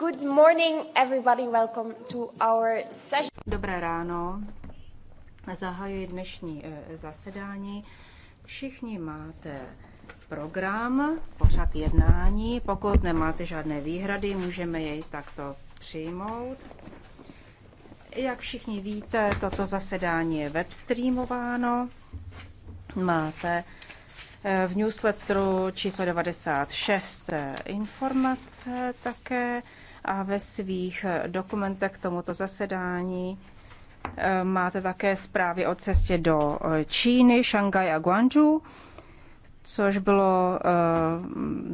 Good morning, everybody. Welcome to our session. Dobré ráno. Zahajuji dnešní eh, zasedání. Všichni máte program, pořad jednání. Pokud nemáte žádné výhrady, můžeme jej takto přijmout. Jak všichni víte, toto zasedání je webstreamováno. Máte eh, v newsletteru číslo 96 eh, informace také a ve svých eh, dokumentech k tomuto zasedání eh, máte také zprávy o cestě do eh, Číny, Šangaj a Guangzhou, což bylo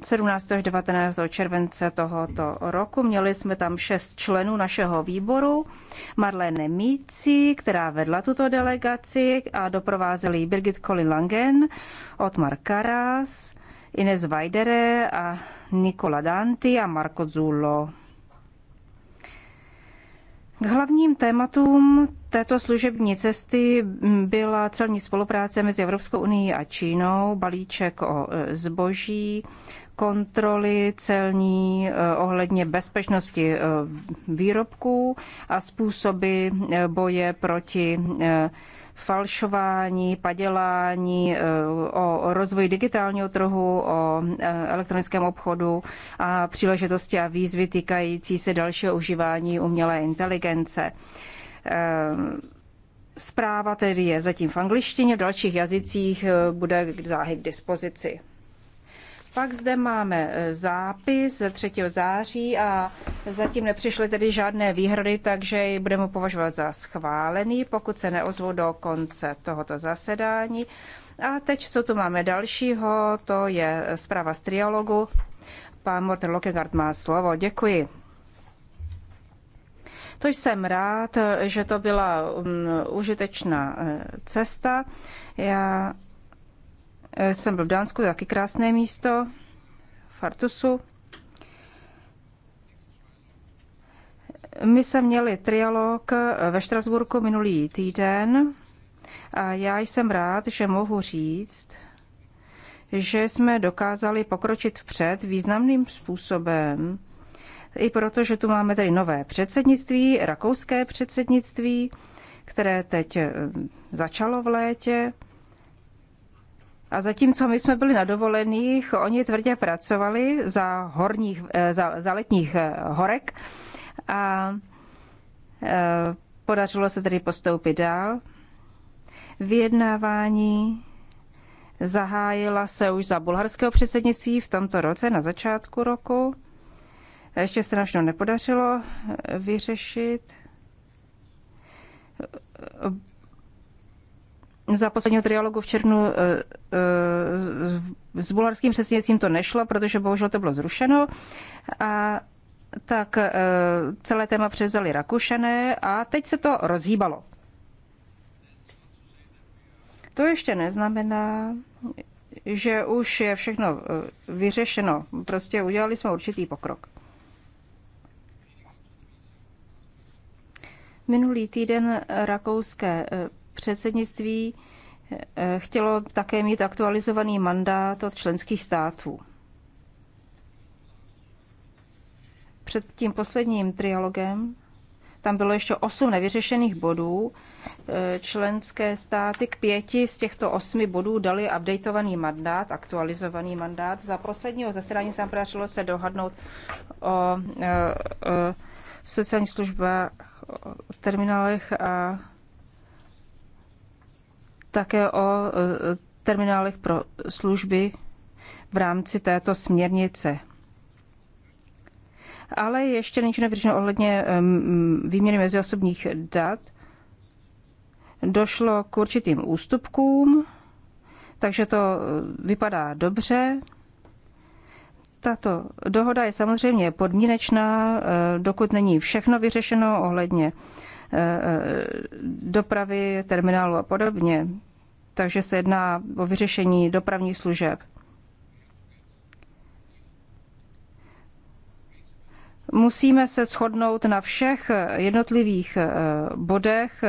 17. až 19. července tohoto roku. Měli jsme tam šest členů našeho výboru. Marlene Míci, která vedla tuto delegaci a doprovázeli ji Birgit Colin Langen, Otmar Karas, Ines Vajdere a Nikola Danti a Marco Zullo. K hlavním tématům této služební cesty byla celní spolupráce mezi Evropskou unii a Čínou, balíček o e, zboží, kontroly celní e, ohledně bezpečnosti e, výrobků a způsoby boje proti falšování, padělání, eh, o rozvoji digitálního trhu, o eh, elektronickém obchodu a příležitosti a výzvy týkající se dalšího užívání umělé inteligence. Eh, zpráva tedy je zatím v angličtině, v dalších jazycích bude záhy k dispozici. Pak zde máme e, zápis ze 3. září a zatím nepřišly tedy žádné výhrady, takže ji budeme považovat za schválený, pokud se neozvou do konce tohoto zasedání. A teď, co tu máme dalšího, to je zpráva z triologu. Pan Morten Lokegard má slovo. Děkuji. To jsem rád, že to byla um, užitečná e, cesta. Já Eh, jsem byl v Dánsku, taky krásné místo, Fartusu. My jsme měli trialog eh, ve Štrasburku minulý týden a já jsem rád, že mohu říct, že jsme dokázali pokročit vpřed významným způsobem, i proto, že tu máme tedy nové předsednictví, rakouské předsednictví, které teď eh, začalo v létě a zatímco my jsme byli na dovolených, oni tvrdě pracovali za, horních, eh, za, za letních eh, horek a eh, podařilo se tedy postoupit dál. Vyjednávání zahájila se už za bulharského předsednictví v tomto roce, na začátku roku. Ještě se nám nepodařilo vyřešit za posledního trialogu v černu eh, eh, s bulharským přesněcím to nešlo, protože bohužel to bylo zrušeno. A tak eh, celé téma převzali Rakušené a teď se to rozhýbalo. To ještě neznamená, že už je všechno vyřešeno. Prostě udělali jsme určitý pokrok. Minulý týden rakouské Předsednictví eh, chtělo také mít aktualizovaný mandát od členských států. Před tím posledním trialogem tam bylo ještě osm nevyřešených bodů. Eh, členské státy k pěti z těchto osmi bodů dali updateovaný mandát, aktualizovaný mandát. Za posledního zasedání se nám podařilo se dohodnout o, o, eh, o sociálních službách, o terminálech a také o e, terminálech pro služby v rámci této směrnice. Ale ještě není nevyřešeno ohledně e, výměny meziosobních dat. Došlo k určitým ústupkům, takže to e, vypadá dobře. Tato dohoda je samozřejmě podmínečná, dokud není všechno vyřešeno ohledně Eh, eh, dopravy, terminálu a podobně. Takže se jedná o vyřešení dopravních služeb. Musíme se shodnout na všech jednotlivých eh, bodech,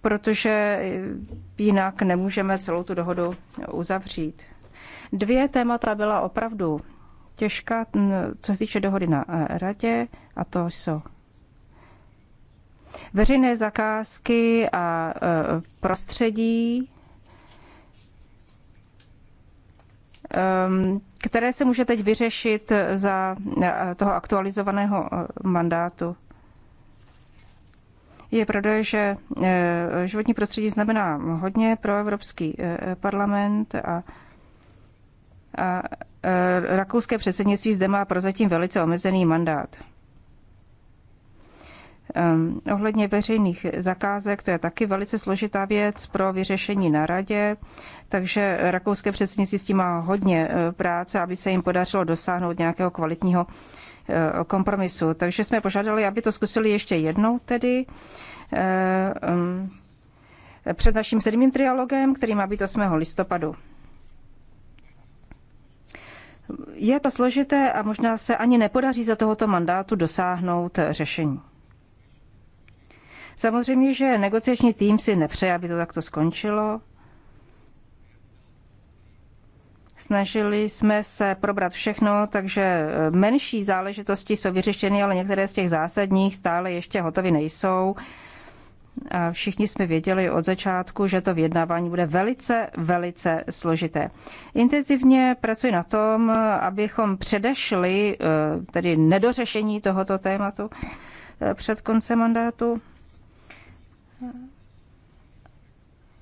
protože jinak nemůžeme celou tu dohodu uzavřít. Dvě témata byla opravdu těžká, co se týče dohody na radě, a to jsou Veřejné zakázky a e, prostředí, které se může teď vyřešit za e, toho aktualizovaného e, mandátu. Je pravda, že životní prostředí znamená hodně pro Evropský parlament a, a rakouské předsednictví zde má prozatím velice omezený mandát. Ohledně veřejných zakázek, to je taky velice složitá věc pro vyřešení na radě, takže rakouské předsednictví s tím má hodně eh, práce, aby se jim podařilo dosáhnout nějakého kvalitního eh, kompromisu. Takže jsme požádali, aby to zkusili ještě jednou tedy eh, před naším sedmým trialogem, který má být 8. listopadu. Je to složité a možná se ani nepodaří za tohoto mandátu dosáhnout řešení. Samozřejmě, že negociační tým si nepřeje, aby to takto skončilo. Snažili jsme se probrat všechno, takže eh, menší záležitosti jsou vyřešeny, ale některé z těch zásadních stále ještě hotovy nejsou. A všichni jsme věděli od začátku, že to vyjednávání bude velice, velice složité. Intenzivně pracuji na tom, abychom předešli eh, tedy nedořešení tohoto tématu eh, před koncem mandátu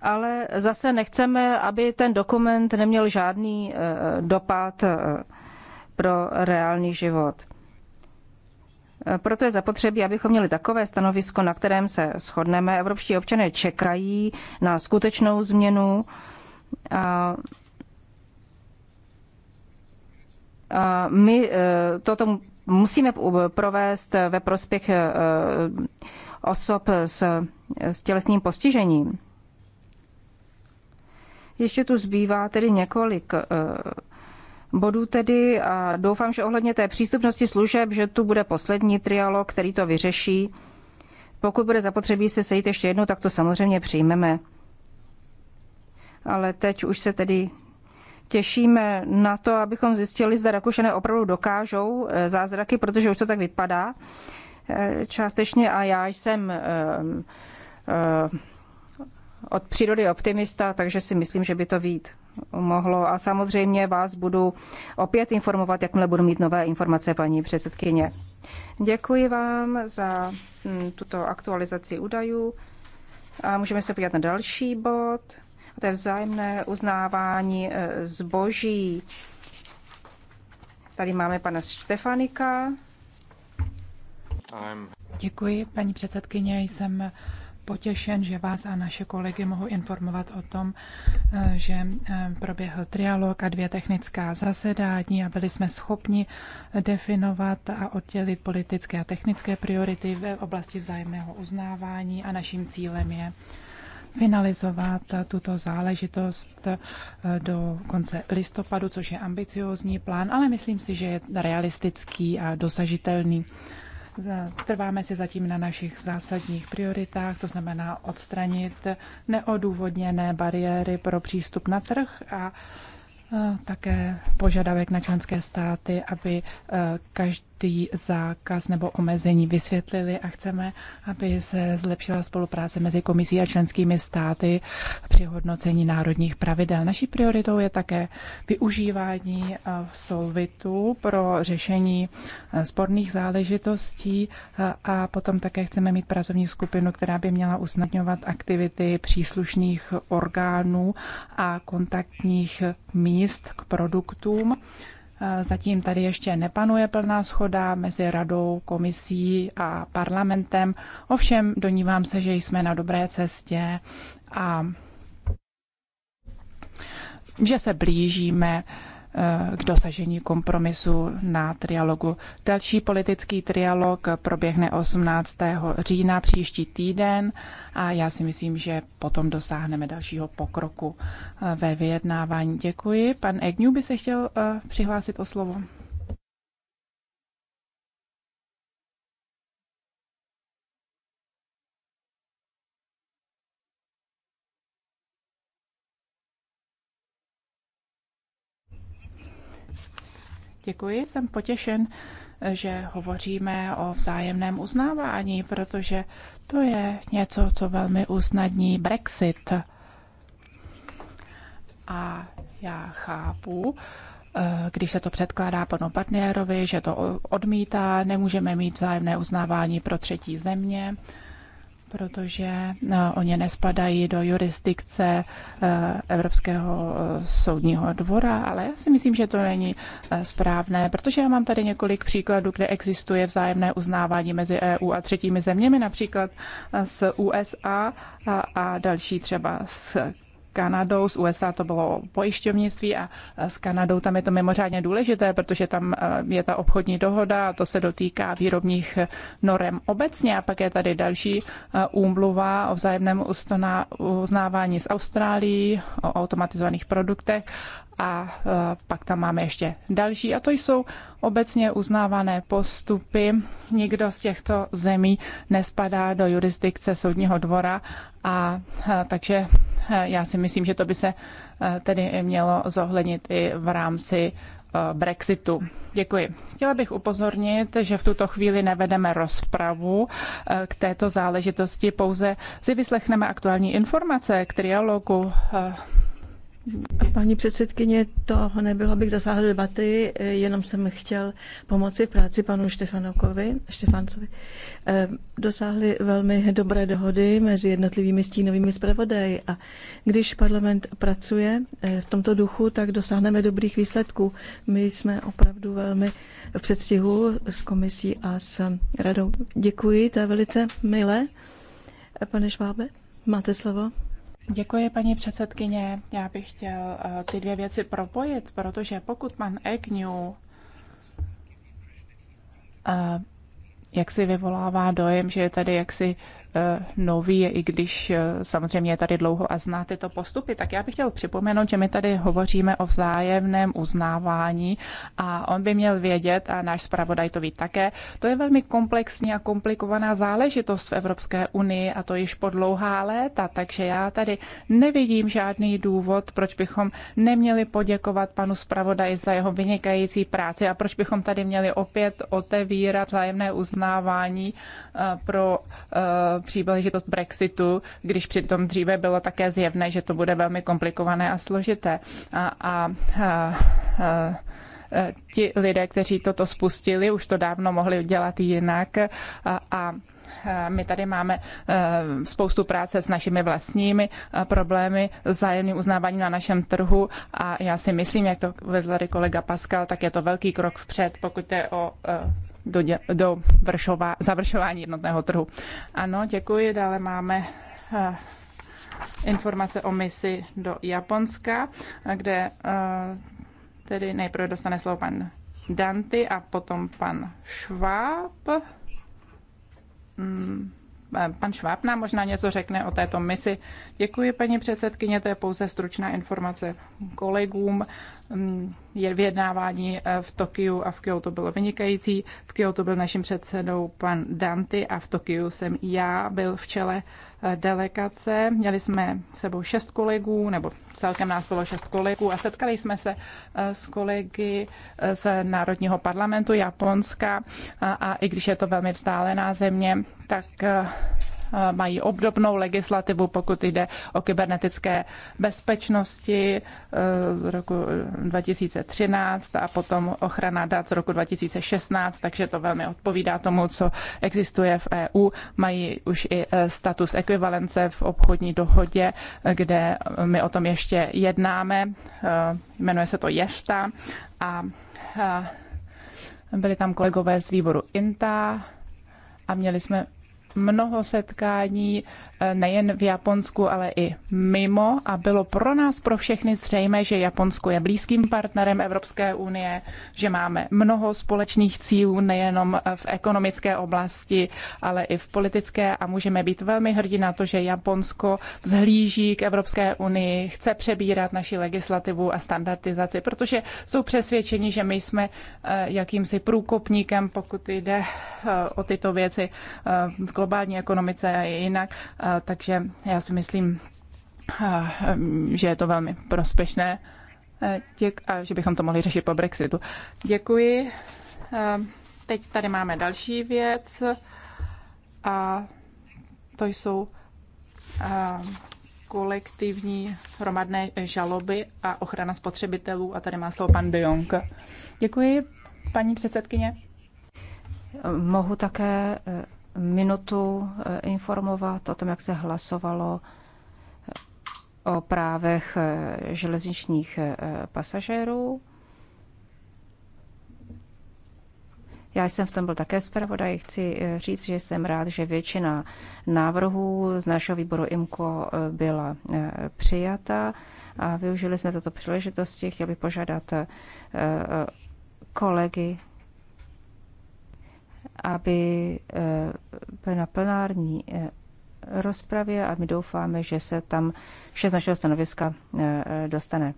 ale zase nechceme, aby ten dokument neměl žádný eh, dopad eh, pro reálný život. Eh, proto je zapotřebí, abychom měli takové stanovisko, na kterém se shodneme. Evropští občané čekají na skutečnou změnu. A a my toto musíme provést ve prospěch osob s, s tělesným postižením. Ještě tu zbývá tedy několik eh, bodů tedy a doufám, že ohledně té přístupnosti služeb, že tu bude poslední trialog, který to vyřeší. Pokud bude zapotřebí se sejít ještě jednou, tak to samozřejmě přijmeme. Ale teď už se tedy těšíme na to, abychom zjistili, zda Rakušené opravdu dokážou eh, zázraky, protože už to tak vypadá. Eh, částečně a já jsem eh, eh, od přírody optimista, takže si myslím, že by to vít mohlo. A samozřejmě vás budu opět informovat, jakmile budu mít nové informace, paní předsedkyně. Děkuji vám za hm, tuto aktualizaci údajů. A můžeme se podívat na další bod. A to je vzájemné uznávání zboží. Tady máme pana Štefanika. Děkuji, paní předsedkyně. Jsem potěšen, že vás a naše kolegy mohu informovat o tom, eh, že eh, proběhl trialog a dvě technická zasedání a byli jsme schopni definovat a oddělit politické a technické priority v oblasti vzájemného uznávání a naším cílem je finalizovat tuto záležitost eh, do konce listopadu, což je ambiciózní plán, ale myslím si, že je realistický a dosažitelný. Trváme si zatím na našich zásadních prioritách, to znamená odstranit neodůvodněné bariéry pro přístup na trh a e, také požadavek na členské státy, aby e, každý určitý zákaz nebo omezení vysvětlili a chceme, aby se zlepšila spolupráce mezi komisí a členskými státy při hodnocení národních pravidel. Naší prioritou je také využívání eh, solvitu pro řešení eh, sporných záležitostí eh, a potom také chceme mít pracovní skupinu, která by měla usnadňovat aktivity příslušných orgánů a kontaktních míst k produktům Zatím tady ještě nepanuje plná schoda mezi radou, komisí a parlamentem. Ovšem, donívám se, že jsme na dobré cestě a že se blížíme Eh, k dosažení kompromisu na trialogu. Další politický trialog proběhne 18. října příští týden a já si myslím, že potom dosáhneme dalšího pokroku eh, ve vyjednávání. Děkuji. Pan Egňů by se chtěl eh, přihlásit o slovo. Děkuji, jsem potěšen, že hovoříme o vzájemném uznávání, protože to je něco, co velmi usnadní Brexit. A já chápu, eh, když se to předkládá panu partnerovi, že to odmítá, nemůžeme mít vzájemné uznávání pro třetí země protože no, oni nespadají do jurisdikce eh, Evropského eh, soudního dvora, ale já si myslím, že to není eh, správné, protože já mám tady několik příkladů, kde existuje vzájemné uznávání mezi EU a třetími zeměmi, například s USA a, a další třeba s Kanadou, z USA to bylo pojišťovnictví a s Kanadou tam je to mimořádně důležité, protože tam je ta obchodní dohoda a to se dotýká výrobních norem obecně. A pak je tady další úmluva o vzájemném uznávání z Austrálií, o automatizovaných produktech a e, pak tam máme ještě další. A to jsou obecně uznávané postupy. Nikdo z těchto zemí nespadá do jurisdikce soudního dvora a e, takže e, já si myslím, že to by se tedy mělo zohlednit i v rámci Brexitu. Děkuji. Chtěla bych upozornit, že v tuto chvíli nevedeme rozpravu k této záležitosti, pouze si vyslechneme aktuální informace k trialogu Paní předsedkyně, to nebylo, abych zasáhl debaty, jenom jsem chtěl pomoci v práci panu Štefanokovi, Štefancovi. Eh, dosáhli velmi dobré dohody mezi jednotlivými stínovými zpravodaji a když parlament pracuje eh, v tomto duchu, tak dosáhneme dobrých výsledků. My jsme opravdu velmi v předstihu s komisí a s radou. Děkuji, to je velice milé. Pane Švábe, máte slovo. Děkuji, paní předsedkyně. Já bych chtěl eh, ty dvě věci propojit, protože pokud pan Agnew eh, jak si vyvolává dojem, že je tady jaksi Eh, nový, i když eh, samozřejmě je tady dlouho a zná tyto postupy, tak já bych chtěl připomenout, že my tady hovoříme o vzájemném uznávání a on by měl vědět, a náš zpravodaj to ví také, to je velmi komplexní a komplikovaná záležitost v Evropské unii a to již po dlouhá léta, takže já tady nevidím žádný důvod, proč bychom neměli poděkovat panu zpravodaji za jeho vynikající práci a proč bychom tady měli opět otevírat vzájemné uznávání eh, pro příležitost Brexitu, když přitom dříve bylo také zjevné, že to bude velmi komplikované a složité. A, a, a, a e, ti lidé, kteří toto spustili, už to dávno mohli udělat jinak a, a my tady máme e, spoustu práce s našimi vlastními e, problémy, zájemným uznáváním na našem trhu a já si myslím, jak to vedl tady kolega Pascal, tak je to velký krok vpřed, pokud je o do, do vršova, završování jednotného trhu. Ano, děkuji. Dále máme eh, informace o misi do Japonska, kde eh, tedy nejprve dostane slovo pan Danty a potom pan Šváb. Mm, eh, pan Šváb nám možná něco řekne o této misi. Děkuji, paní předsedkyně, to je pouze stručná informace kolegům. Mm, vyjednávání eh, v Tokiu a v Kyoto bylo vynikající. V Kyoto byl naším předsedou pan Danty a v Tokiu jsem já byl v čele eh, delegace. Měli jsme sebou šest kolegů, nebo celkem nás bylo šest kolegů a setkali jsme se eh, s kolegy z Národního parlamentu Japonska a, a i když je to velmi vzdálená země, tak Eh, mají obdobnou legislativu, pokud jde o kybernetické bezpečnosti eh, z roku 2013 eh, a potom ochrana dat z roku 2016, takže to velmi odpovídá tomu, co existuje v EU. Mají už i status ekvivalence v obchodní dohodě, kde my o tom ještě jednáme. Jmenuje se to Ješta a byli tam kolegové z výboru INTA a měli jsme mnoho setkání eh, nejen v Japonsku, ale i mimo a bylo pro nás, pro všechny zřejmé, že Japonsko je blízkým partnerem Evropské unie, že máme mnoho společných cílů nejenom eh, v ekonomické oblasti, ale i v politické a můžeme být velmi hrdí na to, že Japonsko vzhlíží k Evropské unii, chce přebírat naši legislativu a standardizaci, protože jsou přesvědčeni, že my jsme eh, jakýmsi průkopníkem, pokud jde o tyto věci v globální ekonomice a jinak, takže já si myslím, že je to velmi prospěšné děk, a že bychom to mohli řešit po Brexitu. Děkuji. Teď tady máme další věc a to jsou kolektivní hromadné žaloby a ochrana spotřebitelů. A tady má slovo pan De Jong. Děkuji, paní předsedkyně. Mohu také minutu eh, informovat o tom, jak se hlasovalo eh, o právech eh, železničních pasažérů. Já jsem v tom byl také zpravodaj. Chci říct, že jsem rád, že většina návrhů z našeho výboru IMCO byla přijata a využili jsme tato příležitosti. Chtěl bych požádat kolegy aby eh, na plenární eh, rozpravě a my doufáme, že se tam vše z našeho stanoviska eh, dostane.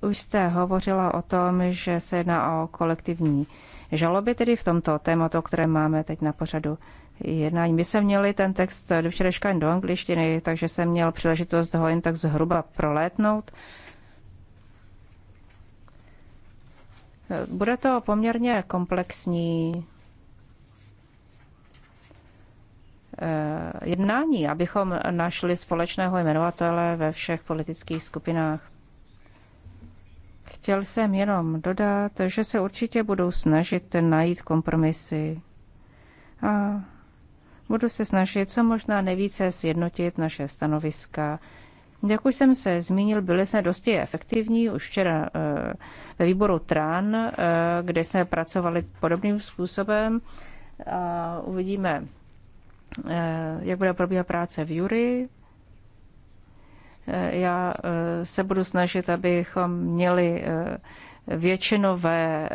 Už jste hovořila o tom, že se jedná o kolektivní žaloby, tedy v tomto tématu, které máme teď na pořadu jednání. My jsme měli ten text do včerejška do angličtiny, takže jsem měl příležitost ho jen tak zhruba prolétnout. Bude to poměrně komplexní eh, jednání, abychom našli společného jmenovatele ve všech politických skupinách. Chtěl jsem jenom dodat, že se určitě budou snažit najít kompromisy a budu se snažit co možná nejvíce sjednotit naše stanoviska jak už jsem se zmínil, byli jsme dosti efektivní už včera eh, ve výboru TRAN, eh, kde jsme pracovali podobným způsobem. A uvidíme, eh, jak bude probíhat práce v jury. Já se budu snažit, abychom měli většinové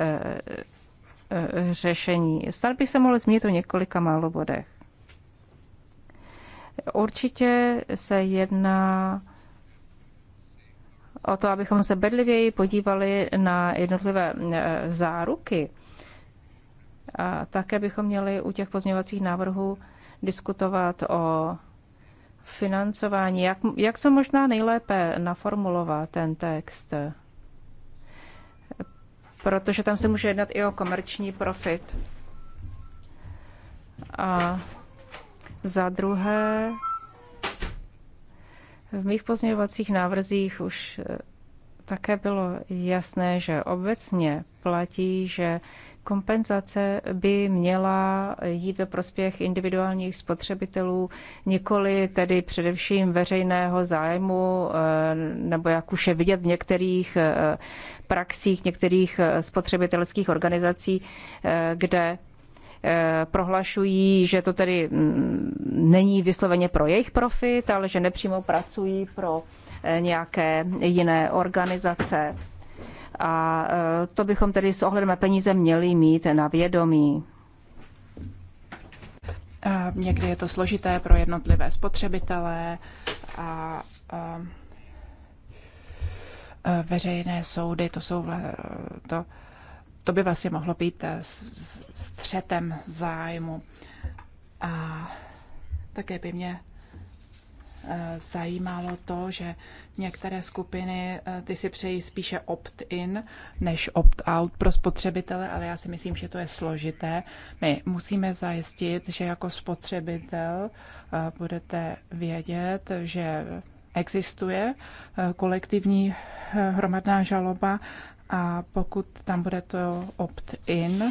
řešení. Snad bych se mohl zmínit o několika málo bodech. Určitě se jedná o to, abychom se bedlivěji podívali na jednotlivé e, záruky. A také bychom měli u těch pozměňovacích návrhů diskutovat o financování, jak, jak se možná nejlépe naformulovat ten text, protože tam se může jednat i o komerční profit. A za druhé, v mých pozměňovacích návrzích už eh, také bylo jasné, že obecně platí, že kompenzace by měla jít ve prospěch individuálních spotřebitelů, nikoli tedy především veřejného zájmu, eh, nebo jak už je vidět v některých eh, praxích, některých spotřebitelských organizací, kde Eh, prohlašují, že to tedy mm, není vysloveně pro jejich profit, ale že nepřímo pracují pro eh, nějaké jiné organizace. A eh, to bychom tedy s ohledem na peníze měli mít na vědomí. Někdy je to složité pro jednotlivé spotřebitele a, a veřejné soudy, to jsou to to by vlastně mohlo být eh, střetem zájmu. A také by mě eh, zajímalo to, že některé skupiny eh, ty si přejí spíše opt-in než opt-out pro spotřebitele, ale já si myslím, že to je složité. My musíme zajistit, že jako spotřebitel budete vědět, že existuje kolektivní hromadná žaloba a pokud tam bude to opt-in,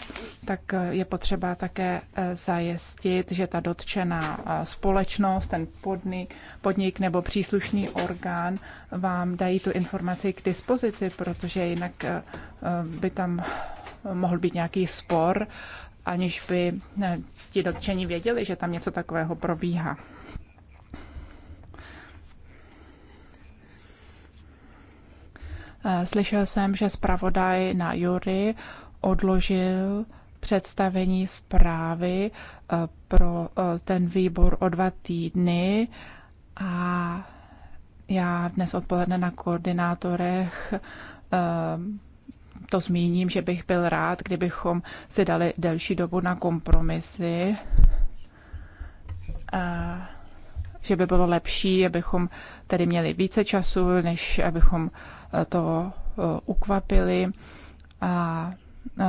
tak je potřeba také eh, zajistit, že ta dotčená eh, společnost, ten podnik, podnik nebo příslušný orgán vám dají tu informaci k dispozici, protože jinak eh, by tam mohl být nějaký spor, aniž by ti dotčení věděli, že tam něco takového probíhá. Eh, slyšel jsem, že zpravodaj na Jury odložil představení zprávy eh, pro eh, ten výbor o dva týdny a já dnes odpoledne na koordinátorech to zmíním, že bych byl rád, kdybychom si dali delší dobu na kompromisy. A že by bylo lepší, abychom tady měli více času, než abychom uh, to eh, ukvapili a eh,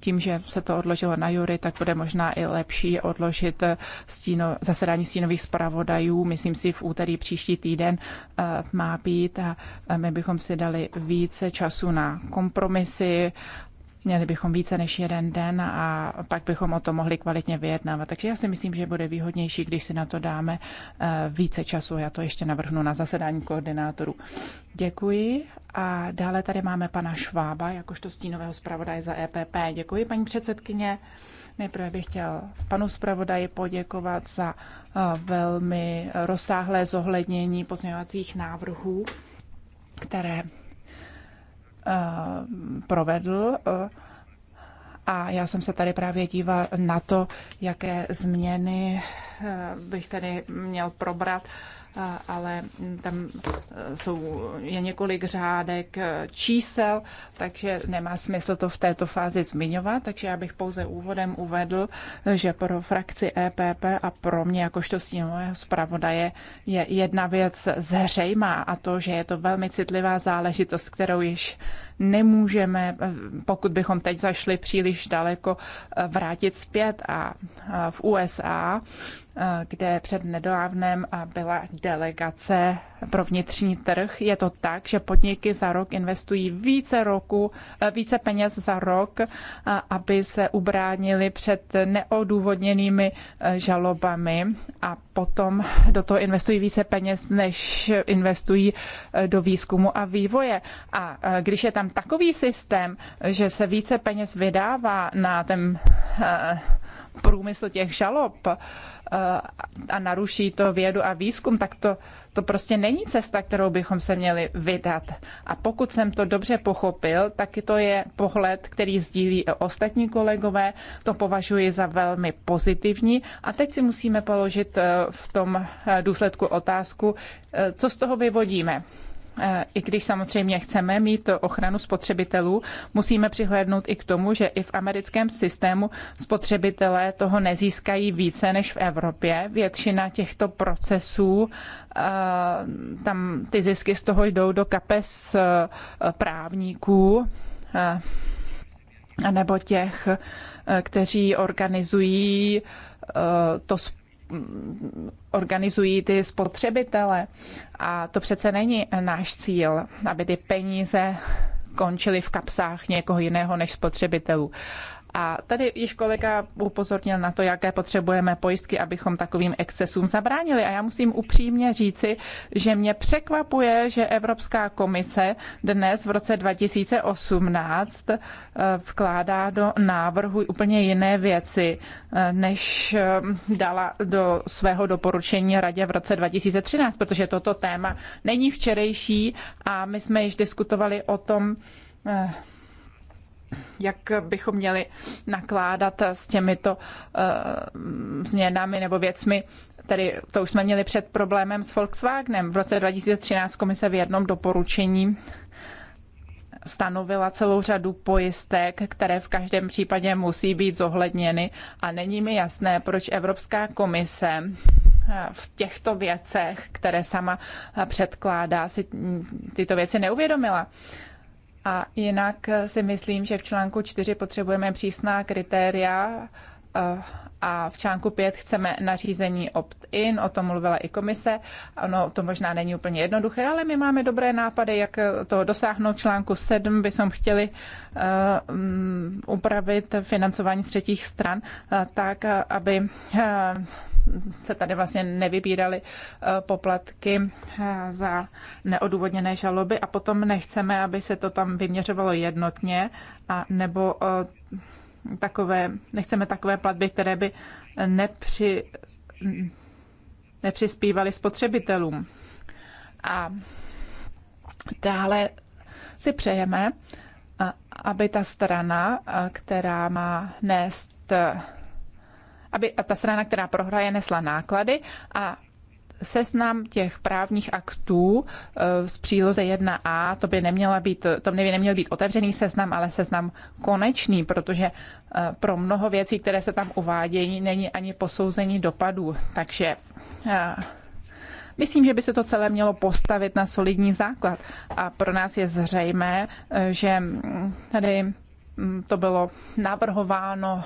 tím, že se to odložilo na jury, tak bude možná i lepší odložit eh, stíno, zasedání stínových zpravodajů. Myslím si, v úterý příští týden má být a my bychom si dali více času na kompromisy Měli bychom více než jeden den a pak bychom o to mohli kvalitně vyjednávat. Takže já si myslím, že bude výhodnější, když si na to dáme eh, více času. Já to ještě navrhnu na zasedání koordinátorů. Děkuji. A dále tady máme pana Švába, jakožto stínového zpravodaje za EPP. Děkuji, paní předsedkyně. Nejprve bych chtěl panu zpravodaji poděkovat za eh, velmi rozsáhlé zohlednění pozměňovacích návrhů, které Eh, provedl. Eh, a já jsem se tady právě díval na to, jaké změny eh, bych tady měl probrat ale tam e, jsou, je několik řádek e, čísel, takže nemá smysl to v této fázi zmiňovat, takže já bych pouze úvodem uvedl, že pro frakci EPP a pro mě jakožto sněmového zpravodaje je jedna věc zřejmá a to, že je to velmi citlivá záležitost, kterou již nemůžeme, e, pokud bychom teď zašli příliš daleko, vrátit zpět a v USA kde před nedávnem byla delegace pro vnitřní trh. Je to tak, že podniky za rok investují více, roku, eh, více peněz za rok, eh, aby se ubránili před neodůvodněnými eh, žalobami a potom do toho investují více peněz, než investují do výzkumu a vývoje. A když je tam takový systém, že se více peněz vydává na ten průmysl těch žalob eh, a naruší to vědu a výzkum, tak to, to prostě není cesta, kterou bychom se měli vydat. A pokud jsem to dobře pochopil, tak to je pohled, který sdílí i ostatní kolegové. To považuji za velmi pozitivní. A teď si musíme položit eh, v tom eh, důsledku otázku, co z toho vyvodíme. E, i když samozřejmě chceme mít ochranu spotřebitelů, musíme přihlédnout i k tomu, že i v americkém systému spotřebitelé toho nezískají více než v Evropě. Většina těchto procesů, e, tam ty zisky z toho jdou do kapes e, právníků nebo těch, kteří organizují to organizují ty spotřebitele. A to přece není náš cíl, aby ty peníze končily v kapsách někoho jiného než spotřebitelů. A tady již kolega upozornil na to, jaké potřebujeme pojistky, abychom takovým excesům zabránili. A já musím upřímně říci, že mě překvapuje, že Evropská komise dnes v roce 2018 eh, vkládá do návrhu úplně jiné věci, eh, než eh, dala do svého doporučení radě v roce 2013, protože toto téma není včerejší a my jsme již diskutovali o tom, jak bychom měli nakládat s těmito uh, změnami nebo věcmi. tedy to už jsme měli před problémem s Volkswagenem. V roce 2013 komise v jednom doporučení stanovila celou řadu pojistek, které v každém případě musí být zohledněny a není mi jasné, proč Evropská komise eh, v těchto věcech, které sama eh, předkládá, si tyto věci neuvědomila. A jinak si myslím, že v článku 4 potřebujeme přísná kritéria Eh, a v článku 5 chceme nařízení opt-in, o tom mluvila i komise. Ono to možná není úplně jednoduché, ale my máme dobré nápady, jak to dosáhnout. Článku 7 bychom chtěli uh, upravit financování třetích stran uh, tak, aby uh, se tady vlastně nevybíraly poplatky za neodůvodněné žaloby a potom nechceme, aby se to tam vyměřovalo jednotně a nebo takové, nechceme takové platby, které by nepři, nepřispívaly spotřebitelům. A dále si přejeme, aby ta strana, která má nést, aby ta strana, která prohraje, nesla náklady a seznam těch právních aktů eh, z příloze 1a, to by, neměla být, to by neměl být otevřený seznam, ale seznam konečný, protože eh, pro mnoho věcí, které se tam uvádějí, není ani posouzení dopadů. Takže eh, Myslím, že by se to celé mělo postavit na solidní základ. A pro nás je zřejmé, že mm, tady mm, to bylo navrhováno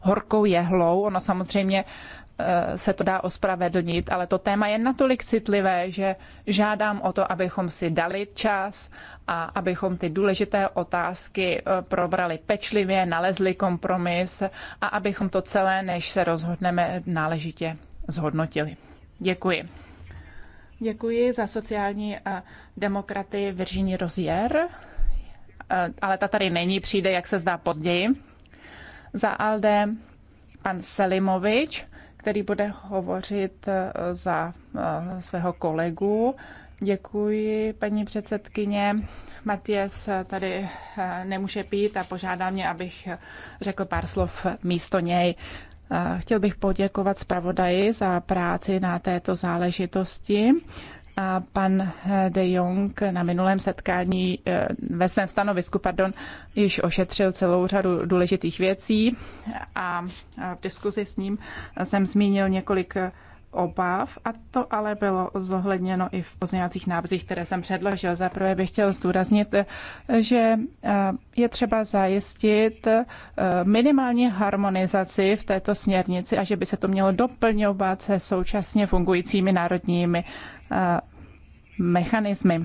horkou jehlou. Ono samozřejmě Eh, se to dá ospravedlnit, ale to téma je natolik citlivé, že žádám o to, abychom si dali čas a abychom ty důležité otázky eh, probrali pečlivě, nalezli kompromis a abychom to celé, než se rozhodneme, náležitě zhodnotili. Děkuji. Děkuji za sociální eh, demokraty Virginie Rozier, ale ta tady není, přijde, jak se zdá později. Za ALDE pan Selimovič který bude hovořit eh, za eh, svého kolegu. Děkuji, paní předsedkyně. Matias tady eh, nemůže pít a požádá mě, abych řekl pár slov místo něj. Chtěl bych poděkovat zpravodaji za práci na této záležitosti a pan eh, de Jong na minulém setkání eh, ve svém stanovisku pardon, již ošetřil celou řadu důležitých věcí a v diskuzi s ním jsem zmínil několik obav a to ale bylo zohledněno i v pozměňovacích návrzích, které jsem předložil. Za prvé bych chtěl zdůraznit, eh, že je třeba zajistit minimální harmonizaci v této směrnici a že by se to mělo doplňovat se současně fungujícími národními Eh, mechanismy.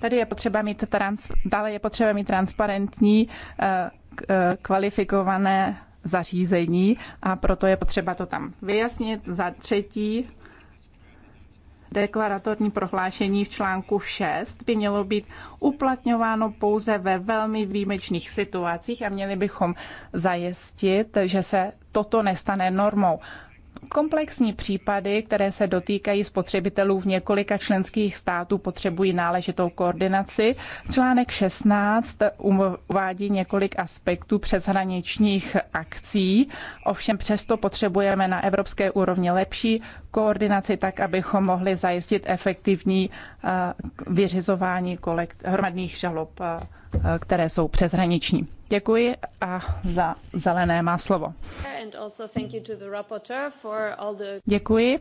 Tady je potřeba mít trans, dále je potřeba mít transparentní eh, eh, kvalifikované zařízení a proto je potřeba to tam vyjasnit. Za třetí, deklaratorní prohlášení v článku 6 by mělo být uplatňováno pouze ve velmi výjimečných situacích a měli bychom zajistit, že se toto nestane normou. Komplexní případy, které se dotýkají spotřebitelů v několika členských států, potřebují náležitou koordinaci. Článek 16 uvádí několik aspektů přeshraničních akcí, ovšem přesto potřebujeme na evropské úrovni lepší koordinaci, tak abychom mohli zajistit efektivní eh, vyřizování kolekt- hromadných žalob, eh, které jsou přeshraniční. Děkuji a za zelené má slovo. Děkuji.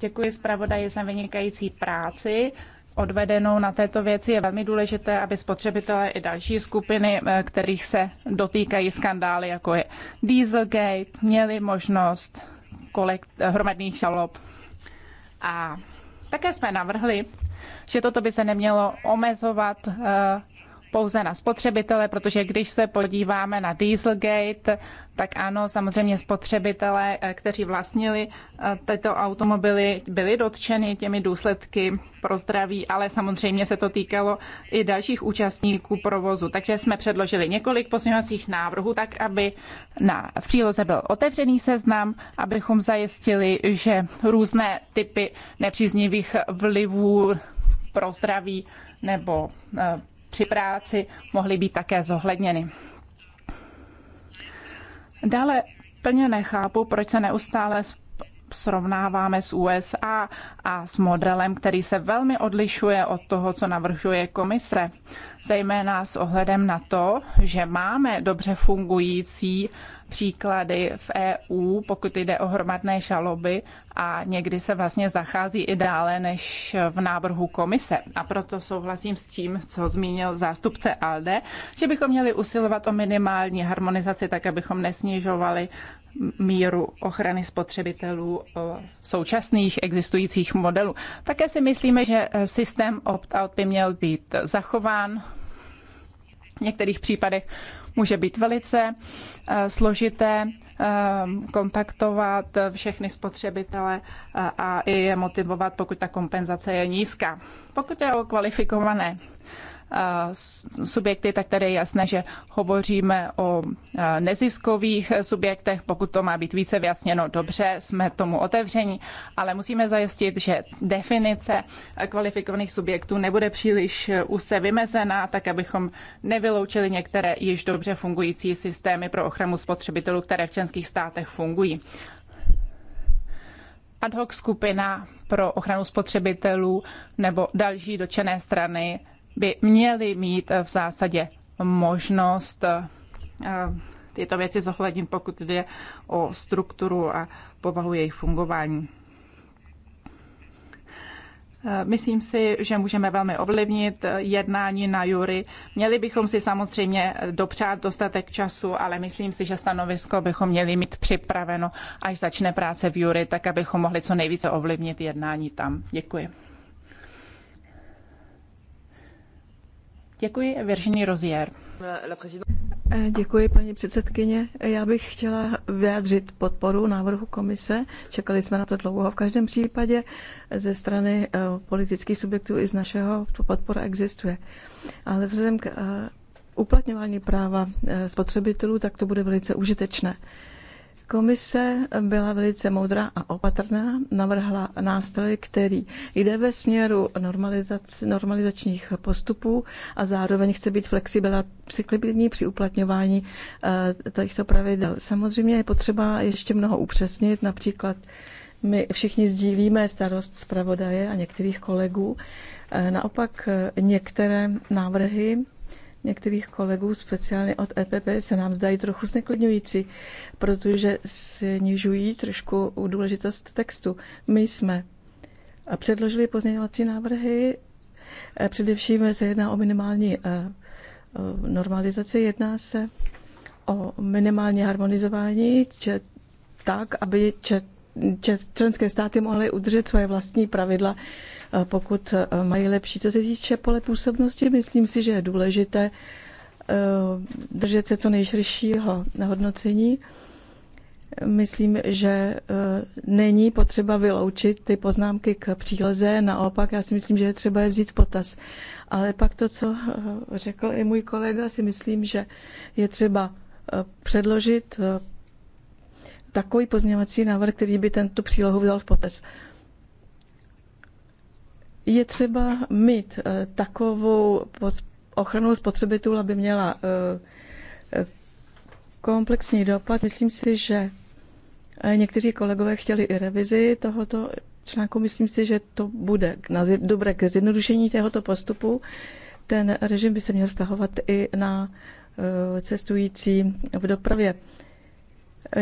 Děkuji zpravodaji za vynikající práci odvedenou na této věci je velmi důležité, aby spotřebitelé i další skupiny, eh, kterých se dotýkají skandály, jako je Dieselgate, měli možnost kolekt, hromadných žalob. A také jsme navrhli, že toto by se nemělo omezovat eh, pouze na spotřebitele, protože když se podíváme na Dieselgate, tak ano, samozřejmě spotřebitele, eh, kteří vlastnili eh, tyto automobily, byli dotčeny těmi důsledky pro zdraví, ale samozřejmě se to týkalo i dalších účastníků provozu. Takže jsme předložili několik pozměňovacích návrhů, tak aby na, v příloze byl otevřený seznam, abychom zajistili, že různé typy nepříznivých vlivů pro zdraví nebo eh, při práci mohly být také zohledněny. Dále plně nechápu, proč se neustále srovnáváme s USA a s modelem, který se velmi odlišuje od toho, co navrhuje komise, zejména s ohledem na to, že máme dobře fungující příklady v EU, pokud jde o hromadné žaloby a někdy se vlastně zachází i dále než v návrhu komise. A proto souhlasím s tím, co zmínil zástupce ALDE, že bychom měli usilovat o minimální harmonizaci, tak abychom nesnižovali míru ochrany spotřebitelů eh, současných existujících modelů. Také si myslíme, že systém opt-out by měl být zachován. V některých případech může být velice eh, složité eh, kontaktovat všechny spotřebitele eh, a i je motivovat, pokud ta kompenzace je nízká. Pokud je o kvalifikované subjekty, tak tady je jasné, že hovoříme o neziskových subjektech. Pokud to má být více vyjasněno, dobře, jsme tomu otevření, ale musíme zajistit, že definice kvalifikovaných subjektů nebude příliš e, úzce vymezená, tak abychom nevyloučili některé již dobře fungující systémy pro ochranu spotřebitelů, které v členských státech fungují ad hoc skupina pro ochranu spotřebitelů nebo další dočené strany by měli mít eh, v zásadě možnost eh, tyto věci zohlednit, pokud jde o strukturu a povahu jejich fungování. Eh, myslím si, že můžeme velmi ovlivnit jednání na jury. Měli bychom si samozřejmě dopřát dostatek času, ale myslím si, že stanovisko bychom měli mít připraveno, až začne práce v jury, tak abychom mohli co nejvíce ovlivnit jednání tam. Děkuji. Děkuji, Virginie Rozier. Eh, děkuji, paní předsedkyně. Já bych chtěla vyjádřit podporu návrhu komise. Čekali jsme na to dlouho. V každém případě ze strany eh, politických subjektů i z našeho tu podpora existuje. Ale vzhledem k eh, uplatňování práva spotřebitelů, tak to bude velice užitečné. Komise byla velice moudrá a opatrná, navrhla nástroj, který jde ve směru normalizačních postupů a zároveň chce být flexibilní při uplatňování eh, těchto pravidel. Samozřejmě je potřeba ještě mnoho upřesnit, například my všichni sdílíme starost zpravodaje a některých kolegů. Eh, naopak eh, některé návrhy některých kolegů, speciálně od EPP, se nám zdají trochu zneklidňující, protože snižují trošku důležitost textu. My jsme předložili pozměňovací návrhy, eh, především se jedná o minimální eh, eh, normalizaci, jedná se o minimální harmonizování, če, tak, aby če, če, členské státy mohly udržet svoje vlastní pravidla pokud e, mají lepší. Co se týče pole působnosti, myslím si, že je důležité e, držet se co nejširšího hodnocení. Myslím, že e, není potřeba vyloučit ty poznámky k příleze, naopak já si myslím, že je třeba je vzít potaz. Ale pak to, co řekl i můj kolega, si myslím, že je třeba předložit takový pozměňovací návrh, který by tento přílohu vzal v potaz. Je třeba mít eh, takovou ochranu spotřebitů, aby měla eh, eh, komplexní dopad. Myslím si, že někteří kolegové chtěli i revizi tohoto článku. Myslím si, že to bude dobré ke zjednodušení tohoto postupu. Ten režim by se měl vztahovat i na cestující v dopravě.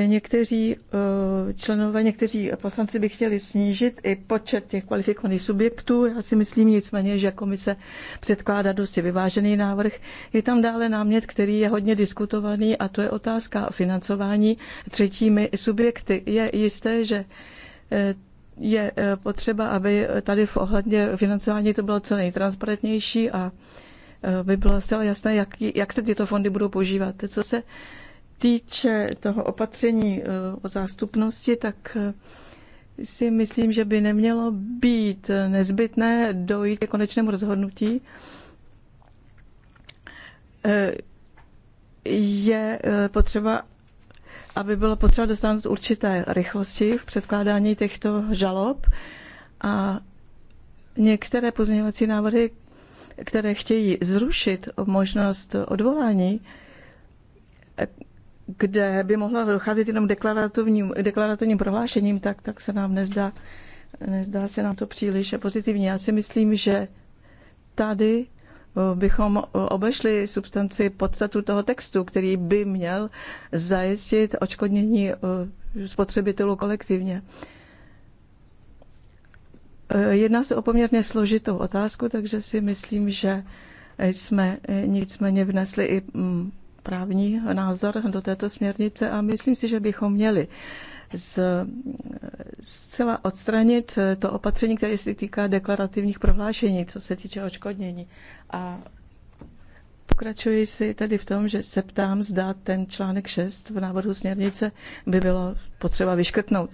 Někteří eh, členové, někteří poslanci by chtěli snížit i počet těch kvalifikovaných subjektů. Já si myslím nicméně, že komise předkládá dosti vyvážený návrh. Je tam dále námět, který je hodně diskutovaný a to je otázka financování třetími subjekty. Je jisté, že eh, je eh, potřeba, aby tady v ohledně financování to bylo co nejtransparentnější a by bylo zcela jasné, jak, jak se tyto fondy budou používat. Co se týče toho opatření eh, o zástupnosti, tak eh, si myslím, že by nemělo být nezbytné dojít ke konečnému rozhodnutí. Eh, je potřeba, aby bylo potřeba dosáhnout určité rychlosti v předkládání těchto žalob a některé pozměňovací návrhy, které chtějí zrušit možnost odvolání, kde by mohla docházet jenom deklarativním, deklarativním prohlášením, tak, tak se nám nezdá, nezdá se nám to příliš pozitivní. Já si myslím, že tady bychom obešli substanci podstatu toho textu, který by měl zajistit očkodnění spotřebitelů kolektivně. E, jedná se o poměrně složitou otázku, takže si myslím, že jsme e, nicméně vnesli i mm, právní názor do této směrnice a myslím si, že bychom měli z, zcela odstranit to opatření, které se týká deklarativních prohlášení, co se týče očkodnění. A pokračuji si tedy v tom, že se ptám, zda ten článek 6 v návrhu směrnice by bylo potřeba vyškrtnout.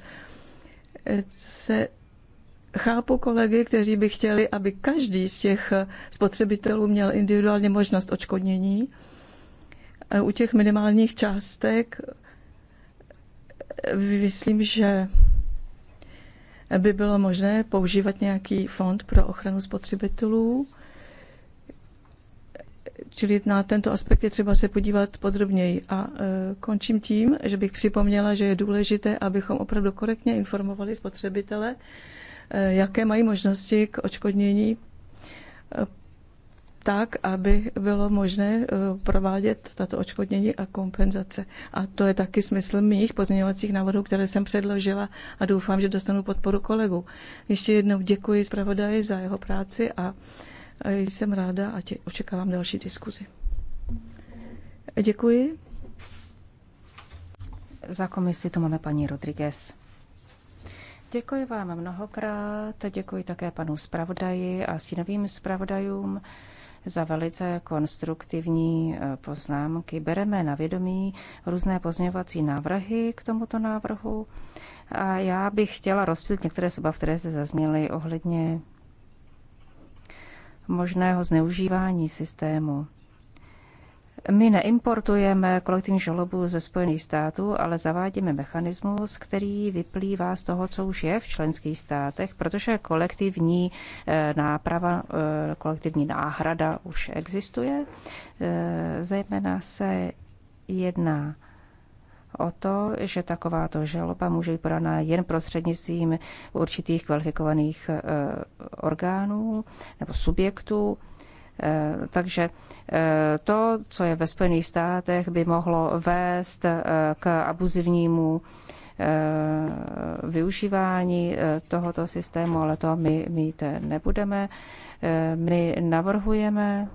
Se chápu kolegy, kteří by chtěli, aby každý z těch spotřebitelů měl individuálně možnost očkodnění, u těch minimálních částek myslím, že by bylo možné používat nějaký fond pro ochranu spotřebitelů. Čili na tento aspekt je třeba se podívat podrobněji. A e, končím tím, že bych připomněla, že je důležité, abychom opravdu korektně informovali spotřebitele, e, jaké mají možnosti k očkodnění tak, aby bylo možné eh, provádět tato očkodnění a kompenzace. A to je taky smysl mých pozměňovacích návrhů, které jsem předložila a doufám, že dostanu podporu kolegů. Ještě jednou děkuji zpravodaji za jeho práci a eh, jsem ráda a tě očekávám další diskuzi. Děkuji. Za komisi to máme paní Rodriguez. Děkuji vám mnohokrát, děkuji také panu zpravodaji a sínovým zpravodajům za velice konstruktivní e, poznámky. Bereme na vědomí různé pozměňovací návrhy k tomuto návrhu. A já bych chtěla rozpět některé z které se zazněly ohledně možného zneužívání systému. My neimportujeme kolektivní žalobu ze Spojených států, ale zavádíme mechanismus, který vyplývá z toho, co už je v členských státech, protože kolektivní eh, náprava, eh, kolektivní náhrada už existuje. Eh, zejména se jedná o to, že takováto žaloba může být podána jen prostřednictvím určitých kvalifikovaných orgánů nebo subjektů Eh, takže eh, to, co je ve Spojených státech, by mohlo vést eh, k abuzivnímu využívání tohoto systému, ale to my mít nebudeme. My navrhujeme,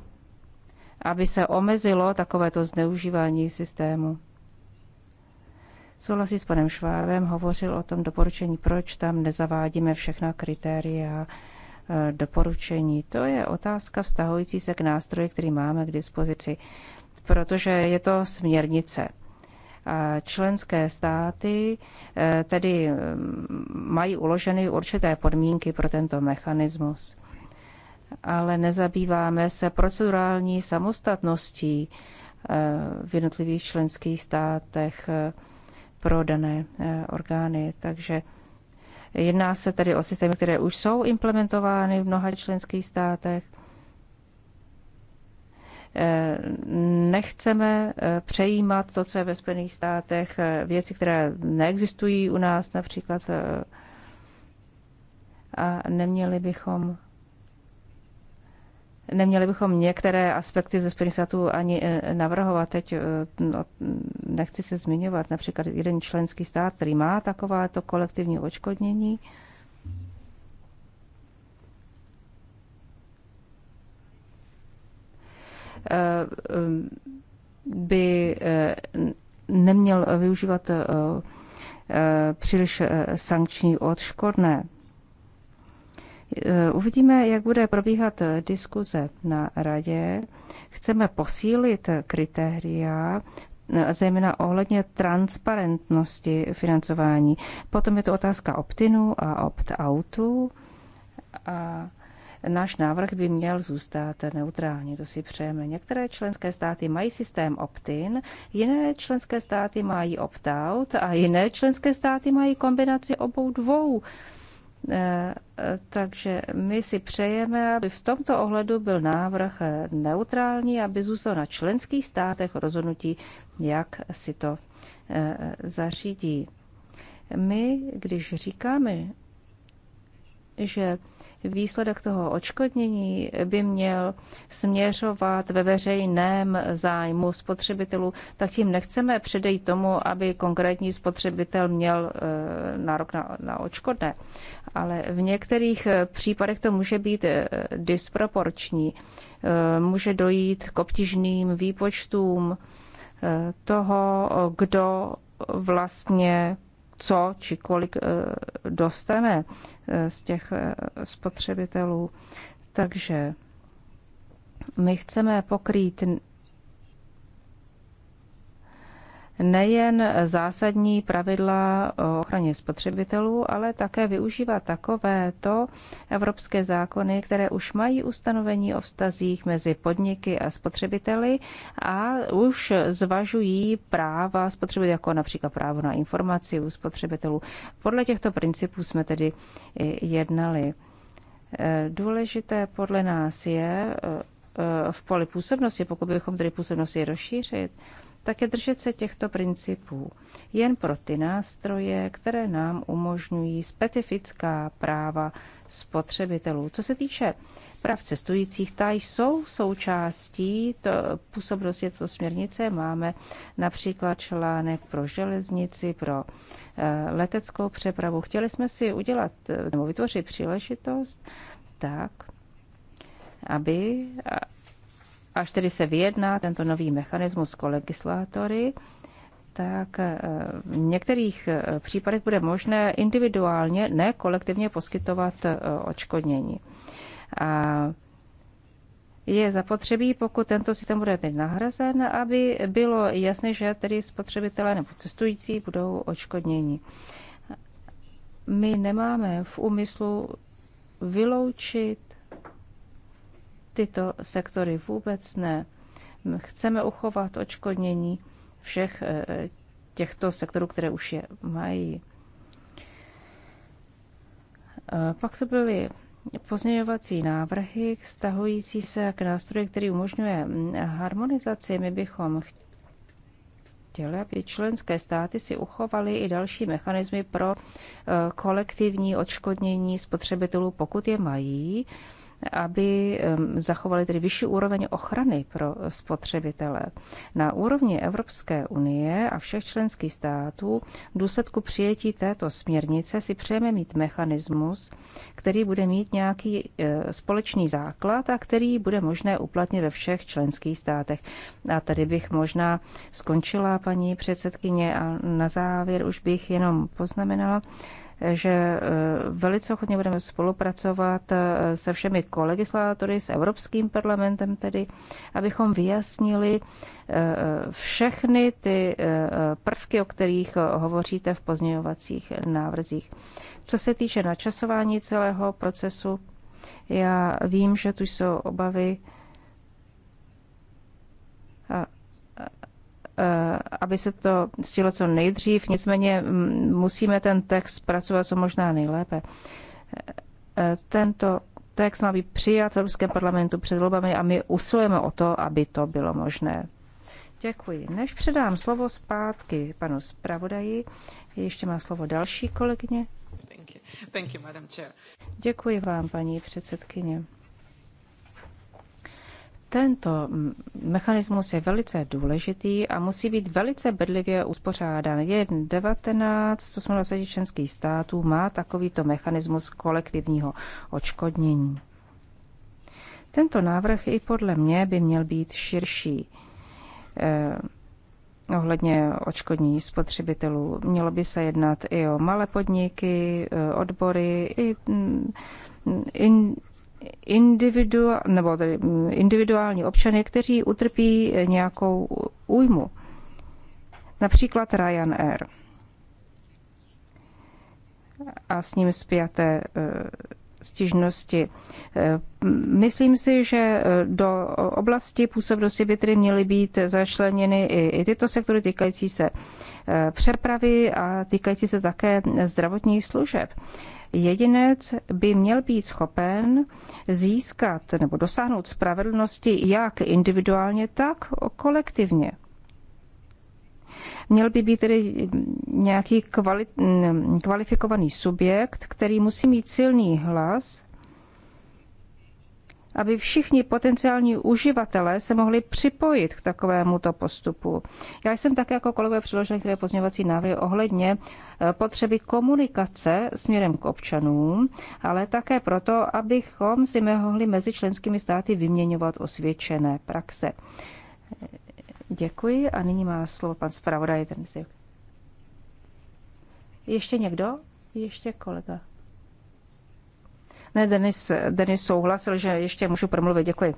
aby se omezilo takovéto zneužívání systému. Souhlasí s panem Švávem, hovořil o tom doporučení, proč tam nezavádíme všechna kritéria, doporučení. To je otázka vztahující se k nástroji, který máme k dispozici, protože je to směrnice. A členské státy eh, tedy mm, mají uloženy určité podmínky pro tento mechanismus. Ale nezabýváme se procedurální samostatností eh, v jednotlivých členských státech eh, pro dané orgány. Takže Jedná se tedy o systémy, které už jsou implementovány v mnoha členských státech. Eh, nechceme eh, přejímat to, co je ve Spojených státech, eh, věci, které neexistují u nás například. A neměli bychom Neměli bychom některé aspekty ze Spojených států ani e, navrhovat. Teď e, no, nechci se zmiňovat například jeden členský stát, který má takovéto kolektivní očkodnění. E, by neměl využívat příliš sankční odškodné. Eh, uvidíme, jak bude probíhat eh, diskuze na radě. Chceme posílit eh, kritéria, zejména ohledně transparentnosti financování. Potom je to otázka optinu a opt-outu. A náš návrh by měl zůstat neutrální, to si přejeme. Některé členské státy mají systém opt-in, jiné členské státy mají opt-out a jiné členské státy mají kombinaci obou dvou. Uh, Eh, eh, takže my si přejeme, aby v tomto ohledu byl návrh eh, neutrální, aby zůstal na členských státech rozhodnutí, jak si to zařídí. My, když říkáme, že výsledek toho očkodnění by měl směřovat ve veřejném zájmu spotřebitelů, tak tím nechceme předejít tomu, aby konkrétní spotřebitel měl eh, nárok na, na očkodné. Ale v některých eh, případech to může být eh, disproporční. Může dojít k obtížným výpočtům toho, kdo vlastně co či kolik eh, dostane eh, z těch eh, spotřebitelů. Takže my chceme pokrýt nejen zásadní pravidla o ochraně spotřebitelů, ale také využívá takovéto evropské zákony, které už mají ustanovení o vztazích mezi podniky a spotřebiteli a už zvažují práva spotřebitelů, jako například právo na informaci u spotřebitelů. Podle těchto principů jsme tedy jednali. Důležité podle nás je eh, v poli působnosti, pokud bychom tedy působnosti rozšířit, také držet se těchto principů jen pro ty nástroje, které nám umožňují specifická práva spotřebitelů. Co se týče práv cestujících, ta jsou součástí to, působnosti této směrnice. Máme například článek pro železnici, pro eh, leteckou přepravu. Chtěli jsme si udělat eh, nebo vytvořit příležitost tak, aby až tedy se vyjedná tento nový mechanismus s legislátory, tak eh, v některých eh, případech bude možné individuálně, ne kolektivně poskytovat eh, očkodnění. A je zapotřebí, pokud tento systém bude teď nahrazen, aby bylo jasné, že tedy spotřebitelé nebo cestující budou očkodnění. My nemáme v úmyslu vyloučit tyto sektory vůbec ne. Chceme uchovat očkodnění všech eh, těchto sektorů, které už je mají. Eh, pak to byly pozměňovací návrhy vztahující se k nástroji, který umožňuje mm, harmonizaci. My bychom chtěli, aby členské státy si uchovaly i další mechanismy pro eh, kolektivní odškodnění spotřebitelů, pokud je mají aby zachovali tedy vyšší úroveň ochrany pro spotřebitele. Na úrovni Evropské unie a všech členských států v důsledku přijetí této směrnice si přejeme mít mechanismus, který bude mít nějaký e, společný základ a který bude možné uplatnit ve všech členských státech. A tady bych možná skončila, paní předsedkyně, a na závěr už bych jenom poznamenala, že e, velice ochotně budeme spolupracovat e, se všemi kolegislátory, s Evropským parlamentem tedy, abychom vyjasnili e, všechny ty prvky, o kterých hovoříte v pozměňovacích návrzích. Co se týče načasování celého procesu, já vím, že tu jsou obavy, a Eh, aby se to stihlo co nejdřív, nicméně mm, musíme ten text pracovat co možná nejlépe. Eh, eh, tento text má být přijat v Evropském parlamentu před volbami a my usilujeme o to, aby to bylo možné. Děkuji. Než předám slovo zpátky panu zpravodaji, ještě má slovo další kolegyně. Děkuji vám, paní předsedkyně. Tento mechanismus je velice důležitý a musí být velice bedlivě uspořádán. Je 19 z 28 členských států má takovýto mechanismus kolektivního očkodnění. Tento návrh i podle mě by měl být širší. Eh, ohledně očkodní spotřebitelů. Mělo by se jednat i o malé podniky, eh, odbory, i mm, in, individu, nebo tedy mm, individuální občany, kteří utrpí nějakou újmu. Například Ryanair a s ním zpěté e, stížnosti. E, myslím si, že e, do oblasti působnosti by tedy měly být začleněny i, i tyto sektory týkající se přepravy a týkající se také zdravotních služeb jedinec by měl být schopen získat nebo dosáhnout spravedlnosti jak individuálně, tak kolektivně. Měl by být tedy nějaký kvali- kvalifikovaný subjekt, který musí mít silný hlas aby všichni potenciální uživatelé se mohli připojit k takovémuto postupu. Já jsem také jako kolegové přiložil některé pozměňovací návrhy ohledně eh, potřeby komunikace směrem k občanům, ale také proto, abychom si mohli mezi členskými státy vyměňovat osvědčené praxe. Děkuji a nyní má slovo pan zpravodaj. Ještě někdo? Ještě kolega. Ne, Denis, Denis souhlasil, že ještě můžu promluvit. Děkuji.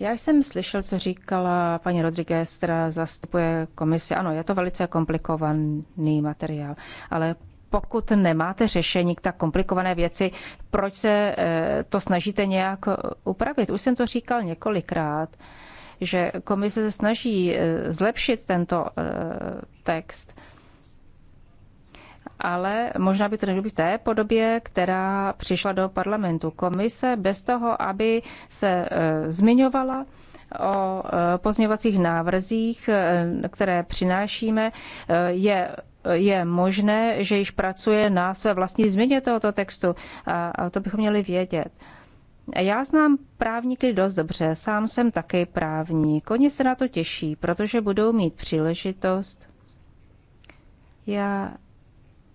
Já jsem slyšel, co říkala paní Rodriguez, která zastupuje komisi. Ano, je to velice komplikovaný materiál, ale pokud nemáte řešení k tak komplikované věci, proč se eh, to snažíte nějak upravit? Už jsem to říkal několikrát, že komise se snaží eh, zlepšit tento eh, text ale možná by to nebylo v té podobě, která přišla do parlamentu. Komise bez toho, aby se e, zmiňovala o e, pozměňovacích návrzích, e, které přinášíme, je je možné, že již pracuje na své vlastní změně tohoto textu. A to bychom měli vědět. Já znám právníky dost dobře, sám jsem taky právník. Oni se na to těší, protože budou mít příležitost. Já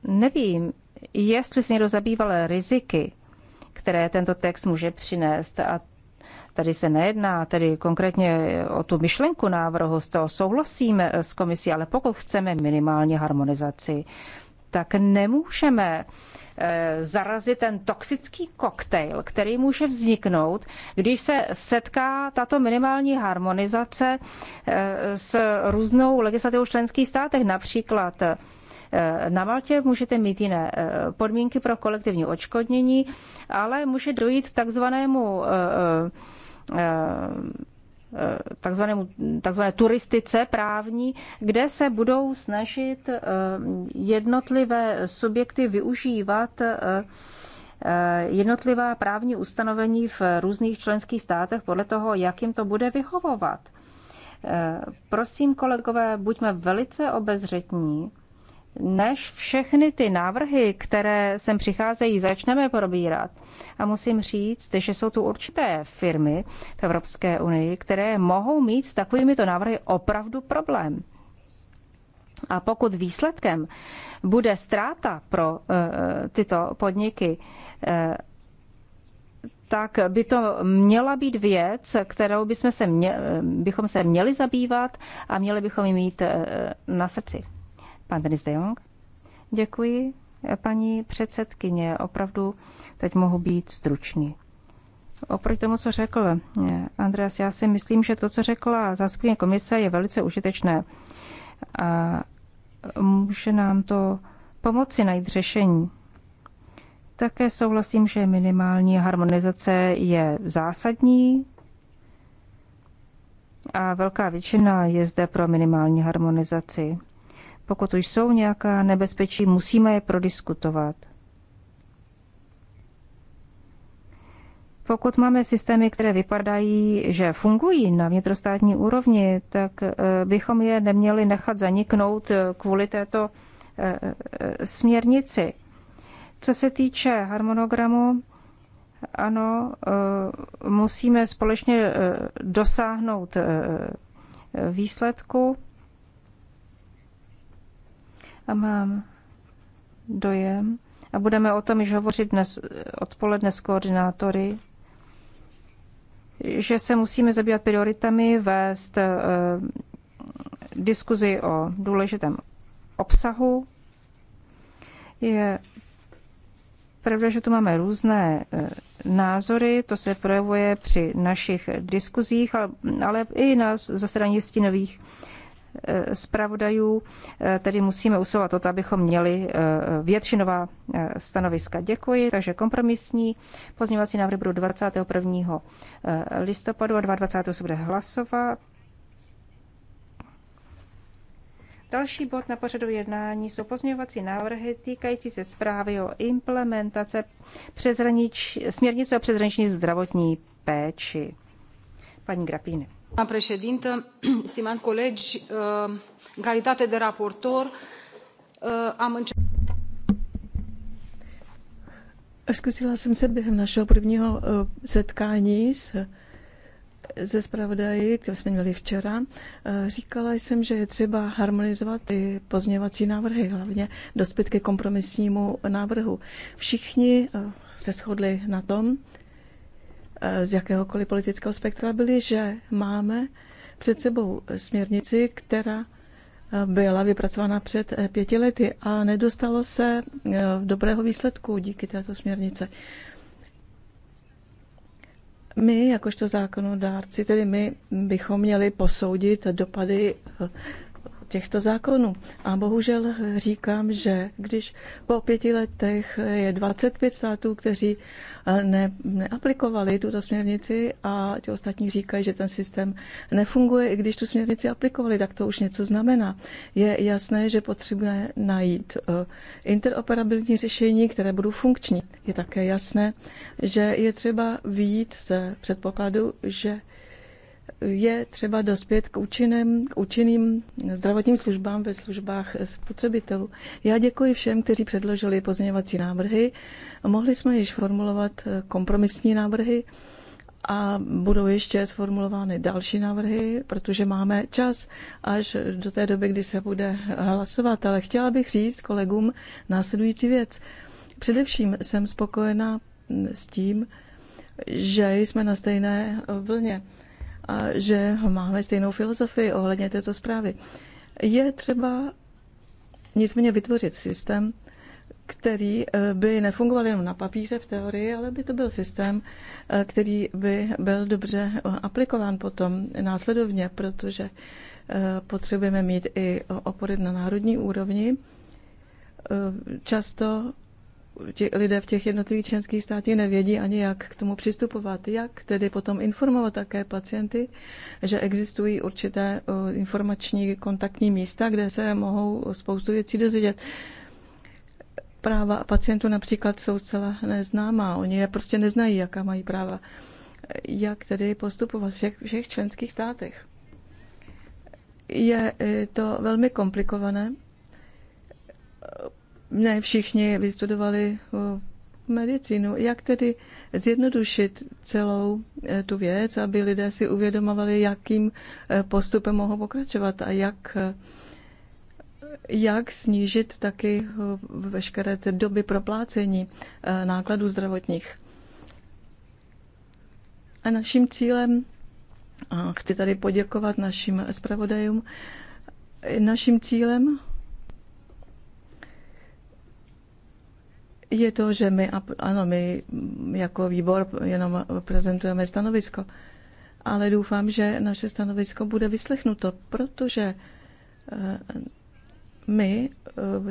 Nevím, jestli se někdo zabýval riziky, které tento text může přinést a Tady se nejedná tedy konkrétně o tu myšlenku návrhu, z toho souhlasíme s komisí, ale pokud chceme minimálně harmonizaci, tak nemůžeme eh, zarazit ten toxický koktejl, který může vzniknout, když se setká tato minimální harmonizace eh, s různou legislativou v členských státech, například eh, Eh, na Maltě můžete mít jiné eh, podmínky pro kolektivní odškodnění, ale může dojít k takzvanému eh, takzvanému, takzvané turistice právní, kde se budou snažit jednotlivé subjekty využívat jednotlivá právní ustanovení v různých členských státech podle toho, jak jim to bude vyhovovat. Prosím, kolegové, buďme velice obezřetní, než všechny ty návrhy, které sem přicházejí, začneme probírat. A musím říct, že jsou tu určité firmy v Evropské unii, které mohou mít s takovýmito návrhy opravdu problém. A pokud výsledkem bude ztráta pro uh, tyto podniky, uh, tak by to měla být věc, kterou bychom se mě, eh, bychom se měli zabývat a měli bychom ji mít na srdci. Pan Denis de Jong. Děkuji, paní předsedkyně. Opravdu teď mohu být stručný. Oproti tomu, co řekl eh, Andreas, já si myslím, že to, co řekla zástupkyně komise, je velice užitečné. A může nám to pomoci najít řešení. Také souhlasím, že minimální harmonizace je zásadní a velká většina je zde pro minimální harmonizaci. Pokud tu jsou nějaká nebezpečí, musíme je prodiskutovat. Pokud máme systémy, které vypadají, že fungují na vnitrostátní úrovni, tak eh, bychom je neměli nechat zaniknout eh, kvůli této eh, směrnici. Co se týče harmonogramu, ano, musíme společně dosáhnout výsledku. A mám dojem, a budeme o tom již hovořit dnes odpoledne s koordinátory, že se musíme zabývat prioritami, vést eh, diskuzi o důležitém obsahu. Je pravda, že tu máme různé eh, názory, to se projevuje při našich diskuzích, ale, ale i na zasedání stínových Eh, zpravodajů, eh, tedy musíme usilovat o to, abychom měli eh, většinová stanoviska. Děkuji, takže kompromisní pozměňovací návrh budou 21. listopadu a 22. se bude hlasovat. Další bod na pořadu jednání jsou pozměňovací návrhy týkající se zprávy o implementace přezranič, směrnice o přezraniční zdravotní péči. Paní Grapíny. Doamna președintă, stimați colegi, uh, în calitate de raportor uh, am început... Zkusila jsem se během našeho prvního uh, setkání s ze zpravodaji, které jsme měli včera, říkala jsem, že je třeba harmonizovat ty pozměňovací návrhy, hlavně dospět ke kompromisnímu návrhu. Všichni se shodli na tom, Eh, z jakéhokoliv politického spektra byly, že máme před sebou směrnici, která eh, byla vypracována před eh, pěti lety a nedostalo se dobrého výsledku díky této směrnice. My, jakožto zákonodárci, tedy my bychom měli posoudit dopady těchto zákonů. A bohužel říkám, že když po pěti letech je 25 států, kteří eh, ne, neaplikovali tuto směrnici a ti ostatní říkají, že ten systém nefunguje, i když tu směrnici aplikovali, tak to už něco znamená. Je jasné, že potřebujeme najít eh, interoperabilní řešení, které budou funkční. Je také jasné, že je třeba výjít ze předpokladu, že je třeba dospět k účinným, k účinným zdravotním službám ve službách spotřebitelů. Já děkuji všem, kteří předložili pozměňovací návrhy. Mohli jsme již formulovat kompromisní návrhy a budou ještě sformulovány další návrhy, protože máme čas až do té doby, kdy se bude hlasovat. Ale chtěla bych říct kolegům následující věc. Především jsem spokojená s tím, že jsme na stejné vlně že máme stejnou filozofii ohledně této zprávy. Je třeba nicméně vytvořit systém, který eh, by nefungoval jenom na papíře v teorii, ale by to byl systém, eh, který by byl dobře eh, aplikován potom následovně, protože potřebujeme mít i opory na národní úrovni. Často ti lidé v těch jednotlivých členských státech nevědí ani, jak k tomu přistupovat, jak tedy potom informovat také pacienty, že existují určité informační kontaktní místa, kde se mohou spoustu věcí dozvědět. Práva pacientů například jsou zcela neznámá, oni je prostě neznají, jaká mají práva. Jak tedy postupovat v všech, všech členských státech? Je e, to velmi komplikované ne všichni vystudovali eh, medicínu. Jak tedy zjednodušit celou eh, tu věc, aby lidé si uvědomovali, jakým eh, postupem mohou pokračovat a jak, jak snížit taky veškeré ty doby proplácení nákladů zdravotních. A naším cílem, a chci tady poděkovat našim zpravodajům, naším cílem je to, že my, ano, my jako výbor jenom prezentujeme stanovisko, ale doufám, že naše stanovisko bude vyslechnuto, protože eh, my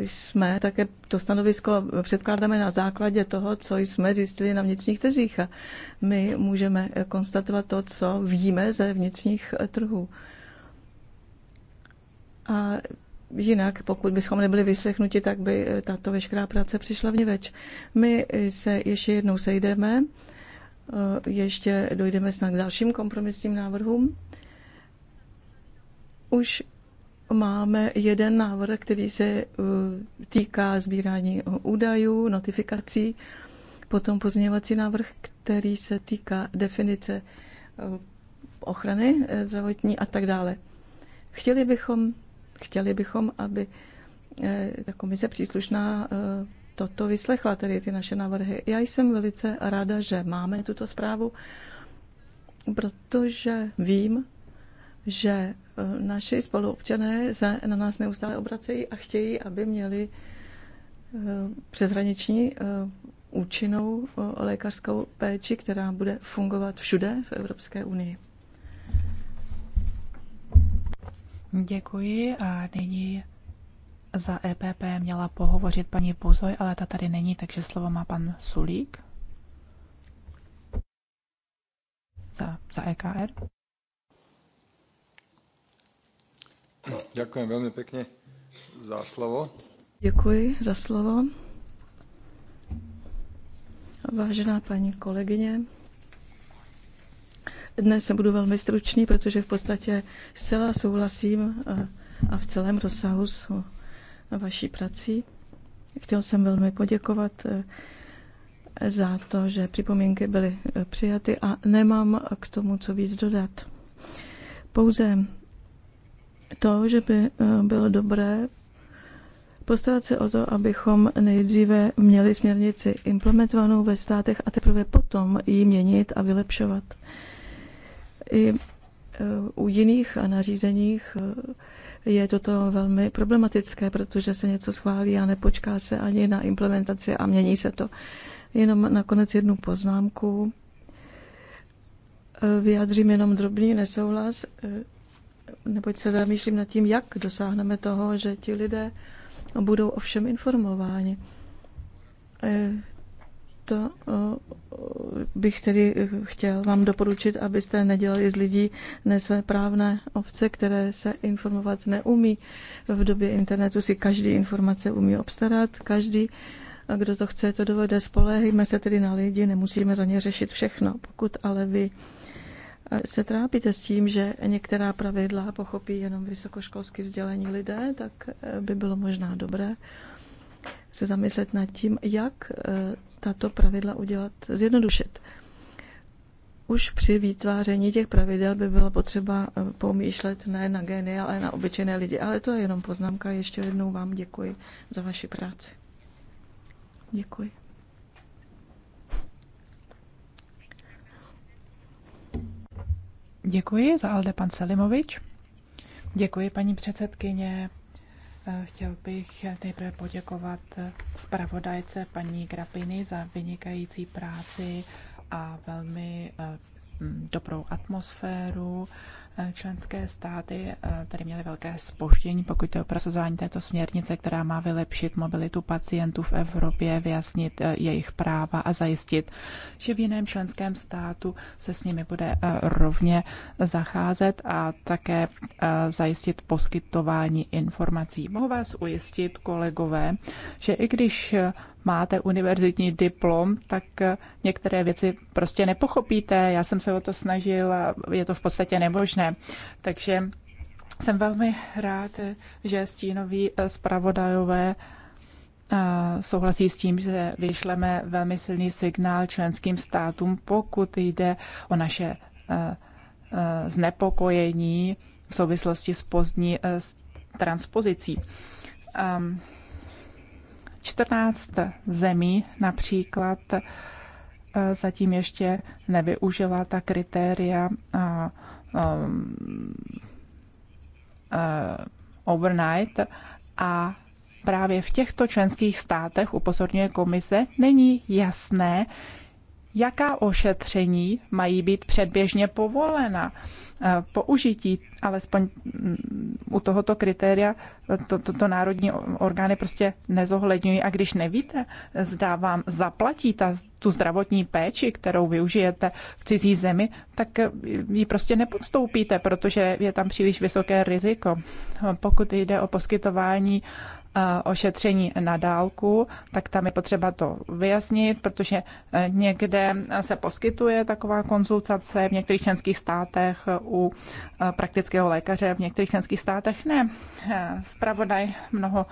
eh, jsme také to stanovisko předkládáme na základě toho, co jsme zjistili na vnitřních trzích. A my můžeme konstatovat to, co víme ze vnitřních trhů. A Jinak, pokud bychom nebyli vyslechnuti, tak by eh, tato veškerá práce přišla vněveč. My eh, se ještě jednou sejdeme, eh, ještě dojdeme snad k dalším kompromisním návrhům. Už máme jeden návrh, který se týká sbírání údajů, notifikací, potom pozměňovací návrh, který se týká definice ochrany zdravotní a tak dále. Chtěli bychom Chtěli bychom, aby eh, ta komise příslušná eh, toto vyslechla, tedy ty naše návrhy. Já jsem velice ráda, že máme tuto zprávu, protože vím, že eh, naši spoluobčané se na nás neustále obracejí a chtějí, aby měli přeshraniční účinnou lékařskou péči, která bude fungovat všude v Evropské unii. Děkuji a nyní za EPP měla pohovořit paní Buzoj, ale ta tady není, takže slovo má pan Sulík. Za, za EKR. Děkuji velmi pěkně za slovo. Děkuji za slovo. Vážená paní kolegyně, dnes budu velmi stručný, protože v podstatě zcela souhlasím eh, a v celém rozsahu s vaší prací. Chtěl jsem velmi poděkovat eh, za to, že připomínky byly eh, přijaty a nemám k tomu co víc dodat. Pouze to, že by bylo dobré postarat se o to, abychom nejdříve měli směrnici implementovanou ve státech a teprve potom ji měnit a vylepšovat. I e, u jiných nařízeních e, je toto velmi problematické, protože se něco schválí a nepočká se ani na implementaci a mění se to. Jenom nakonec jednu poznámku. E, vyjádřím jenom drobný nesouhlas, neboť se zamýšlím nad tím, jak dosáhneme toho, že ti lidé budou ovšem informováni. To eh, bych tedy eh, chtěl vám doporučit, abyste nedělali z lidí právné ovce, které se informovat neumí. V době internetu si každý informace umí obstarat, každý, eh, kdo to chce, to dovede. Spolehejme se tedy na lidi, nemusíme za ně řešit všechno. Pokud ale vy se trápíte s tím, že některá pravidla pochopí jenom vysokoškolsky vzdělaní lidé, tak by bylo možná dobré se zamyslet nad tím, jak tato pravidla udělat, zjednodušit. Už při vytváření těch pravidel by bylo potřeba eh, pomýšlet ne na geny, ale na obyčejné lidi. Ale to je jenom poznámka. Ještě jednou vám děkuji za vaši práci. Děkuji. Děkuji za Alde pan Selimovič. Děkuji, paní předsedkyně. Chtěl bych nejprve poděkovat zpravodajce paní Grapiny za vynikající práci a velmi eh, dobrou atmosféru Eh, členské státy eh, tady měly velké spoždění, pokud je o prosazování této směrnice, která má vylepšit mobilitu pacientů v Evropě, vyjasnit eh, jejich práva a zajistit, že v jiném členském státu se s nimi bude rovně zacházet a také zajistit poskytování informací. Mohu vás ujistit, kolegové, že i když máte univerzitní diplom, tak eh, některé věci prostě nepochopíte. Já jsem se o to snažil a je to v podstatě nemožné. Takže jsem velmi rád, že stínoví eh, zpravodajové eh, souhlasí s tím, že vyšleme velmi silný signál členským státům, pokud jde o naše znepokojení v souvislosti s pozdní transpozicí. Ehm, 14 zemí například eh, zatím ještě nevyužila ta kritéria a, a, um, a, eh, overnight a právě v těchto členských státech, upozorňuje komise, není jasné, jaká ošetření mají být předběžně povolena. Eh, použití alespoň mm, u tohoto kritéria eh, to, to, to národní orgány prostě nezohledňují a když nevíte, zda vám zaplatí ta, tu zdravotní péči, kterou využijete v cizí zemi, tak eh, ji prostě nepodstoupíte, protože je tam příliš vysoké riziko. Pokud jde o poskytování Eh, ošetření na dálku, tak tam je potřeba to vyjasnit, protože eh, někde se poskytuje taková konzultace v některých členských státech eh, u praktického lékaře, v některých členských státech ne. Spravodaj mnoho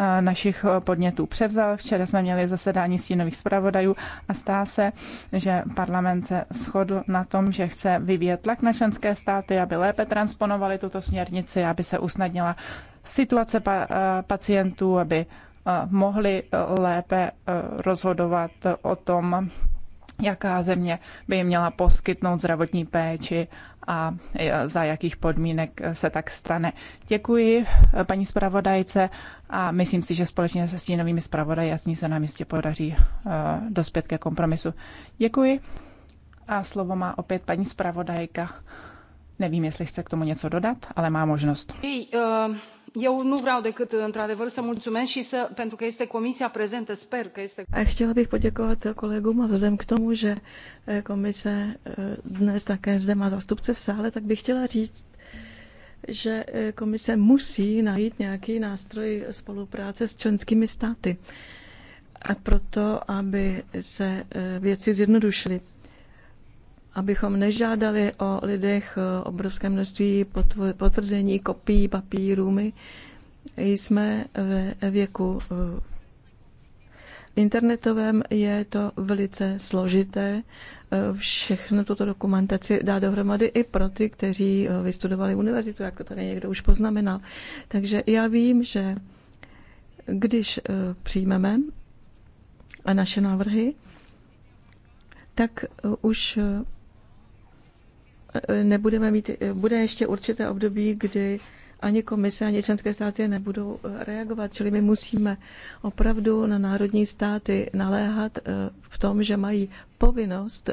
Eh, našich eh, podnětů převzal. Včera jsme měli zasedání stínových zpravodajů a stá se, že parlament se shodl na tom, že chce vyvíjet tlak na členské státy, aby lépe transponovali tuto směrnici, aby se usnadnila situace pa- eh, pacientů, aby mohli lépe rozhodovat o tom, jaká země by jim měla poskytnout zdravotní péči a za jakých podmínek se tak stane. Děkuji paní zpravodajce a myslím si, že společně se stínovými zpravodaji jasně se nám jistě podaří eh, dospět ke kompromisu. Děkuji a slovo má opět paní zpravodajka. Nevím, jestli chce k tomu něco dodat, ale má možnost. uh eu nu vreau decât într adevăr să mulțumesc și să pentru că este comisia prezentă sper că este A chtěla bych poděkovat kolegům a vzhledem k tomu, že eh, komise eh, dnes také zde má zástupce v sále, tak bych chtěla říct, že eh, komise musí najít nějaký nástroj spolupráce s členskými státy. A proto, aby se věci zjednodušily abychom nežádali o lidech eh, obrovské množství potvrzení, kopií, papírů. My jsme ve věku eh, internetovém je to velice složité eh, všechno tuto dokumentaci dá dohromady i pro ty, kteří vystudovali univerzitu, jako tady někdo už poznamenal. Takže já vím, že když přijmeme naše návrhy, tak už Eh, nebudeme mít, eh, bude ještě určité období, kdy ani komise, ani členské státy nebudou eh, reagovat. Čili my musíme opravdu na národní státy naléhat v tom, že mají povinnost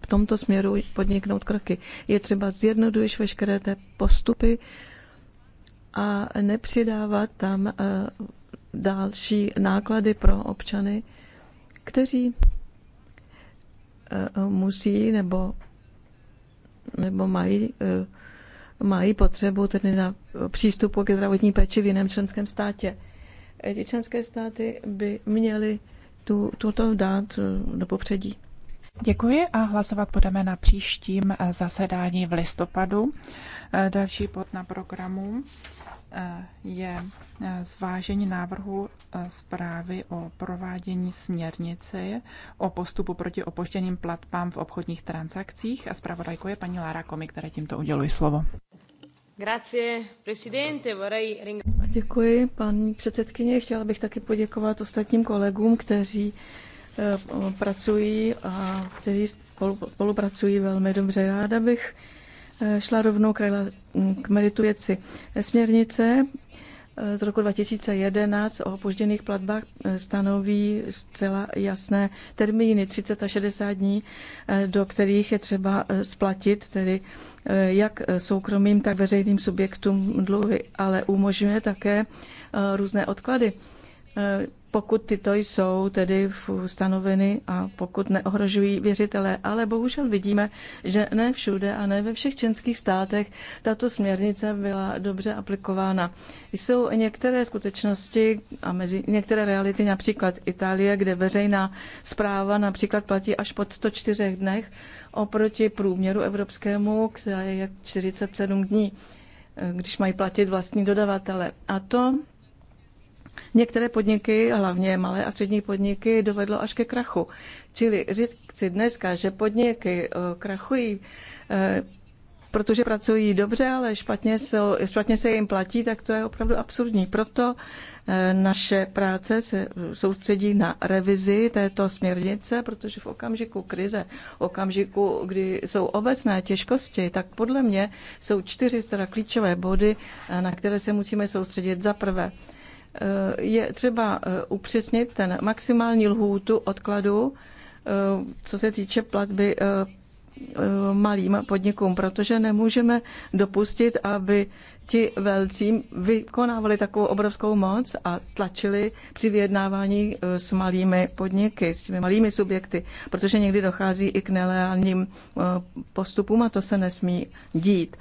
v tomto směru podniknout kroky. Je třeba zjednodušit veškeré té postupy a nepřidávat tam další náklady pro občany, kteří musí nebo nebo mají, e, mají potřebu tedy na přístupu ke zdravotní péči v jiném členském státě. E, ty členské státy by měly tu, tuto dát e, do popředí. Děkuji a hlasovat budeme na příštím zasedání v listopadu. Další pod na programu je eh, zvážení návrhu eh, zprávy o provádění směrnice o postupu proti opožděným platbám v obchodních transakcích a zpravodajkou je paní Lara Komi, které tímto uděluji slovo. Děkuji, paní předsedkyně. Chtěla bych taky poděkovat ostatním kolegům, kteří eh, pracují a kteří spolupracují velmi dobře. Ráda bych Eh, šla rovnou k mm, meritu věci. Směrnice eh, z roku 2011 o opožděných platbách eh, stanoví zcela jasné termíny 30 a 60 dní, do kterých je třeba splatit, tedy jak soukromým, tak veřejným subjektům dluhy, ale umožňuje také různé odklady pokud tyto jsou tedy stanoveny a pokud neohrožují věřitele. Ale bohužel vidíme, že ne všude a ne ve všech členských státech tato směrnice byla dobře aplikována. Jsou některé skutečnosti a mezi některé reality, například Itálie, kde veřejná zpráva například platí až pod 104 dnech oproti průměru evropskému, které je 47 dní když mají platit vlastní dodavatele. A to Některé podniky, hlavně malé a střední podniky, dovedlo až ke krachu. Čili říct si dneska, že podniky eh, krachují, eh, protože pracují dobře, ale špatně se, špatně se jim platí, tak to je opravdu absurdní. Proto eh, naše práce se soustředí na revizi této směrnice, protože v okamžiku krize, v okamžiku, kdy jsou obecné těžkosti, tak podle mě jsou čtyři teda klíčové body, na které se musíme soustředit. Za prvé, Eh, je třeba eh, upřesnit ten maximální lhůtu odkladu, eh, co se týče platby malým podnikům, protože nemůžeme dopustit, aby ti velcí vykonávali takovou obrovskou moc a tlačili při vyjednávání s malými podniky, s těmi malými subjekty, protože někdy dochází i k nelegálním postupům a to se nesmí dít.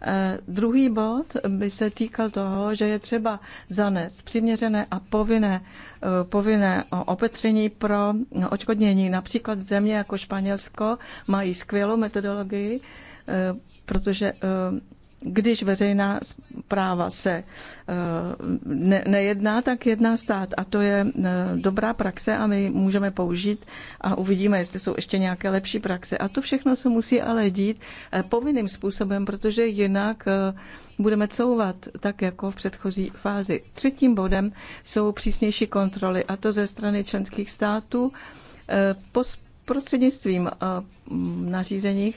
Eh, druhý bod by se týkal toho, že je třeba zanést přiměřené a povinné, eh, povinné opetření pro očkodnění. Například země jako Španělsko mají skvělou metodologii, eh, protože když veřejná práva se eh, ne, nejedná, tak jedná stát. A to je eh, dobrá praxe a my můžeme použít a uvidíme, jestli jsou ještě nějaké lepší praxe. A to všechno se musí ale dít eh, povinným způsobem, protože jinak budeme couvat, tak jako v předchozí fázi. Třetím bodem jsou přísnější kontroly, a to ze strany členských států prostřednictvím nařízeních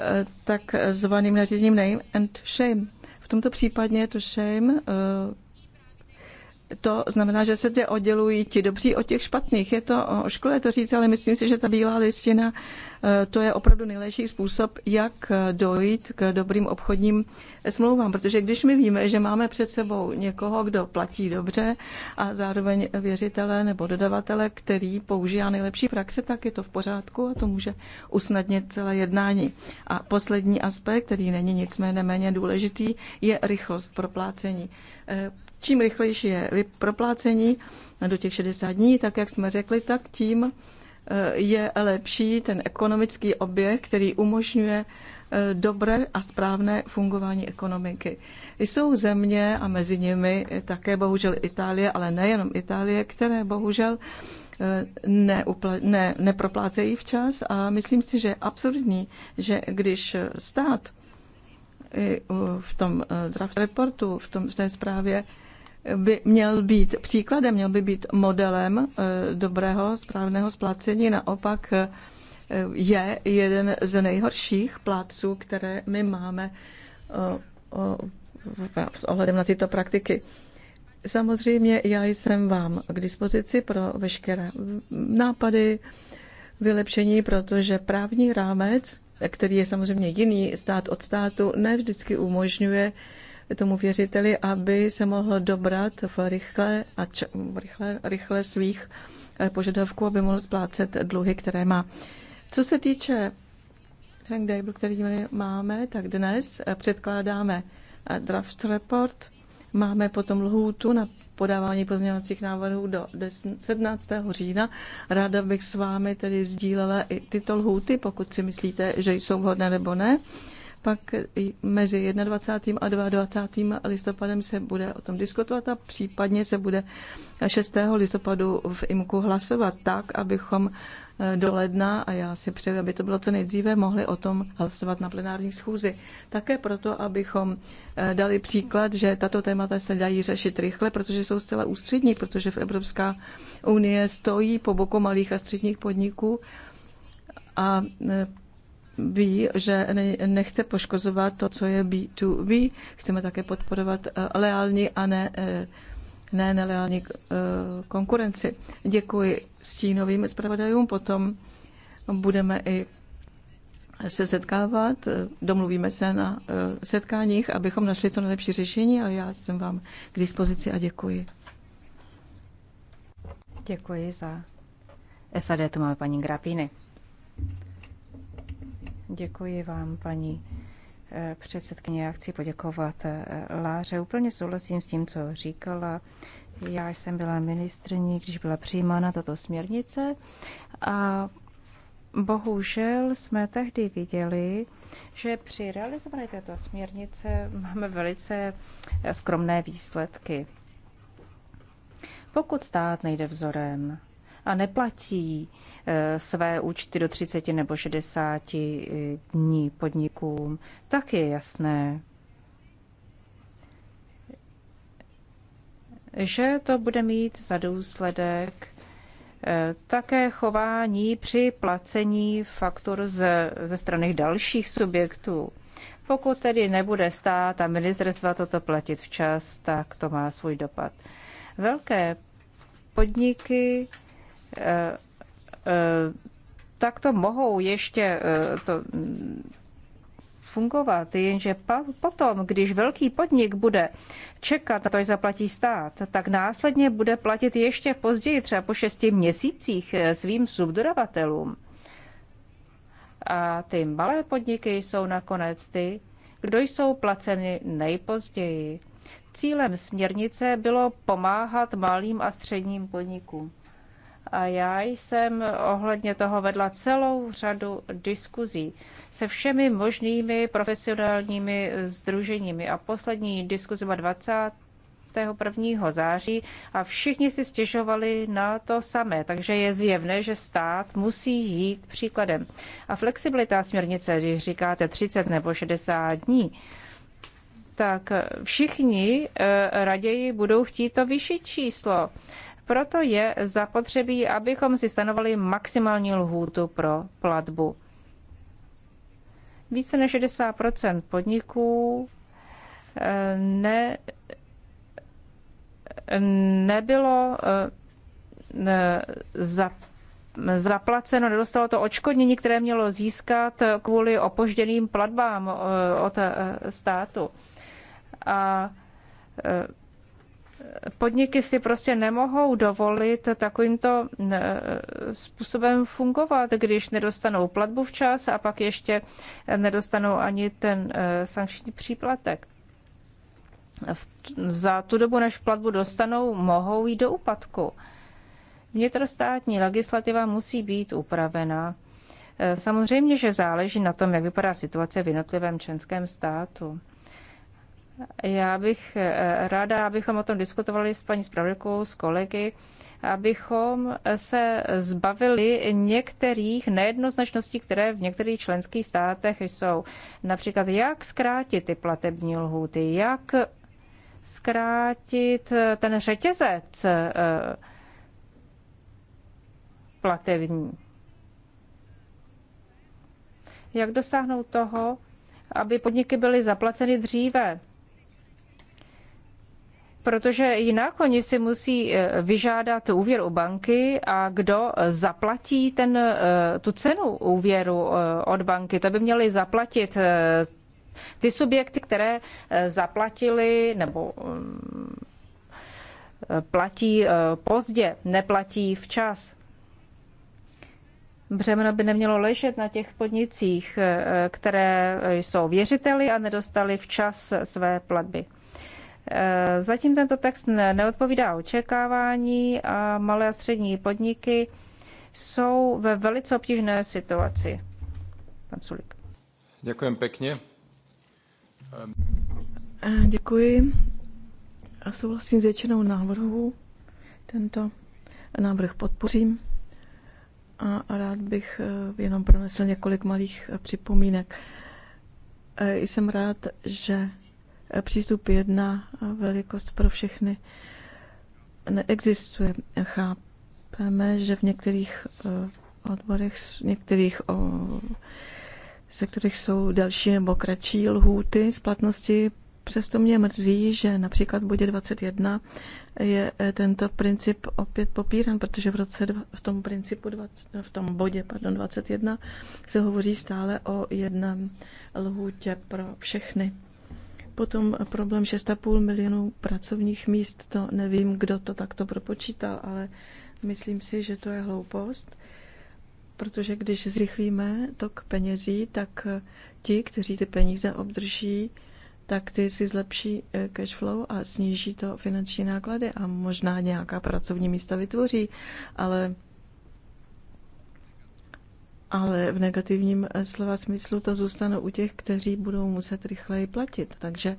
Eh, takzvaným nařízením name and shame. V tomto případě je to shame eh, to znamená, že se tě oddělují ti dobří od těch špatných. Je to o škole to říct, ale myslím si, že ta bílá listina eh, to je opravdu nejlepší způsob, jak eh, dojít k dobrým obchodním eh, smlouvám. Protože když my víme, že máme před sebou někoho, kdo platí dobře a zároveň věřitele nebo dodavatele, který používá nejlepší praxe, tak je to v pořádku a to může usnadnit celé jednání. A poslední aspekt, který není nicméně méně důležitý, je rychlost proplácení čím rychlejší je proplácení do těch 60 dní, tak jak jsme řekli, tak tím eh, je lepší ten ekonomický oběh, který umožňuje eh, dobré a správné fungování ekonomiky. Jsou země a mezi nimi také bohužel Itálie, ale nejenom Itálie, které bohužel eh, neupla- ne, neproplácejí včas a myslím si, že je absurdní, že když stát v tom draft reportu, v, tom, v té zprávě by měl být příkladem, měl by být modelem eh, dobrého, správného splácení. Naopak eh, je jeden z nejhorších plátců, které my máme eh, s ohledem na tyto praktiky. Samozřejmě já jsem vám k dispozici pro veškeré nápady, vylepšení, protože právní rámec, který je samozřejmě jiný stát od státu, ne vždycky umožňuje uh, tomu věřiteli, aby se mohl dobrat v rychle, a č- rychle, rychle svých eh, požadavků, aby mohl splácet dluhy, které má. Co se týče ten table, který my máme, tak dnes eh, předkládáme eh, draft report, máme potom lhůtu na podávání pozměňovacích návrhů do 17. října. Ráda bych s vámi tedy sdílela i tyto lhůty, pokud si myslíte, že jsou vhodné nebo ne. Pak mezi 21. a 22. listopadem se bude o tom diskutovat a případně se bude 6. listopadu v IMKU hlasovat tak, abychom eh, do ledna, a já si přeju, aby to bylo co nejdříve, mohli o tom hlasovat na plenární schůzi. Také proto, abychom eh, dali příklad, že tato témata se dají řešit rychle, protože jsou zcela ústřední, protože v Evropská unie stojí po boku malých a středních podniků a eh, ví, že nechce poškozovat to, co je B2B. Chceme také podporovat eh, leální a ne, eh, ne neleální eh, konkurenci. Děkuji stínovým zpravodajům, potom budeme i se setkávat, domluvíme se na setkáních, abychom našli co nejlepší řešení a já jsem vám k dispozici a děkuji. Děkuji za SAD, tu máme paní Grapiny. Děkuji vám, paní eh, předsedkyně. Já chci poděkovat eh, Láře. Úplně souhlasím s tím, co říkala. Já jsem byla ministrní, když byla přijímána tato směrnice a bohužel jsme tehdy viděli, že při realizování této směrnice máme velice eh, skromné výsledky. Pokud stát nejde vzorem a neplatí Eh, své účty do 30 nebo 60 eh, dní podnikům, tak je jasné, že to bude mít za důsledek eh, také chování při placení faktur ze, ze strany dalších subjektů. Pokud tedy nebude stát a ministerstva toto platit včas, tak to má svůj dopad. Velké podniky Eh, tak to mohou ještě eh, to mm, fungovat, jenže potom, když velký podnik bude čekat, to až zaplatí stát, tak následně bude platit ještě později, třeba po šesti měsících eh, svým subdodavatelům. A ty malé podniky jsou nakonec ty, kdo jsou placeny nejpozději. Cílem směrnice bylo pomáhat malým a středním podnikům. A já jsem ohledně toho vedla celou řadu diskuzí se všemi možnými profesionálními združeními. A poslední diskuze byla 20. 1. září a všichni si stěžovali na to samé, takže je zjevné, že stát musí jít příkladem. A flexibilita směrnice, když říkáte 30 nebo 60 dní, tak všichni eh, raději budou chtít to vyšší číslo. Proto je zapotřebí, abychom si stanovali maximální lhůtu pro platbu. Více než 60 podniků eh, ne, nebylo eh, za, zaplaceno, nedostalo to očkodnění, které mělo získat kvůli opožděným platbám eh, od státu. A podniky si prostě nemohou dovolit takovýmto eh, způsobem fungovat, když nedostanou platbu včas a pak ještě nedostanou ani ten eh, sankční příplatek. Za tu dobu, než platbu dostanou, mohou jít do úpadku. Vnitrostátní legislativa musí být upravena. Eh, samozřejmě, že záleží na tom, jak vypadá situace v jednotlivém členském státu. Já bych eh, ráda, abychom o tom diskutovali s paní Spravedlkou, s kolegy, abychom se zbavili některých nejednoznačností, které v některých členských státech jsou. Například, jak zkrátit ty platební lhůty, jak zkrátit eh, ten řetězec eh, platební. Jak dosáhnout toho, aby podniky byly zaplaceny dříve? protože jinak oni si musí eh, vyžádat úvěr u banky a kdo zaplatí ten, eh, tu cenu úvěru eh, od banky, to by měli zaplatit ty subjekty, které zaplatili nebo mm, platí pozdě, neplatí včas. Břemeno by nemělo ležet na těch podnicích, které jsou věřiteli a nedostali včas své platby. Eh, zatím tento text neodpovídá očekávání a malé a střední podniky jsou ve velice obtížné situaci. Pan Sulik. Děkuji pěkně. Eh, děkuji. A souhlasím s většinou návrhu. Tento návrh podpořím. A rád bych eh, jenom pronesl několik malých připomínek. Jsem rád, že přístup jedna a velikost pro všechny neexistuje. Chápeme, že v některých eh, odborech, některých sektorech jsou další nebo kratší lhůty splatnosti. Přesto mě mrzí, že například v bodě 21 je eh, tento princip opět popíran, protože v, roce, v tom principu 20, v tom bodě pardon, 21 se hovoří stále o jednom lhůtě pro všechny. Potom problém 6,5 milionů pracovních míst, to nevím, kdo to takto propočítal, ale myslím si, že to je hloupost, protože když zrychlíme tok penězí, tak eh, ti, kteří ty peníze obdrží, tak ty si zlepší eh, cash flow a sníží to finanční náklady a možná nějaká pracovní místa vytvoří, ale ale v negativním eh, slova smyslu to zůstane u těch, kteří budou muset rychleji platit. Takže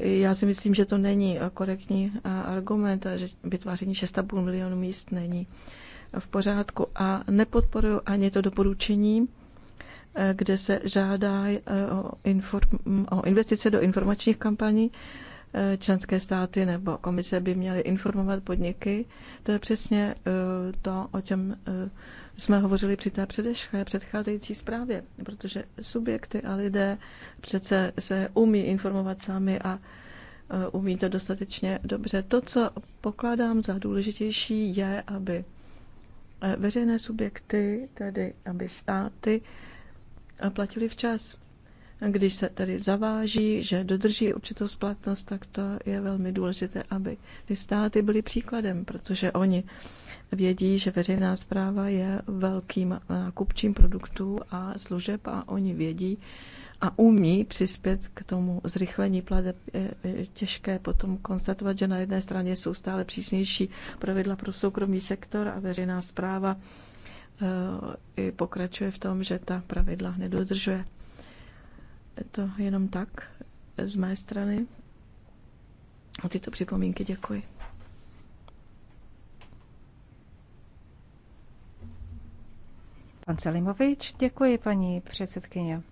eh, já si myslím, že to není eh, korektní argument a že vytváření 6,5 milionů míst není v pořádku. A nepodporuji ani to doporučení, kde se žádá o, inform, mm, o investice do informačních kampaní Eh, členské státy nebo komise by měly informovat podniky. To je přesně eh, to, o čem eh, jsme hovořili při té předešlé předcházející zprávě, protože subjekty a lidé přece se umí informovat sami a umí to dostatečně dobře. To, co pokládám za důležitější, je, aby veřejné subjekty, tedy aby státy, platili včas když se tedy zaváží, že dodrží určitou splatnost, tak to je velmi důležité, aby ty státy byly příkladem, protože oni vědí, že veřejná zpráva je velkým nákupčím produktů a služeb a oni vědí a umí přispět k tomu zrychlení plateb. Je těžké potom konstatovat, že na jedné straně jsou stále přísnější pravidla pro soukromý sektor a veřejná zpráva eh, i pokračuje v tom, že ta pravidla nedodržuje to jenom tak z mé strany. A tyto připomínky děkuji. Pan celimovič, děkuji paní předsedkyně.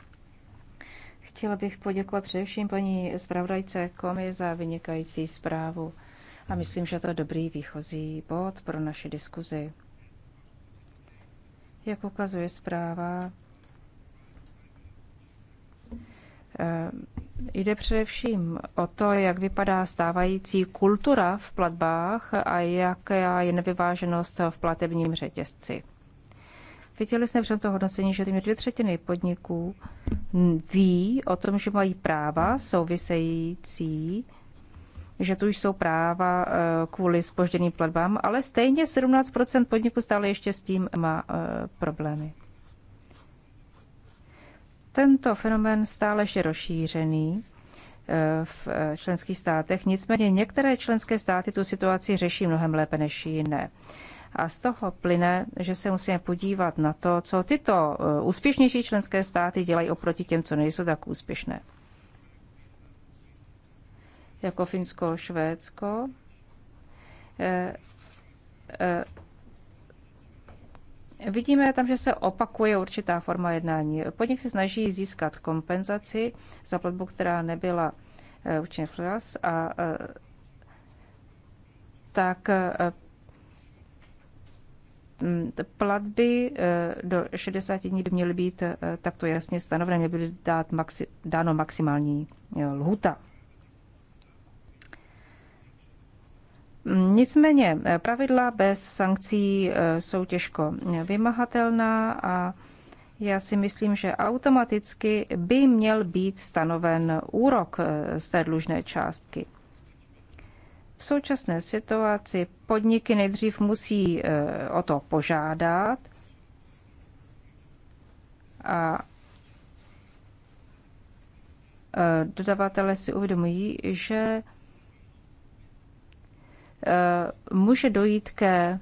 Chtěla bych poděkovat především paní zpravodajce Komi za vynikající zprávu a myslím, že to je dobrý výchozí bod pro naši diskuzi. Jak ukazuje zpráva, Eh, jde především o to, jak vypadá stávající kultura v platbách a jaká je nevyváženost v platebním řetězci. Viděli jsme v to hodnocení, že téměř dvě třetiny podniků ví o tom, že mají práva související, že tu jsou práva eh, kvůli spožděným platbám, ale stejně 17 podniků stále ještě s tím má eh, problémy. Tento fenomén stále je rozšířený eh, v eh, členských státech, nicméně některé členské státy tu situaci řeší mnohem lépe než jiné. A z toho plyne, že se musíme podívat na to, co tyto eh, úspěšnější členské státy dělají oproti těm, co nejsou tak úspěšné. Jako Finsko, Švédsko. E, e, Vidíme tam, že se opakuje určitá forma jednání. Podnik se snaží získat kompenzaci za platbu, která nebyla eh, učiněna včas a eh, tak eh, mm, platby do 60 dní by měly být takto jasně stanovené, měly by dát maxi, dáno maximální lhuta. Nicméně eh, pravidla bez sankcí eh, jsou těžko eh, vymahatelná a já si myslím, že automaticky by měl být stanoven úrok z té dlužné částky. V současné situaci podniky nejdřív musí o to požádat a dodavatele si uvědomují, že Eh, může dojít ke,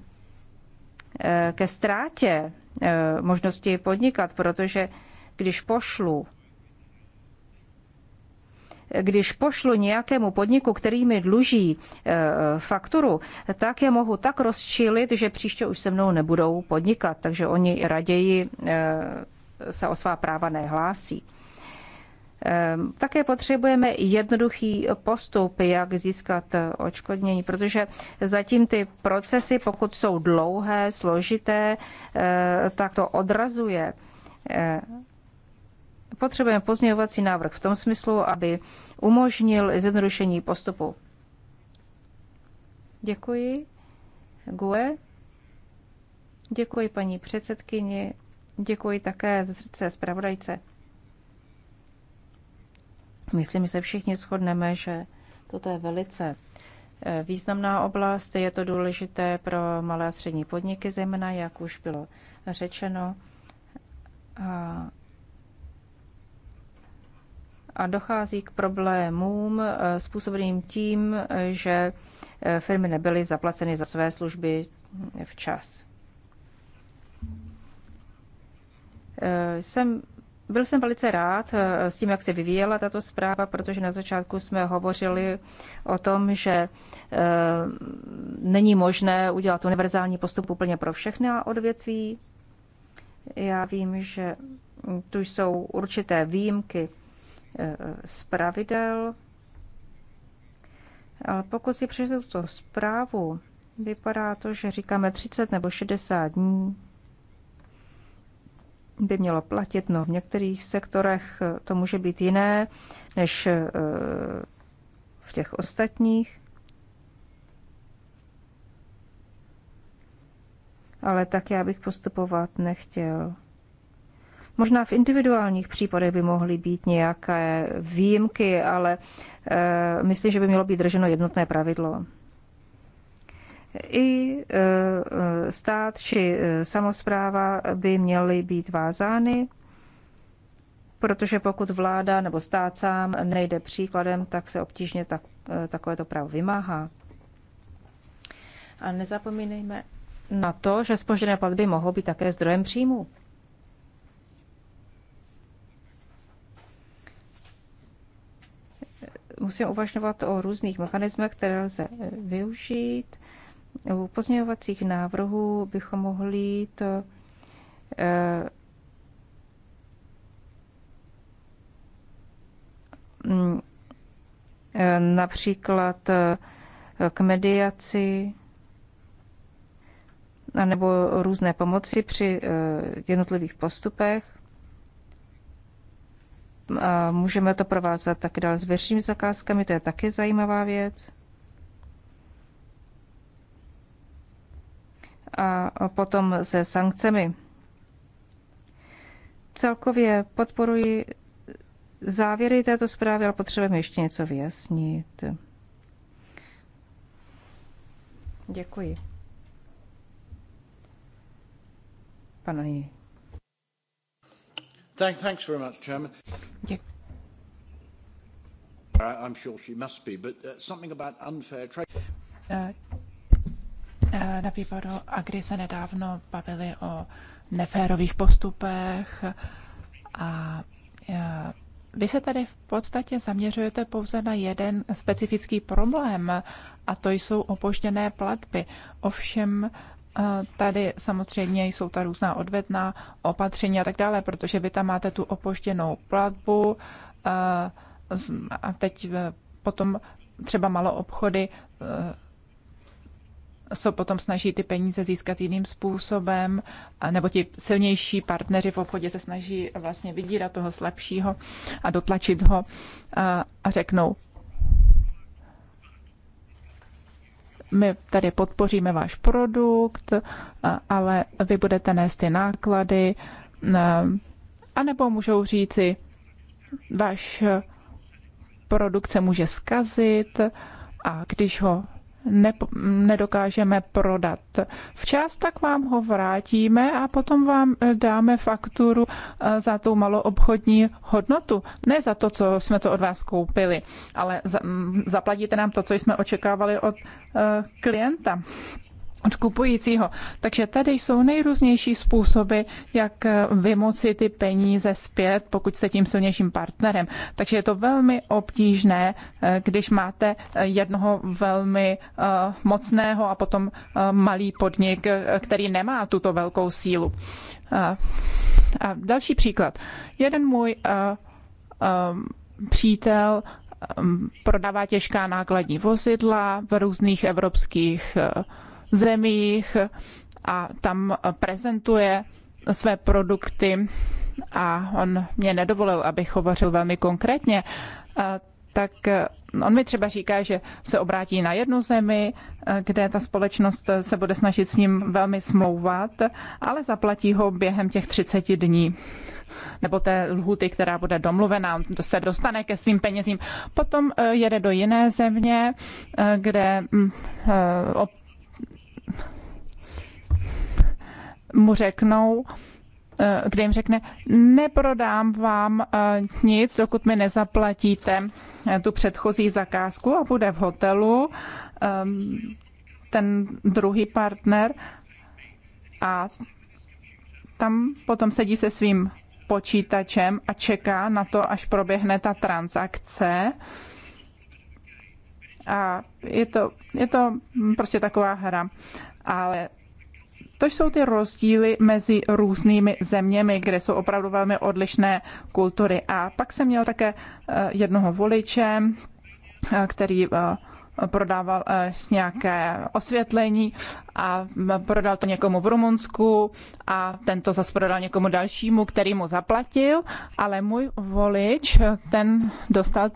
eh, ke ztrátě eh, možnosti podnikat, protože když pošlu když pošlu nějakému podniku, který mi dluží fakturu, tak je mohu tak rozčílit, že příště už se mnou nebudou podnikat. Takže oni raději se o svá práva nehlásí. Ehm, také potřebujeme jednoduchý postup, jak získat očkodnění, protože zatím ty procesy, pokud jsou dlouhé, složité, eh, tak to odrazuje. Eh, potřebujeme pozměňovací návrh v tom smyslu, aby umožnil zjednodušení postupu. Děkuji. Gue. Děkuji paní předsedkyni. Děkuji také ze srdce zpravodajce. Myslím, že se všichni shodneme, že toto je velice eh, významná oblast. Je to důležité pro malé a střední podniky, zejména, jak už bylo řečeno. A, a dochází k problémům eh, způsobeným tím, eh, že firmy nebyly zaplaceny za své služby mm, včas. Jsem byl jsem velice rád eh, s tím, jak se vyvíjela tato zpráva, protože na začátku jsme hovořili o tom, že eh, není možné udělat univerzální postup úplně pro všechny odvětví. Já vím, že tu jsou určité výjimky eh, z pravidel, ale pokud si přečtu tu zprávu, vypadá to, že říkáme 30 nebo 60 dní by mělo platit. No, v některých sektorech eh, to může být jiné než eh, v těch ostatních. Ale tak já bych postupovat nechtěl. Možná v individuálních případech by mohly být nějaké výjimky, ale e, myslím, že by mělo být drženo jednotné pravidlo i e, e, stát či e, samozpráva by měly být vázány, protože pokud vláda nebo stát sám nejde příkladem, tak se obtížně tak, takovéto právo vymáhá. A nezapomínejme na to, že spožděné platby mohou být také zdrojem příjmu. Musím uvažovat o různých mechanismech, které lze využít u pozměňovacích návrhů bychom mohli to eh, mm, eh, například eh, k mediaci nebo různé pomoci při jednotlivých postupech. Můžeme to provázat také dál s veřejnými zakázkami, to je taky zajímavá věc. a potom se sankcemi. Celkově podporuji závěry této zprávy, ale potřebujeme ještě něco vyjasnit. Děkuji. pane. Oni. Thank, thanks very much, Chairman. Děkuji. I'm sure she must be, but uh, something about unfair trade. Uh, Eh, na výboru Agri se nedávno bavili o neférových postupech a eh, vy se tady v podstatě zaměřujete pouze na jeden specifický problém a to jsou opožděné platby. Ovšem eh, tady samozřejmě jsou ta různá odvetná opatření a tak dále, protože vy tam máte tu opožděnou platbu a teď potom třeba malo obchody se potom snaží ty peníze získat jiným způsobem, nebo ti silnější partneři v obchodě se snaží vlastně vydírat toho slabšího a dotlačit ho a, a řeknou, my tady podpoříme váš produkt, ale vy budete nést ty náklady, anebo můžou říci, váš produkt se může zkazit a když ho ne, nedokážeme prodat včas, tak vám ho vrátíme a potom vám eh, dáme fakturu eh, za tu maloobchodní hodnotu. Ne za to, co jsme to od vás koupili, ale za, zaplatíte nám to, co jsme očekávali od uh, klienta od kupujícího. Takže tady jsou nejrůznější způsoby, jak vymoci ty peníze zpět, pokud jste tím silnějším partnerem. Takže je to velmi obtížné, eh, když máte eh, jednoho velmi eh, mocného a potom malý podnik, který nemá tuto velkou sílu. A další příklad. Jeden můj přítel prodává těžká nákladní vozidla v různých evropských zemích a tam prezentuje své produkty a on mě nedovolil, abych hovořil velmi konkrétně, tak on mi třeba říká, že se obrátí na jednu zemi, kde ta společnost se bude snažit s ním velmi smlouvat, ale zaplatí ho během těch 30 dní nebo té lhuty, která bude domluvená, to se dostane ke svým penězím. Potom eh, jede do jiné země, eh, kde mm, eh, mu řeknou, eh, kde jim řekne, neprodám vám eh, nic, dokud mi nezaplatíte eh, tu předchozí zakázku a bude v hotelu ehm, ten druhý partner a tam potom sedí se svým počítačem a čeká na to, až proběhne ta transakce a je to, je to prostě taková hra. Ale to jsou ty rozdíly mezi různými zeměmi, kde jsou opravdu velmi odlišné kultury. A pak jsem měl také eh, jednoho voliče, eh, který eh, prodával nějaké osvětlení a prodal to někomu v Rumunsku a tento zase prodal někomu dalšímu, který mu zaplatil, ale můj volič, ten dostal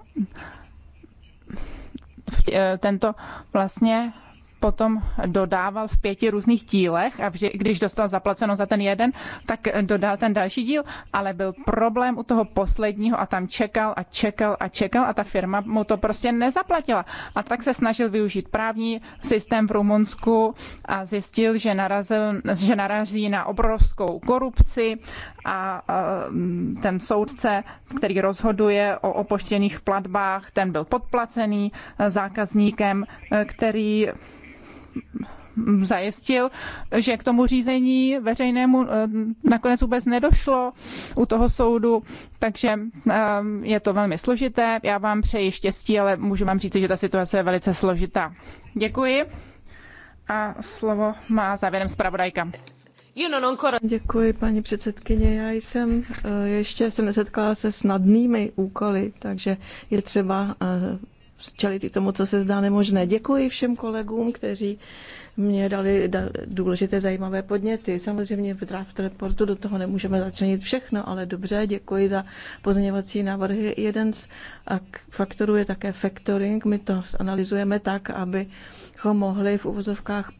Eh, tento vlastně potom dodával v pěti různých dílech a vždy, když dostal zaplaceno za ten jeden, tak dodal ten další díl, ale byl problém u toho posledního a tam čekal a čekal a čekal a ta firma mu to prostě nezaplatila. A tak se snažil využít právní systém v Rumunsku a zjistil, že, narazil, že narazí na obrovskou korupci a ten soudce, který rozhoduje o opoštěných platbách, ten byl podplacený zákazníkem, který zajistil, že k tomu řízení veřejnému eh, nakonec vůbec nedošlo u toho soudu, takže eh, je to velmi složité. Já vám přeji štěstí, ale můžu vám říct, že ta situace je velice složitá. Děkuji. A slovo má závěrem zpravodajka. Děkuji, paní předsedkyně. Já jsem eh, ještě se nesetkala se snadnými úkoly, takže je třeba čelit i tomu, co se zdá nemožné. Děkuji všem kolegům, kteří mě dali důležité zajímavé podněty. Samozřejmě v draft reportu do toho nemůžeme začlenit všechno, ale dobře, děkuji za pozměňovací návrhy. Jeden z faktorů je také factoring. My to analyzujeme tak, abychom mohli v uvozovkách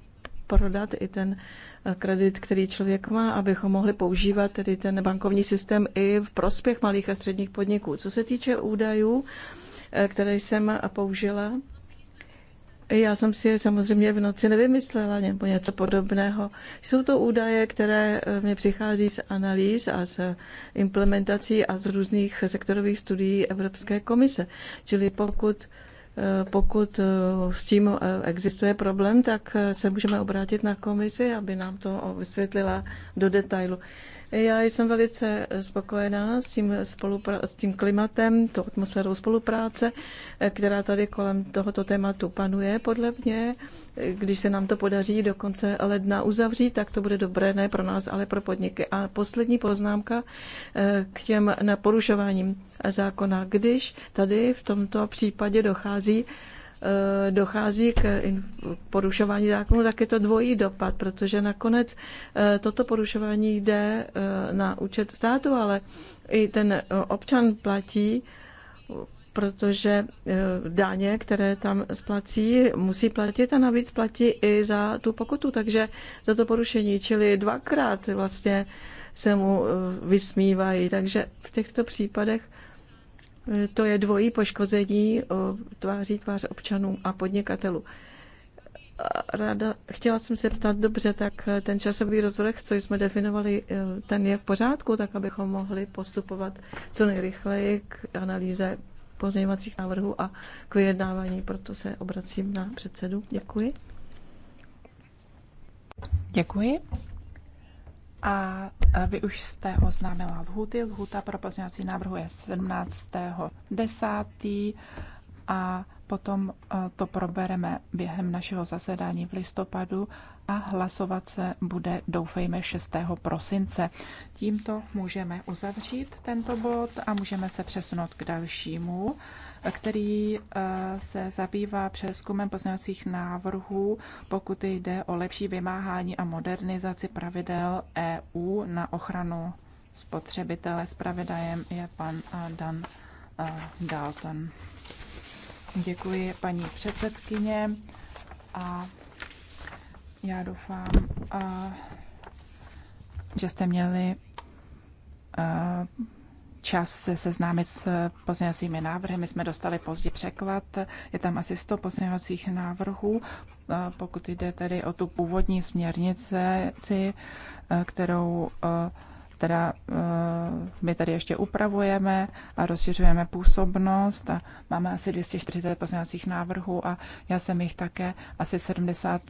prodat i ten eh, kredit, který člověk má, abychom mohli používat tedy ten bankovní systém i v prospěch malých a středních podniků. Co se týče údajů, Eh, které jsem použila. Já jsem si je samozřejmě v noci nevymyslela nebo něco podobného. Jsou to údaje, které eh, mě přichází z analýz a z implementací a z různých sektorových studií Evropské komise. Čili pokud eh, pokud s tím existuje problém, tak se můžeme obrátit na komisi, aby nám to vysvětlila do detailu. Já jsem velice spokojená s tím, spolupra- s tím klimatem, tou atmosférou spolupráce, která tady kolem tohoto tématu panuje. Podle mě, když se nám to podaří do konce ledna uzavřít, tak to bude dobré ne pro nás, ale pro podniky. A poslední poznámka eh, k těm porušováním zákona. Když tady v tomto případě dochází Eh, dochází k porušování zákonu, tak je to dvojí dopad, protože nakonec eh, toto porušování jde eh, na účet státu, ale i ten občan platí, protože daně, které tam splací, musí platit a navíc platí i za tu pokutu, takže za to porušení, čili dvakrát vlastně se mu vysmívají. Takže v těchto případech to je dvojí poškození tváří tvář občanům a podnikatelů. Ráda, chtěla jsem se ptát, dobře, tak ten časový rozvrh, co jsme definovali, e, ten je v pořádku, tak abychom mohli postupovat co nejrychleji k analýze pozměňovacích návrhů a k vyjednávání, proto se obracím na předsedu. Děkuji. Děkuji. A vy už jste oznámila lhuty. Lhuta pro pozměňovací návrhu je 17.10. a potom e, to probereme během našeho zasedání v listopadu a hlasovat se bude, doufejme, 6. prosince. Tímto můžeme uzavřít tento bod a můžeme se přesunout k dalšímu který eh, se zabývá přeskumem pozměňovacích návrhů, pokud jde o lepší vymáhání a modernizaci pravidel EU na ochranu spotřebitele. S pravidajem je pan eh, Dan eh, Dalton. Děkuji paní předsedkyně a já doufám, že jste měli čas se seznámit s pozměňovacími návrhy. My jsme dostali pozdě překlad, je tam asi 100 pozměňovacích návrhů, eh, pokud jde tedy o tu původní směrnici, eh, kterou eh, teda my tady ještě upravujeme a rozšiřujeme působnost a máme asi 240 pozměňovacích návrhů a já jsem jich také asi 70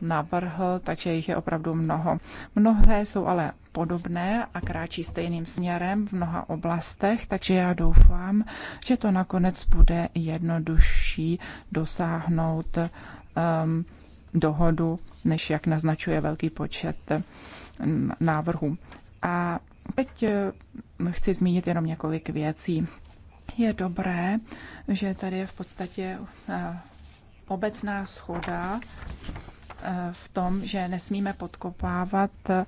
navrhl, takže jich je opravdu mnoho. Mnohé jsou ale podobné a kráčí stejným směrem v mnoha oblastech, takže já doufám, že to nakonec bude jednodušší dosáhnout um, dohodu, než jak naznačuje velký počet um, návrhů. A teď eh, chci zmínit jenom několik věcí. Je dobré, že tady je v podstatě eh, obecná schoda Eh, v tom, že nesmíme podkopávat eh,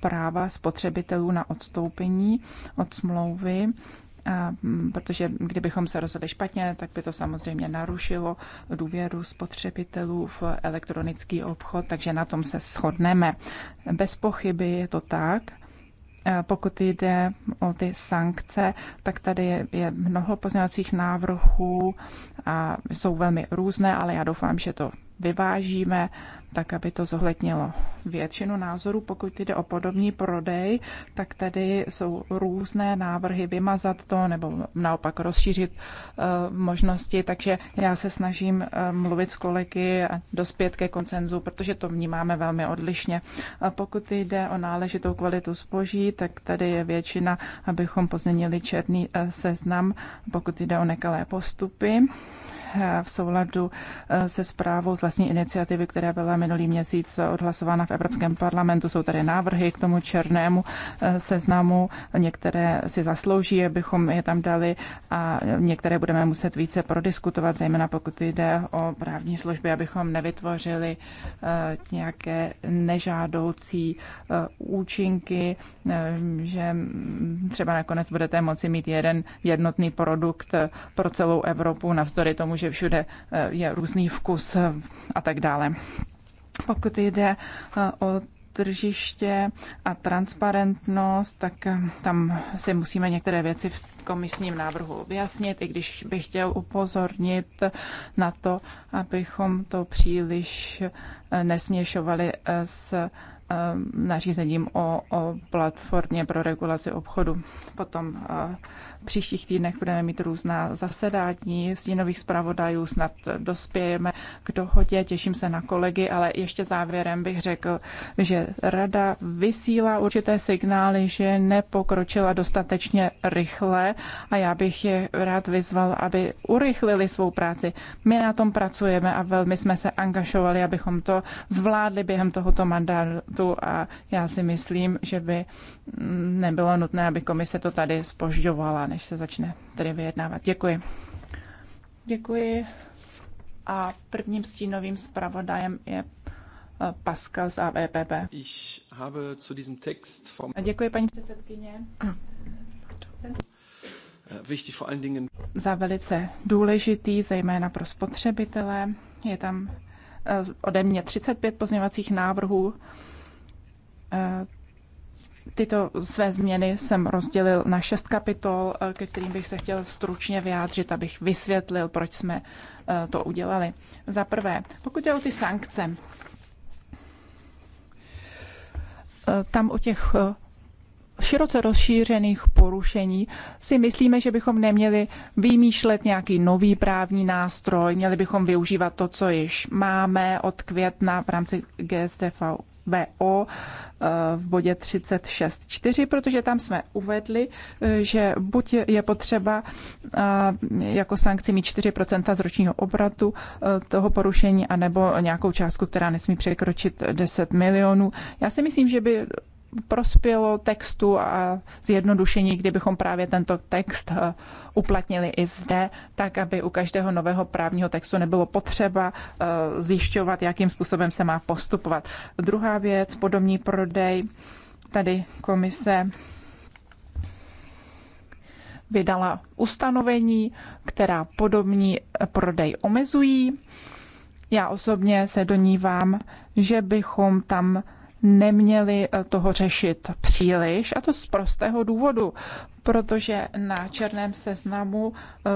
práva spotřebitelů na odstoupení od smlouvy, eh, protože kdybychom se rozhodli špatně, tak by to samozřejmě narušilo důvěru spotřebitelů v elektronický obchod, takže na tom se shodneme. Bez pochyby je to tak. Pokud jde o ty sankce, tak tady je, je mnoho pozměňovacích návrhů a jsou velmi různé, ale já doufám, že to vyvážíme, tak aby to zohlednilo většinu názorů. Pokud jde o podobný prodej, tak tady jsou různé návrhy vymazat to nebo naopak rozšířit uh, možnosti, takže já se snažím uh, mluvit s kolegy a dospět ke koncenzu, protože to vnímáme velmi odlišně. A pokud jde o náležitou kvalitu zboží, tak tady je většina, abychom pozměnili černý uh, seznam, pokud jde o nekalé postupy v souladu eh, se zprávou z vlastní iniciativy, která byla minulý měsíc odhlasována v Evropském parlamentu. Jsou tady návrhy k tomu černému eh, seznamu. Některé si zaslouží, abychom je tam dali a některé budeme muset více prodiskutovat, zejména pokud jde o právní služby, abychom nevytvořili eh, nějaké nežádoucí účinky, že třeba nakonec budete moci mít jeden jednotný produkt pro celou Evropu, navzdory tomu, že všude eh, je různý vkus eh, a tak dále. Pokud jde eh, o tržiště a transparentnost, tak tam si musíme některé věci v komisním návrhu objasnit, i když bych chtěl upozornit na to, abychom to příliš nesměšovali s nařízením o, o platformě pro regulaci obchodu. Potom v příštích týdnech budeme mít různá zasedání stínových zpravodajů, snad dospějeme k dohodě, těším se na kolegy, ale ještě závěrem bych řekl, že rada vysílá určité signály, že nepokročila dostatečně rychle a já bych je rád vyzval, aby urychlili svou práci. My na tom pracujeme a velmi jsme se angažovali, abychom to zvládli během tohoto mandátu a já si myslím, že by nebylo nutné, aby komise to tady spožďovala než se začne tedy vyjednávat. Děkuji. Děkuji. A prvním stínovým zpravodajem je eh, Pascal z AVPB. Ich habe zu diesem Text vom... Děkuji, paní předsedkyně. Äh, wichtig vor allen Dingen... Za velice důležitý, zejména pro spotřebitele. Je tam eh, ode mě 35 pozměňovacích návrhů eh, Tyto své změny jsem rozdělil na šest kapitol, eh, ke kterým bych se chtěl stručně vyjádřit, abych vysvětlil, proč jsme eh, to udělali. Za prvé, pokud jde o ty sankce, eh, tam o těch široce rozšířených porušení si myslíme, že bychom neměli vymýšlet nějaký nový právní nástroj, měli bychom využívat to, co již máme od května v rámci GSTV VO eh, v bodě 36.4, protože tam jsme uvedli, eh, že buď je potřeba eh, jako sankci mít 4% z ročního obratu toho porušení, anebo nějakou částku, která nesmí překročit 10 milionů. Já si myslím, že by prospělo textu a zjednodušení, kdybychom právě tento text eh, uplatnili i zde, tak aby u každého nového právního textu nebylo potřeba eh, zjišťovat, jakým způsobem se má postupovat. Druhá věc, podobný prodej. Tady komise vydala ustanovení, která podobný prodej omezují. Já osobně se donívám, že bychom tam neměli eh, toho řešit příliš, a to z prostého důvodu, protože na černém seznamu eh,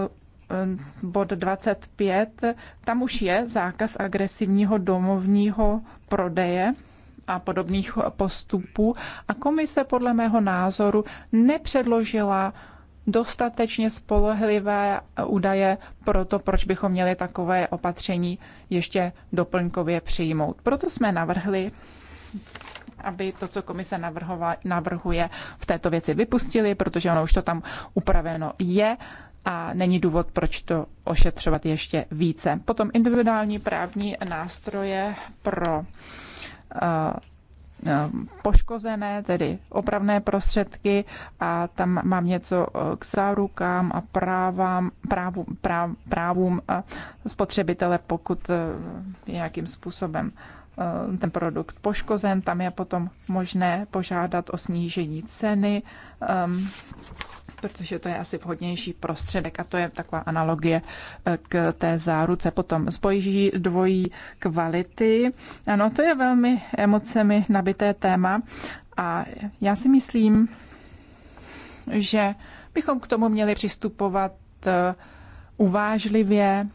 eh, bod 25, tam už je zákaz agresivního domovního prodeje a podobných postupů a komise podle mého názoru nepředložila dostatečně spolehlivé údaje pro to, proč bychom měli takové opatření ještě doplňkově přijmout. Proto jsme navrhli, aby to, co komise navrhova, navrhuje v této věci vypustili, protože ono už to tam upraveno je a není důvod, proč to ošetřovat ještě více. Potom individuální právní nástroje pro uh, poškozené, tedy opravné prostředky a tam mám něco eh, k zárukám a právám, právu, práv, právům spotřebitele, pokud nějakým způsobem Eh, ten produkt poškozen, tam je potom možné požádat o snížení ceny, eh, protože to je asi vhodnější prostředek a to je taková analogie eh, k té záruce. Potom zboží dvojí kvality. Ano, to je velmi emocemi nabité téma a já si myslím, že bychom k tomu měli přistupovat uvážlivě,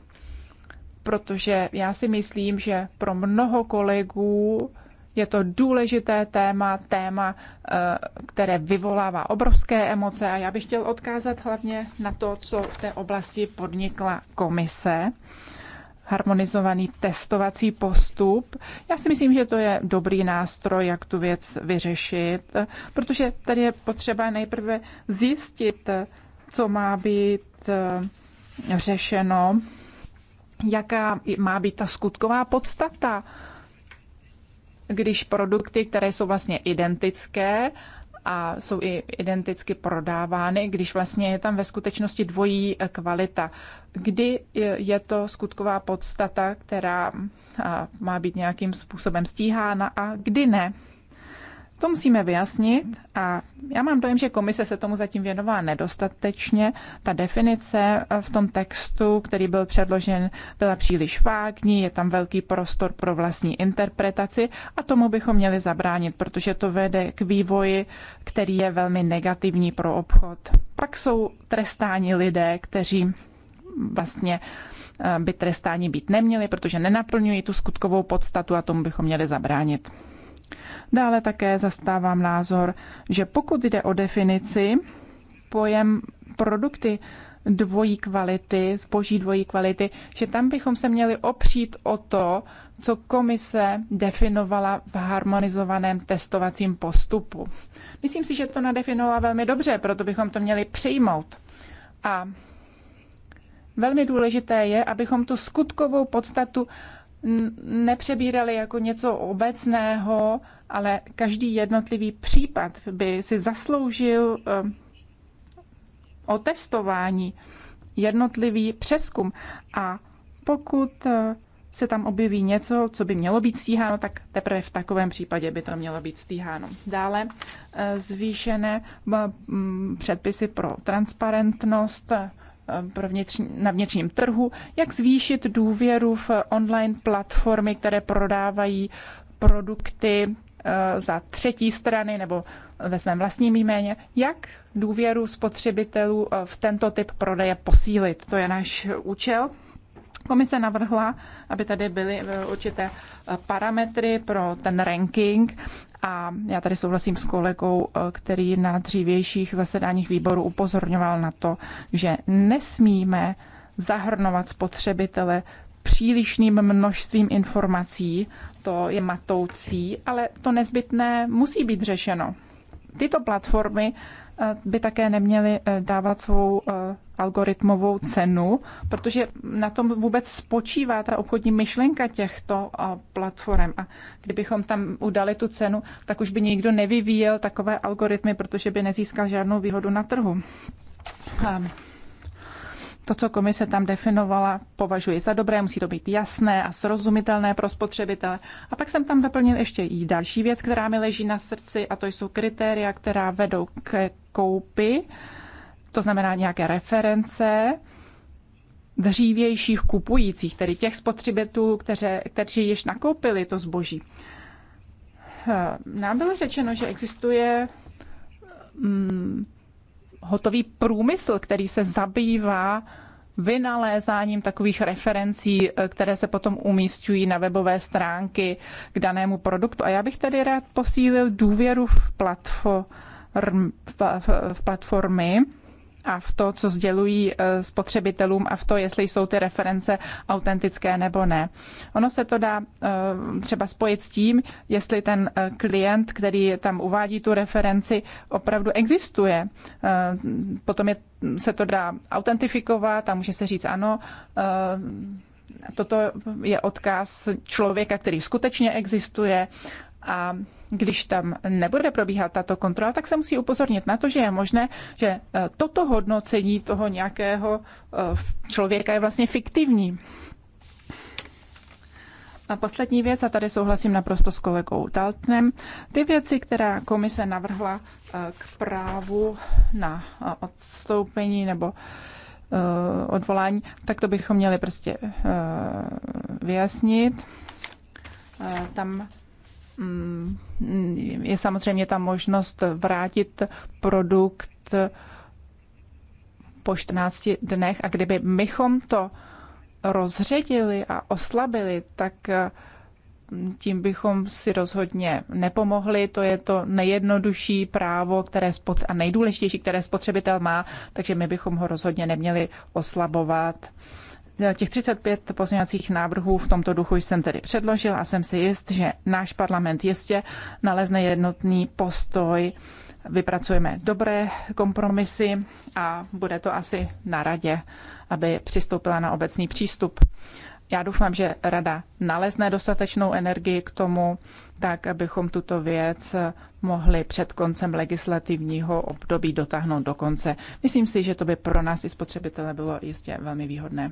protože já si myslím, že pro mnoho kolegů je to důležité téma, téma, eh, které vyvolává obrovské emoce a já bych chtěl odkázat hlavně na to, co v té oblasti podnikla komise harmonizovaný testovací postup. Já si myslím, že to je dobrý nástroj, jak tu věc vyřešit, protože tady je potřeba nejprve zjistit, co má být eh, řešeno jaká má být ta skutková podstata, když produkty, které jsou vlastně identické, a jsou i identicky prodávány, když vlastně je tam ve skutečnosti dvojí eh, kvalita. Kdy je to skutková podstata, která má být nějakým způsobem stíhána a kdy ne? To musíme vyjasnit a já mám dojem, že komise se tomu zatím věnovala nedostatečně. Ta definice eh, v tom textu, který byl předložen, byla příliš vágní, je tam velký prostor pro vlastní interpretaci a tomu bychom měli zabránit, protože to vede k vývoji, který je velmi negativní pro obchod. Pak jsou trestáni lidé, kteří vlastně eh, by trestáni být neměli, protože nenaplňují tu skutkovou podstatu a tomu bychom měli zabránit. Dále také zastávám názor, že pokud jde o definici, pojem produkty dvojí kvality, zboží dvojí kvality, že tam bychom se měli opřít o to, co komise definovala v harmonizovaném testovacím postupu. Myslím si, že to nadefinovala velmi dobře, proto bychom to měli přijmout. A velmi důležité je, abychom tu skutkovou podstatu nepřebírali jako něco obecného, ale každý jednotlivý případ by si zasloužil eh, otestování, jednotlivý přeskum. A pokud eh, se tam objeví něco, co by mělo být stíháno, tak teprve v takovém případě by to mělo být stíháno. Dále eh, zvýšené předpisy pro transparentnost pro vnitřní, na vnitřním trhu, jak zvýšit důvěru v online platformy, které prodávají produkty eh, za třetí strany nebo ve svém vlastním jméně, jak důvěru spotřebitelů eh, v tento typ prodeje posílit. To je náš účel. Komise navrhla, aby tady byly eh, určité parametry pro ten ranking a já tady souhlasím s kolegou, eh, který na dřívějších zasedáních výboru upozorňoval na to, že nesmíme zahrnovat spotřebitele přílišným množstvím informací, to je matoucí, ale to nezbytné musí být řešeno. Tyto platformy by také neměli eh, dávat svou eh, algoritmovou cenu, protože na tom vůbec spočívá ta obchodní myšlenka těchto eh, platform. A kdybychom tam udali tu cenu, tak už by nikdo nevyvíjel takové algoritmy, protože by nezískal žádnou výhodu na trhu. To, co komise tam definovala, považuji za dobré, musí to být jasné a srozumitelné pro spotřebitele. A pak jsem tam doplnil ještě i další věc, která mi leží na srdci, a to jsou kritéria, která vedou k koupi, to znamená nějaké reference dřívějších kupujících, tedy těch spotřebitelů, kteří již nakoupili to zboží. Nám bylo řečeno, že existuje mm, hotový průmysl, který se zabývá vynalézáním takových referencí, eh, které se potom umístují na webové stránky k danému produktu. A já bych tedy rád posílil důvěru v, platform, v, v, v platformy a v to, co sdělují eh, spotřebitelům a v to, jestli jsou ty reference autentické nebo ne. Ono se to dá eh, třeba spojit s tím, jestli ten eh, klient, který tam uvádí tu referenci, opravdu existuje. Potom je, se to dá autentifikovat a může se říct ano, toto je odkaz člověka, který skutečně existuje a když tam nebude probíhat tato kontrola, tak se musí upozornit na to, že je možné, že e, toto hodnocení toho nějakého e, člověka je vlastně fiktivní. A poslední věc, a tady souhlasím naprosto s kolegou Daltnem, ty věci, která komise navrhla e, k právu na odstoupení nebo odvolání, tak to bychom měli prostě vyjasnit. Tam Mm, je samozřejmě ta možnost vrátit produkt po 14 dnech a kdyby mychom to rozředili a oslabili, tak mm, tím bychom si rozhodně nepomohli. To je to nejjednodušší právo které spot- a nejdůležitější, které spotřebitel má, takže my bychom ho rozhodně neměli oslabovat. Těch 35 pozměňovacích návrhů v tomto duchu jsem tedy předložil a jsem si jist, že náš parlament jistě nalezne jednotný postoj, vypracujeme dobré kompromisy a bude to asi na radě, aby přistoupila na obecný přístup. Já doufám, že rada nalezne dostatečnou energii k tomu, tak abychom tuto věc mohli před koncem legislativního období dotáhnout do konce. Myslím si, že to by pro nás i spotřebitele bylo jistě velmi výhodné.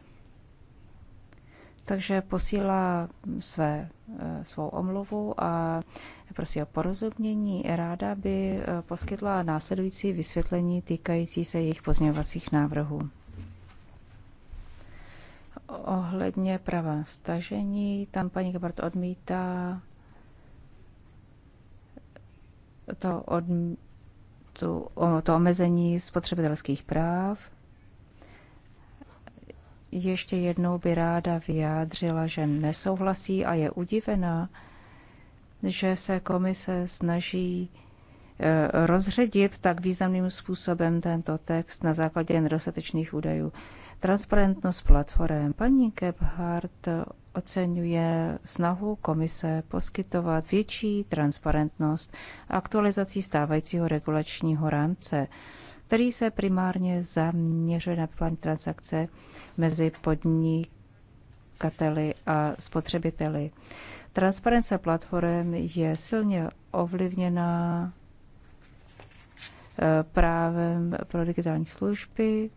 Takže posílá své, eh, svou omluvu a prosí o porozumění. Ráda by eh, poskytla následující vysvětlení týkající se jejich pozměňovacích návrhů. Ohledně prava stažení, tam paní Gebhardt odmítá to, od, tu, o, to omezení spotřebitelských práv ještě jednou by ráda vyjádřila, že nesouhlasí a je udivená, že se komise snaží eh, rozředit tak významným způsobem tento text na základě nedostatečných údajů. Transparentnost platform. Paní Gebhardt oceňuje snahu komise poskytovat větší transparentnost aktualizací stávajícího regulačního rámce který se primárně zaměřuje na plán transakce mezi podnikateli a spotřebiteli. Transparence platform je silně ovlivněná eh, právem pro digitální služby.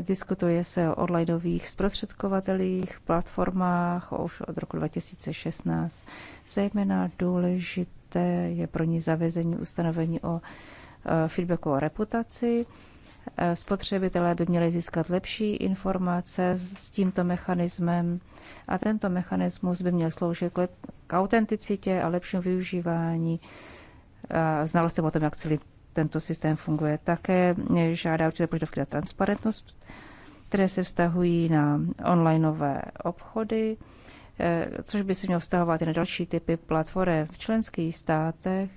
Diskutuje se o onlineových zprostředkovatelích, platformách už od roku 2016. Zejména důležité je pro ní zavezení ustanovení o Eh, feedbackovou o reputaci. Eh, spotřebitelé by měli získat lepší informace s tímto mechanismem a tento mechanismus by měl sloužit k, k autenticitě a lepšímu využívání. Eh, znal jste o tom, jak celý tento systém funguje. Také žádá určité požadavky na transparentnost, které se vztahují na onlineové obchody, což by se mělo vztahovat i na další typy platform v členských státech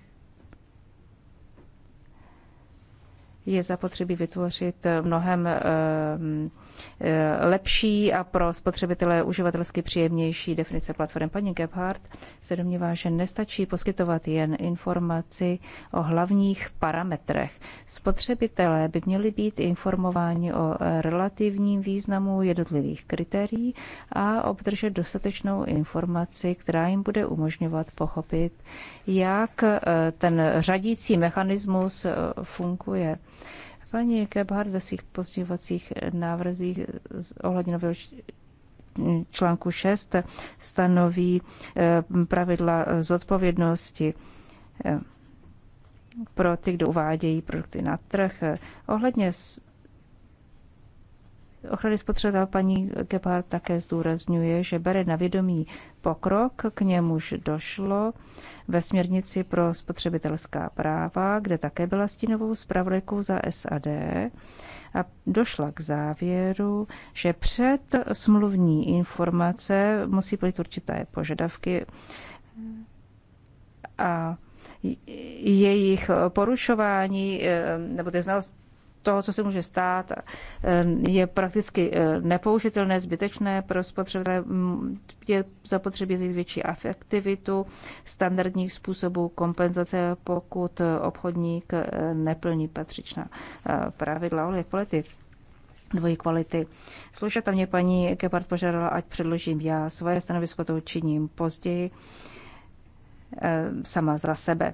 je zapotřebí vytvořit eh, mnohem eh, mm, eh, lepší a pro spotřebitele uživatelsky příjemnější definice platform. Paní Gebhardt se domnívá, že nestačí poskytovat jen informaci o hlavních parametrech. Spotřebitelé by měli být informováni o relativním významu jednotlivých kritérií a obdržet dostatečnou informaci, která jim bude umožňovat pochopit, jak ten řadící mechanismus funguje Paní Kebhardt ve svých pozdějovacích návrzích ohledně nového článku 6 stanoví eh, pravidla zodpovědnosti eh, pro ty, kdo uvádějí produkty na trh. Eh, ohledně ochrany spotřebitel paní Gebhardt také zdůrazňuje, že bere na vědomí pokrok, k němuž došlo ve směrnici pro spotřebitelská práva, kde také byla stínovou zpravodajkou za SAD a došla k závěru, že před smluvní informace musí být určité požadavky a jejich porušování eh, nebo ty znalosti toho, co se může stát, eh, je prakticky eh, nepoužitelné, zbytečné pro spotřebitele. Mm, je zapotřebí zvětší větší efektivitu standardních způsobů kompenzace, pokud eh, obchodník neplní patřičná pravidla o kvality dvojí kvality. Slušata mě paní Kepard požádala, ať předložím já svoje stanovisko, to učiním později sama za sebe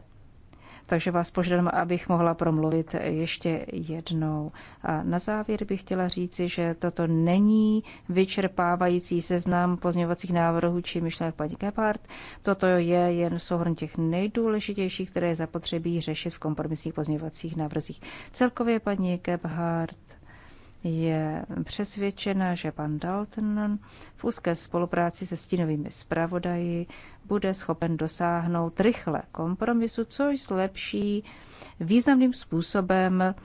takže vás požádám, abych mohla promluvit ještě jednou. A na závěr bych chtěla říci, že toto není vyčerpávající seznam pozměňovacích návrhů či myšlenek paní Gephardt. Toto je jen souhrn těch nejdůležitějších, které je zapotřebí řešit v kompromisních pozměňovacích návrzích. Celkově paní Gebhardt je přesvědčena, že pan Dalton v úzké spolupráci se stínovými zpravodaji bude schopen dosáhnout rychle kompromisu, což zlepší významným způsobem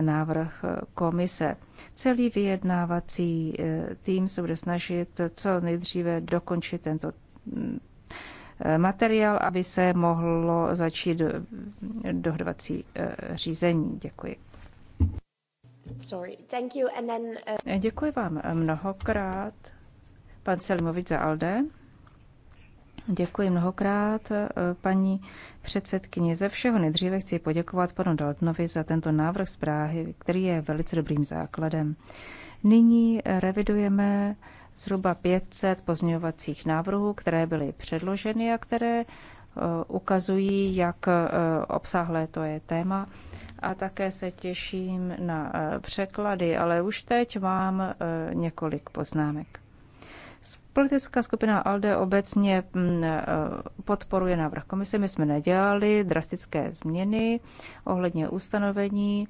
návrh komise. Celý vyjednávací eh, tým se bude snažit co nejdříve dokončit tento mm, materiál, aby se mohlo začít dohodovací eh, řízení. Děkuji. Uh, eh, děkuji vám eh, mnohokrát, pan Selmovič za Alde. Děkuji mnohokrát, eh, paní předsedkyně. Ze všeho nejdříve chci poděkovat panu Daltnovi za tento návrh zprávy, který je velice dobrým základem. Nyní revidujeme zhruba 500 pozměňovacích návrhů, které byly předloženy a které ukazují, jak obsáhlé to je téma a také se těším na eh, překlady, ale už teď mám eh, několik poznámek. Politická skupina ALDE obecně mm, eh, podporuje návrh komise. My jsme nedělali drastické změny ohledně ustanovení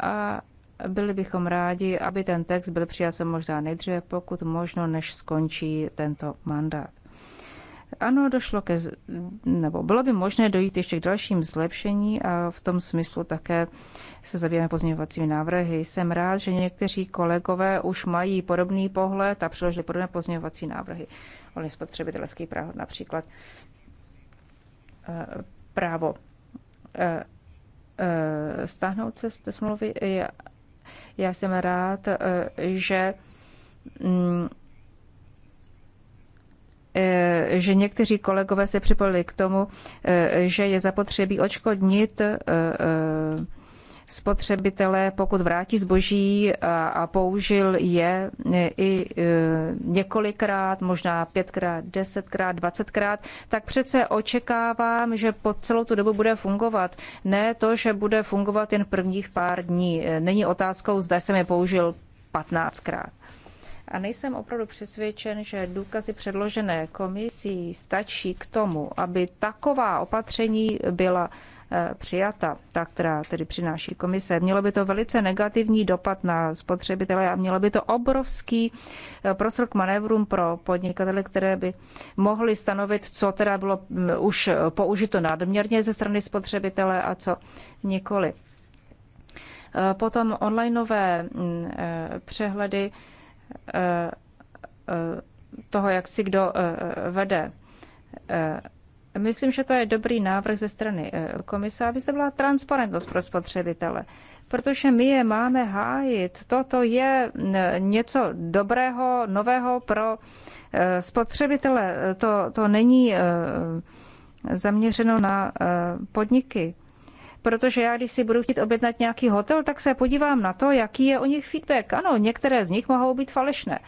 a byli bychom rádi, aby ten text byl přijat se možná nejdříve, pokud možno, než skončí tento mandát. Ano, došlo ke, nebo bylo by možné dojít ještě k dalším zlepšení a v tom smyslu také se zabýváme pozměňovacími návrhy. Jsem rád, že někteří kolegové už mají podobný pohled a přiložili podobné pozměňovací návrhy. Oni spotřebitelský právo například eh, právo eh, eh, stáhnout se z té smlouvy. Já jsem rád, že mm, Eh, že někteří kolegové se připojili k tomu, eh, že je zapotřebí očkodnit eh, spotřebitele, pokud vrátí zboží a použil je i několikrát, možná pětkrát, desetkrát, dvacetkrát, tak přece očekávám, že po celou tu dobu bude fungovat. Ne to, že bude fungovat jen prvních pár dní. Není otázkou, zda jsem je použil patnáctkrát. A nejsem opravdu přesvědčen, že důkazy předložené komisí stačí k tomu, aby taková opatření byla eh, přijata, ta, která tedy přináší komise. Mělo by to velice negativní dopad na spotřebitele a mělo by to obrovský eh, prostor k manévrům pro podnikatele, které by mohly stanovit, co teda bylo mm, už použito nadměrně ze strany spotřebitele a co nikoli. Eh, potom onlineové mm, přehledy Eh, eh, toho, jak si kdo eh, vede. Myslím, že to je dobrý návrh ze strany komise, aby se byla transparentnost pro spotřebitele, protože my je máme hájit. Toto je něco dobrého, nového pro spotřebitele. To, to není zaměřeno na podniky protože já, když si budu chtít objednat nějaký hotel, tak se podívám na to, jaký je o nich feedback. Ano, některé z nich mohou být falešné.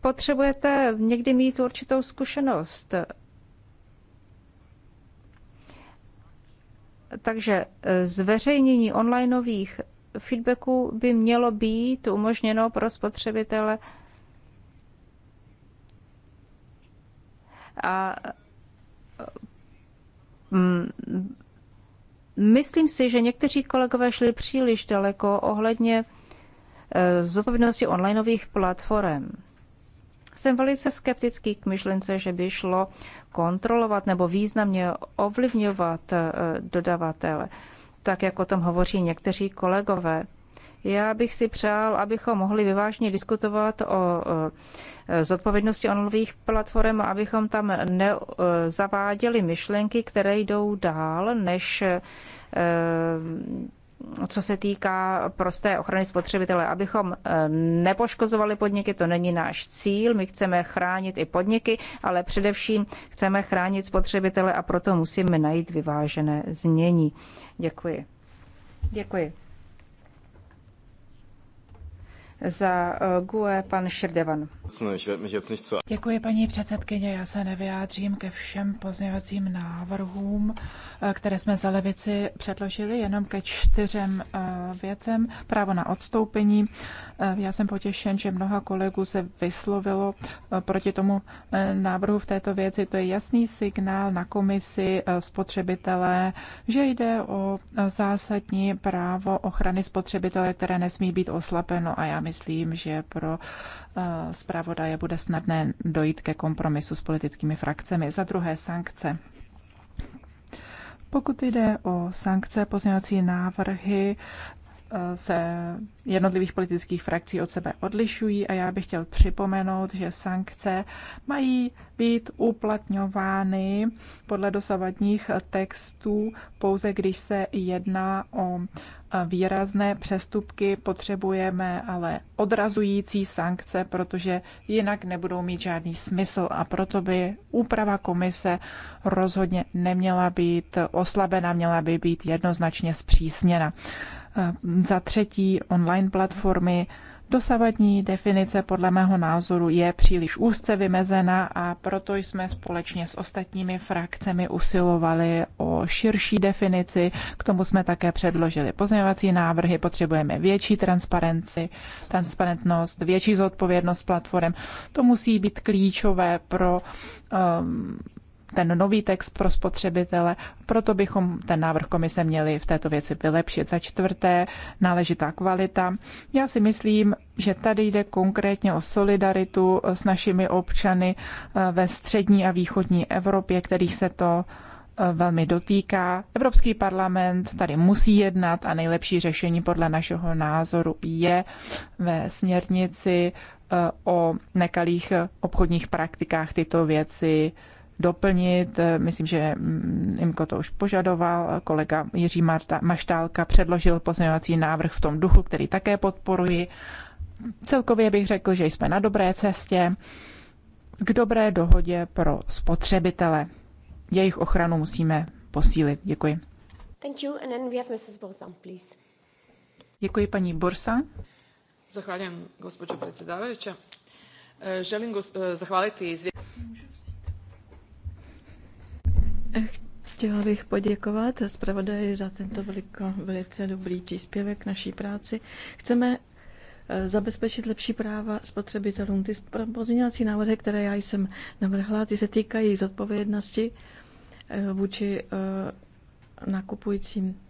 Potřebujete někdy mít určitou zkušenost. Takže zveřejnění onlineových feedbacků by mělo být umožněno pro spotřebitele A mm, myslím si, že někteří kolegové šli příliš daleko ohledně e, zodpovědnosti onlineových platform. Jsem velice skeptický k myšlence, že by šlo kontrolovat nebo významně ovlivňovat e, dodavatele, tak jak o tom hovoří někteří kolegové. Já bych si přál, abychom mohli vyvážně diskutovat o e, zodpovědnosti onlových platform, abychom tam nezaváděli myšlenky, které jdou dál, než e, co se týká prosté ochrany spotřebitele, abychom e, nepoškozovali podniky, to není náš cíl. My chceme chránit i podniky, ale především chceme chránit spotřebitele a proto musíme najít vyvážené znění. Děkuji. Děkuji. Za eh, GUE pan Širdevan. No, Děkuji, paní předsedkyně. Já se nevyjádřím ke všem pozměňovacím návrhům, eh, které jsme za levici předložili, jenom ke čtyřem eh, věcem. Právo na odstoupení. Já jsem potěšen, že mnoha kolegů se vyslovilo proti tomu návrhu v této věci. To je jasný signál na komisi spotřebitelé, že jde o zásadní právo ochrany spotřebitele, které nesmí být oslabeno. A já myslím, že pro eh, zpravodaje bude snadné dojít ke kompromisu s politickými frakcemi. Za druhé sankce. Pokud jde o sankce, pozměňovací návrhy eh, se jednotlivých politických frakcí od sebe odlišují a já bych chtěl připomenout, že sankce mají být uplatňovány podle dosavadních textů pouze, když se jedná o výrazné přestupky, potřebujeme ale odrazující sankce, protože jinak nebudou mít žádný smysl a proto by úprava komise rozhodně neměla být oslabena, měla by být jednoznačně zpřísněna. Za třetí online platformy Dosavadní definice podle mého názoru je příliš úzce vymezena a proto jsme společně s ostatními frakcemi usilovali o širší definici. K tomu jsme také předložili pozměňovací návrhy. Potřebujeme větší transparenci, transparentnost, větší zodpovědnost platform. To musí být klíčové pro um, ten nový text pro spotřebitele, proto bychom ten návrh komise měli v této věci vylepšit. Za čtvrté, náležitá kvalita. Já si myslím, že tady jde konkrétně o solidaritu s našimi občany eh, ve střední a východní Evropě, kterých se to eh, velmi dotýká. Evropský parlament tady musí jednat a nejlepší řešení podle našeho názoru je ve směrnici eh, o nekalých obchodních praktikách tyto věci doplnit. Eh, myslím, že mm, Imko to už požadoval. Kolega Jiří Marta, Maštálka předložil pozměňovací návrh v tom duchu, který také podporuji. Celkově bych řekl, že jsme na dobré cestě k dobré dohodě pro spotřebitele. Jejich ochranu musíme posílit. Děkuji. Thank you. And then we have Mrs. Borsan, please. Děkuji paní Borsa. Zahvaljujem, gospođo predsedavajuća. Eh, želim eh, zahvaliti izvješću. Chtěla bych poděkovat zpravodaji za tento veliko, velice dobrý příspěvek naší práci. Chceme eh, zabezpečit lepší práva spotřebitelům. Ty pozměňovací návrhy, které já jsem navrhla, ty se týkají zodpovědnosti eh, vůči eh, nakupujícím.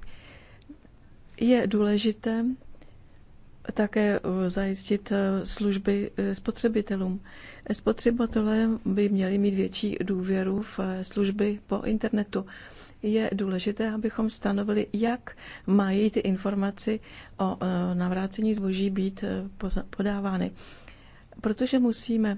Je důležité, také eh, zajistit eh, služby eh, spotřebitelům. Spotřebitelé by měli mít větší důvěru v služby po internetu. Je důležité, abychom stanovili, jak mají ty informace o navrácení zboží být podávány. Protože musíme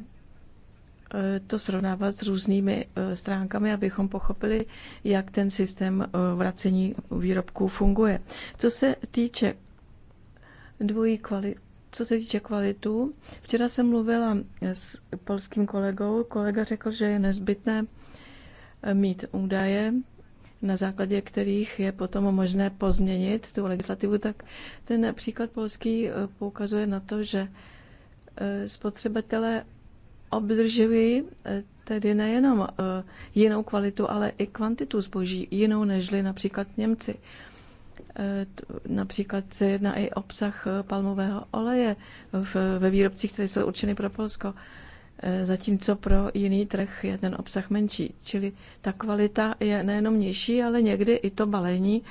to srovnávat s různými stránkami, abychom pochopili, jak ten systém vracení výrobků funguje. Co se týče dvojí kvalitu. Co se týče kvalitu, včera jsem mluvila s polským kolegou. Kolega řekl, že je nezbytné eh, mít údaje, na základě kterých je potom možné pozměnit tu legislativu, tak ten příklad polský eh, poukazuje na to, že eh, spotřebitelé obdržují tedy nejenom jinou kvalitu, ale i kvantitu zboží, jinou nežli například Němci. Eh, například se jedná i obsah eh, palmového oleje ve výrobcích, které jsou určeny pro Polsko, eh, zatímco pro jiný trh je ten obsah menší. Čili ta kvalita je nejenom nižší, ale někdy i to balení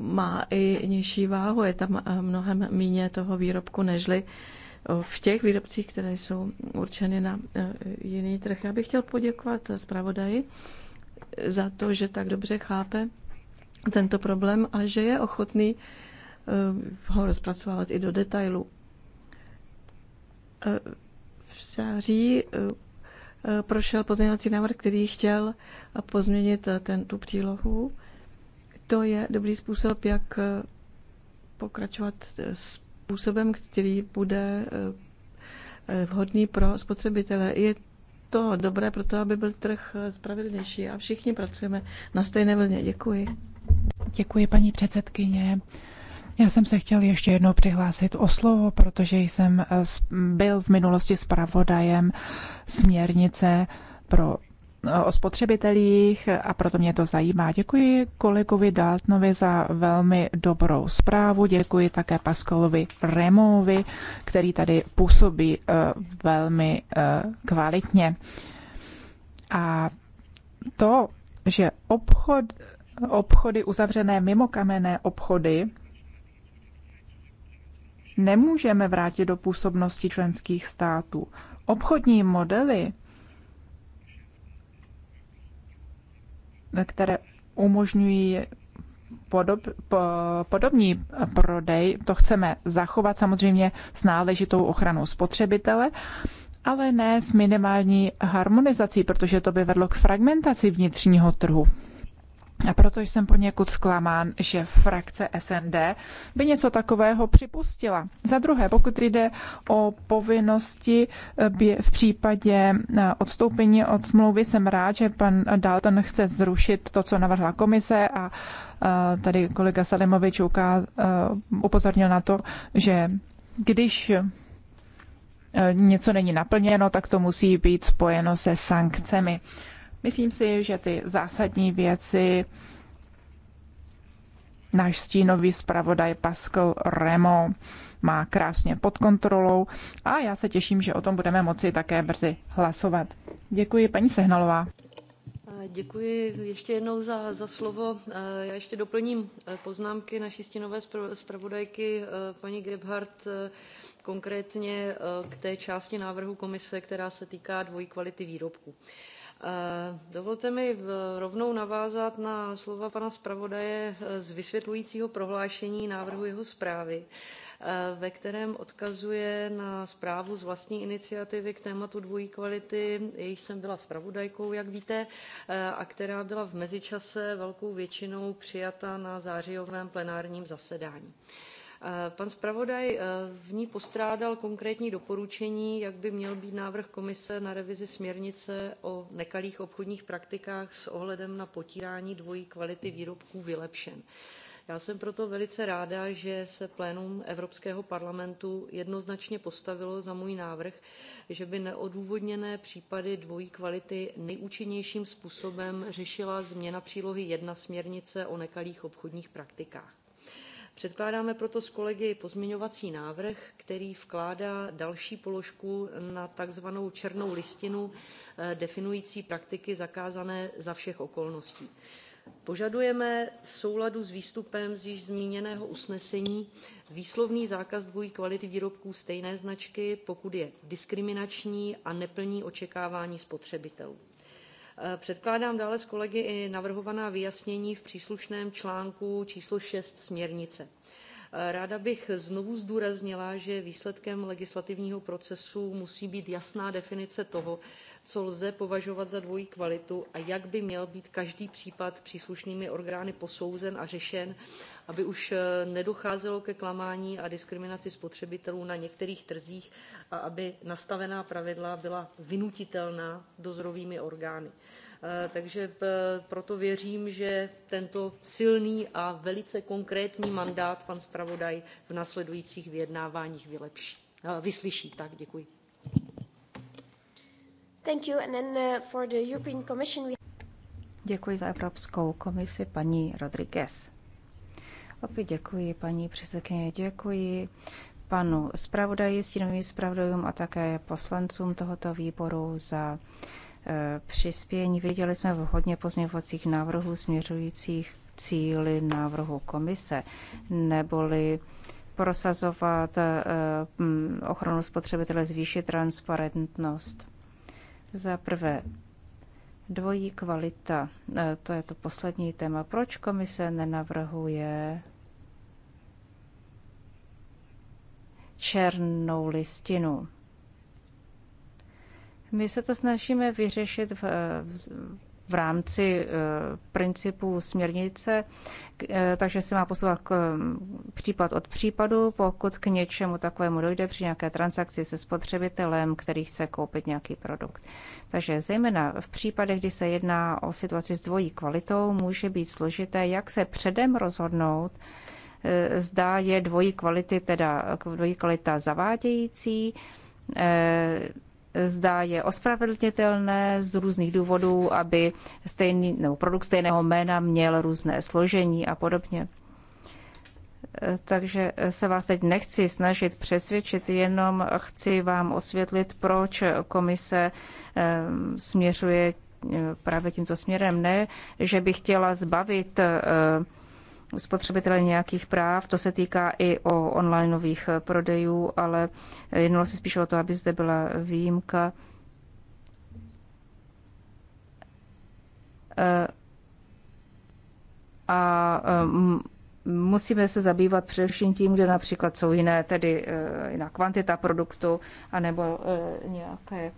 má i nižší váhu. Je tam mnohem méně toho výrobku, nežli v těch výrobcích, které jsou určeny na jiný trh. Já bych chtěl poděkovat zpravodaji za to, že tak dobře chápe tento problém a že je ochotný eh, ho rozpracovávat i do detailu. Eh, v září eh, prošel pozměňovací návrh, který chtěl pozměnit ten, tu přílohu. To je dobrý způsob, jak pokračovat způsobem, který bude vhodný pro spotřebitele. Je to dobré pro to, aby byl trh eh, spravedlnější a všichni pracujeme na stejné vlně. Děkuji. Děkuji, paní předsedkyně. Já jsem se chtěl ještě jednou přihlásit o slovo, protože jsem eh, byl v minulosti zpravodajem směrnice pro o spotřebitelích a proto mě to zajímá. Děkuji kolegovi Daltnovi za velmi dobrou zprávu, děkuji také Paskolovi Removi, který tady působí eh, velmi eh, kvalitně. A to, že obchod, obchody uzavřené mimo kamenné obchody nemůžeme vrátit do působnosti členských států. Obchodní modely které umožňují podob, po, podobný prodej. To chceme zachovat samozřejmě s náležitou ochranou spotřebitele, ale ne s minimální harmonizací, protože to by vedlo k fragmentaci vnitřního trhu. A proto jsem poněkud zklamán, že frakce SND by něco takového připustila. Za druhé, pokud jde o povinnosti eh, v případě eh, odstoupení od smlouvy, jsem rád, že pan Dalton chce zrušit to, co navrhla komise a eh, tady kolega Salimovič upozornil na to, že když něco není naplněno, tak to musí být spojeno se sankcemi. Myslím si, že ty zásadní věci náš stínový zpravodaj Pascal Remo má krásně pod kontrolou a já se těším, že o tom budeme moci také brzy hlasovat. Děkuji, paní Sehnalová. Děkuji ještě jednou za, za slovo. Já ještě doplním eh, poznámky naší stínové zpravodajky eh, paní Gebhardt eh, konkrétně k té části návrhu komise, která se týká dvojí kvality výrobku. Eh, dovolte mi eh, rovnou navázat na slova pana zpravodaje eh, z vysvětlujícího prohlášení návrhu jeho zprávy, ve kterém odkazuje na zprávu z vlastní iniciativy k tématu dvojí kvality, jejíž jsem byla zpravodajkou, jak víte, a která byla v mezičase velkou většinou přijata na zářijovém plenárním zasedání. Eh, pan zpravodaj eh, v ní postrádal konkrétní doporučení, jak by měl být návrh komise na revizi směrnice o nekalých obchodních praktikách s ohledem na potírání dvojí kvality výrobků vylepšen. Já jsem proto velice ráda, že se plénum Evropského parlamentu jednoznačně postavilo za můj návrh, že by neodůvodněné případy dvojí kvality nejúčinnějším způsobem řešila změna přílohy jedna směrnice o nekalých obchodních praktikách. Předkládáme proto s kolegy pozměňovací návrh, který vkládá další položku na takzvanou černou listinu eh, definující praktiky zakázané za všech okolností. Požadujeme v souladu s výstupem z již zmíněného usnesení výslovný zákaz dvojí kvality výrobků stejné značky, pokud je diskriminační a neplní očekávání spotřebitelů. Eh, předkládám dále s kolegy i navrhovaná vyjasnění v příslušném článku číslo 6 směrnice. Eh, ráda bych znovu zdůraznila, že výsledkem legislativního procesu musí být jasná definice toho, co lze považovat za dvojí kvalitu a jak by měl být každý případ příslušnými orgány posouzen a řešen, aby už eh, nedocházelo ke klamání a diskriminaci spotřebitelů na některých trzích a aby nastavená pravidla byla vynutitelná dozorovými orgány. Eh, takže eh, proto věřím, že tento silný a velice konkrétní mandát pan zpravodaj v následujících vyjednáváních vylepší, vyslyší. Tak děkuji. Thank you. And then uh, for the European Commission we... Děkuji za Evropskou komisi paní Rodriguez. Opět děkuji paní předsedkyně, děkuji panu zpravodaji, stínovým zpravodajům a také poslancům tohoto výboru za e, přispění. Viděli jsme hodně pozměňovacích návrhů směřujících cíly návrhu komise, neboli prosazovat e, ochranu spotřebitele, zvýšit transparentnost za prvé, dvojí kvalita. E, to je to poslední téma. Proč komise nenavrhuje černou listinu? My se to snažíme vyřešit v, v, v rámci eh, principů směrnice, eh, takže se má posouvat mm, případ od případu, pokud k něčemu takovému dojde při nějaké transakci se spotřebitelem, který chce koupit nějaký produkt. Takže zejména v případech, kdy se jedná o situaci s dvojí kvalitou, může být složité, jak se předem rozhodnout, eh, zda je dvojí kvality, teda dvojí kvalita zavádějící, zda je ospravedlnitelné z různých důvodů, aby stejný, nebo produkt stejného jména měl různé složení a podobně. Takže se vás teď nechci snažit přesvědčit, jenom chci vám osvětlit, proč komise eh, směřuje eh, právě tímto směrem. Ne, že bych chtěla zbavit eh, spotřebitele nějakých práv. To se týká i o onlineových prodejů, ale jednalo se spíš o to, aby zde byla výjimka. Eh, a mm, musíme se zabývat především tím, kde například jsou jiné, tedy eh, jiná kvantita produktu, anebo eh, nějaké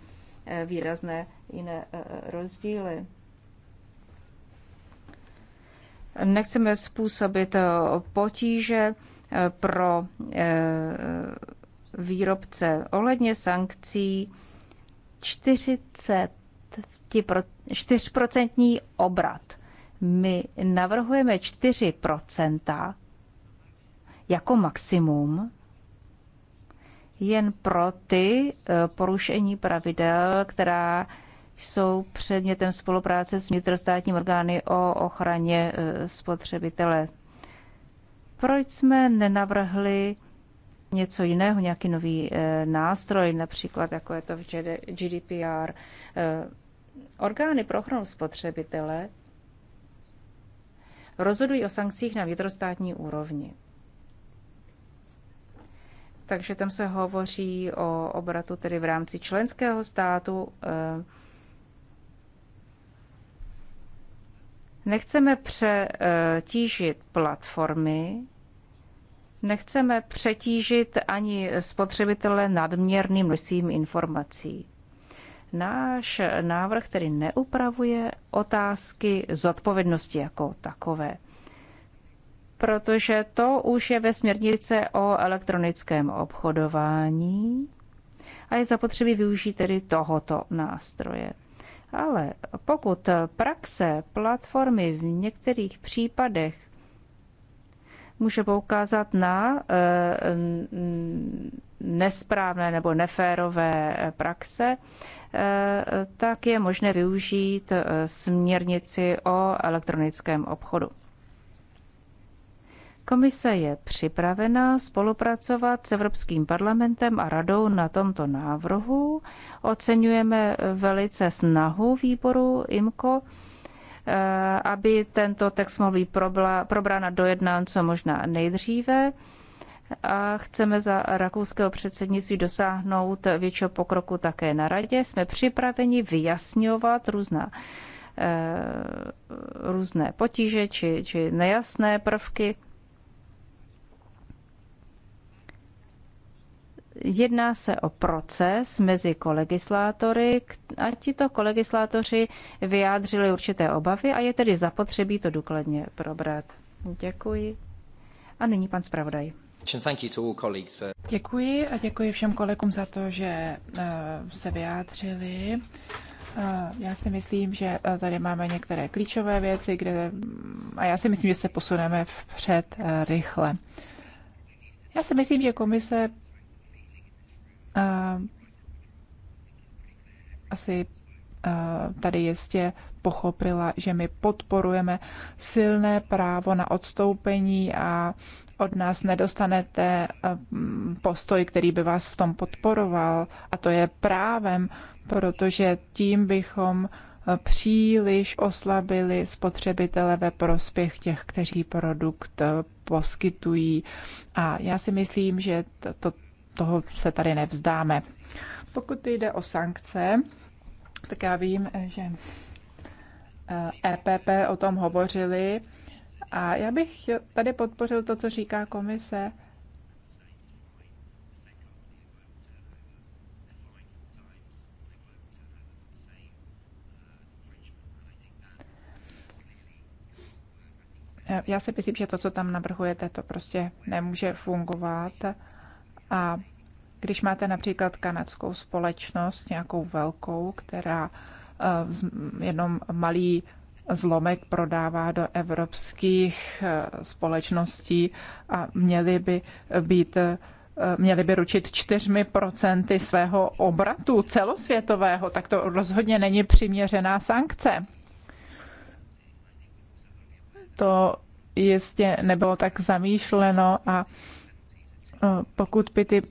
výrazné jiné rozdíly. Nechceme způsobit eh, potíže eh, pro eh, výrobce ohledně sankcí 40 4% obrat. My navrhujeme 4% jako maximum jen pro ty porušení pravidel, která jsou předmětem spolupráce s vnitrostátními orgány o ochraně e, spotřebitele. Proč jsme nenavrhli něco jiného, nějaký nový e, nástroj, například jako je to v GDPR? E, orgány pro ochranu spotřebitele rozhodují o sankcích na vnitrostátní úrovni. Takže tam se hovoří o obratu tedy v rámci členského státu Nechceme přetížit platformy, nechceme přetížit ani spotřebitele nadměrným množstvím informací. Náš návrh tedy neupravuje otázky zodpovědnosti jako takové, protože to už je ve směrnice o elektronickém obchodování a je zapotřebí využít tedy tohoto nástroje. Ale pokud praxe platformy v některých případech může poukázat na eh, nesprávné nebo neférové praxe, eh, tak je možné využít eh, směrnici o elektronickém obchodu. Komise je připravena spolupracovat s Evropským parlamentem a radou na tomto návrhu. Oceňujeme velice snahu výboru IMCO, eh, aby tento text mohl být probrán a dojednán co možná nejdříve. A chceme za rakouského předsednictví dosáhnout většího pokroku také na radě. Jsme připraveni vyjasňovat různá eh, různé potíže či, či nejasné prvky Jedná se o proces mezi kolegislátory a tito kolegislátoři vyjádřili určité obavy a je tedy zapotřebí to důkladně probrat. Děkuji. A nyní pan zpravodaj. Děkuji a děkuji všem kolegům za to, že eh, se vyjádřili. Eh, já si myslím, že eh, tady máme některé klíčové věci, kde, a já si myslím, že se posuneme vpřed rychle. Já si myslím, že komise Eh, asi eh, tady jistě pochopila, že my podporujeme silné právo na odstoupení a od nás nedostanete eh, postoj, který by vás v tom podporoval. A to je právem, protože tím bychom příliš oslabili spotřebitele ve prospěch těch, kteří produkt poskytují. A já si myslím, že to, to toho se tady nevzdáme. Pokud jde o sankce, tak já vím, že EPP eh, e o tom hovořili a já bych tady podpořil to, co říká komise. Já si myslím, že to, co tam navrhujete, to prostě nemůže fungovat a když máte například kanadskou společnost, nějakou velkou, která eh, jenom malý zlomek prodává do evropských eh, společností a měli by být eh, měli by ručit čtyřmi procenty svého obratu celosvětového, tak to rozhodně není přiměřená sankce. To jistě nebylo tak zamýšleno a Eh, pokud by ty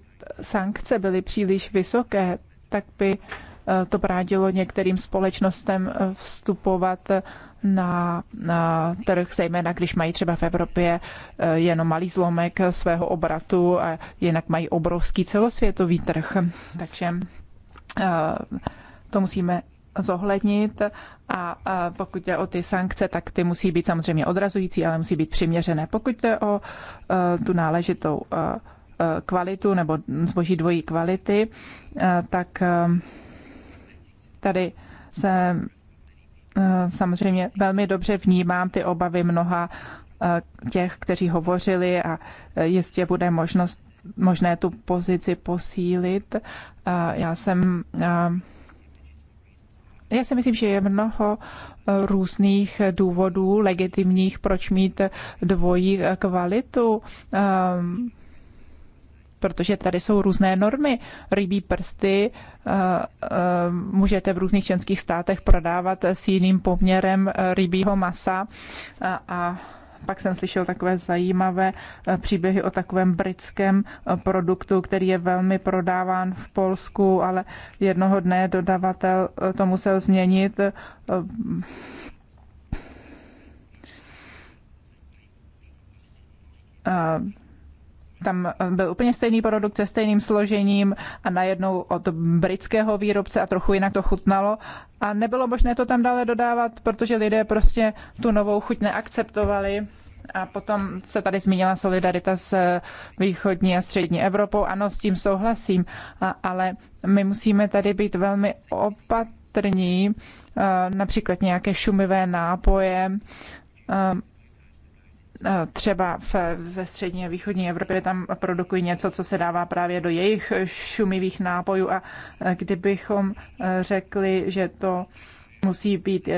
sankce byly příliš vysoké, tak by eh, to brádilo některým společnostem eh, vstupovat na, na trh, zejména když mají třeba v Evropě jenom malý zlomek svého obratu a jinak mají obrovský celosvětový trh. Takže to musíme zohlednit a pokud je o ty sankce, tak ty musí být samozřejmě odrazující, ale musí být přiměřené. Pokud je o tu náležitou Eh, kvalitu nebo zboží dvojí kvality, eh, tak eh, tady se samozřejmě velmi dobře vnímám ty obavy mnoha těch, kteří hovořili a jistě bude možnost, možné tu pozici posílit. Já jsem já si myslím, že je mnoho různých důvodů legitimních, proč mít dvojí kvalitu. Ehm, protože tady jsou různé normy. Rybí prsty eh, eh, můžete v různých členských státech prodávat s jiným poměrem eh, rybího masa a pak jsem slyšel takové zajímavé příběhy o takovém britském produktu, který je velmi prodáván v Polsku, ale jednoho dne dodavatel to musel změnit tam eh, byl úplně stejný produkt se stejným složením a najednou od britského výrobce a trochu jinak to chutnalo. A nebylo možné to tam dále dodávat, protože lidé prostě tu novou chuť neakceptovali. A potom se tady zmínila solidarita s eh, východní a střední Evropou. Ano, s tím souhlasím, a, ale my musíme tady být velmi opatrní, eh, například nějaké šumivé nápoje Eh, třeba v, ve střední a východní Evropě tam produkují něco, co se dává právě do jejich šumivých nápojů a eh, kdybychom eh, řekli, že to musí být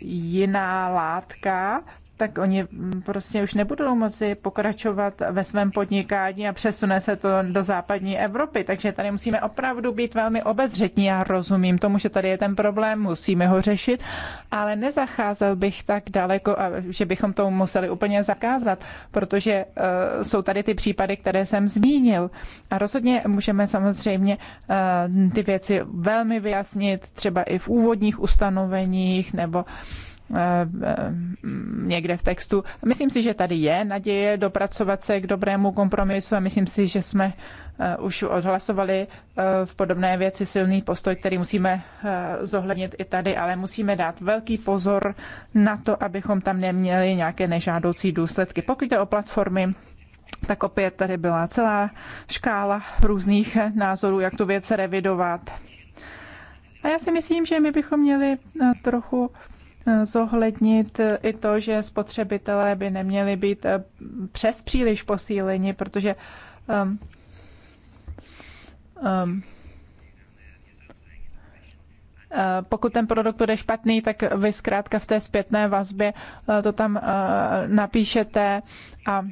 jiná látka, tak oni prostě už nebudou moci pokračovat ve svém podnikání a přesune se to do západní Evropy. Takže tady musíme opravdu být velmi obezřetní. Já rozumím tomu, že tady je ten problém, musíme ho řešit, ale nezacházel bych tak daleko, že bychom to museli úplně zakázat, protože uh, jsou tady ty případy, které jsem zmínil. A rozhodně můžeme samozřejmě uh, ty věci velmi vyjasnit, třeba i v úvodních ustanoveních nebo Eh, eh, někde v textu. Myslím si, že tady je naděje dopracovat se k dobrému kompromisu a myslím si, že jsme eh, už odhlasovali v podobné věci silný postoj, který musíme zohlednit i tady, ale musíme dát velký pozor na to, abychom tam neměli nějaké nežádoucí důsledky. Pokud jde o platformy, tak opět tady byla celá škála různých názorů, jak tu věc revidovat. A já si myslím, že my bychom měli trochu zohlednit i to, že spotřebitelé by neměli být eh, přes příliš posíleni, protože um, um, pokud ten produkt bude špatný, tak vy zkrátka v té zpětné vazbě eh, to tam napíšete a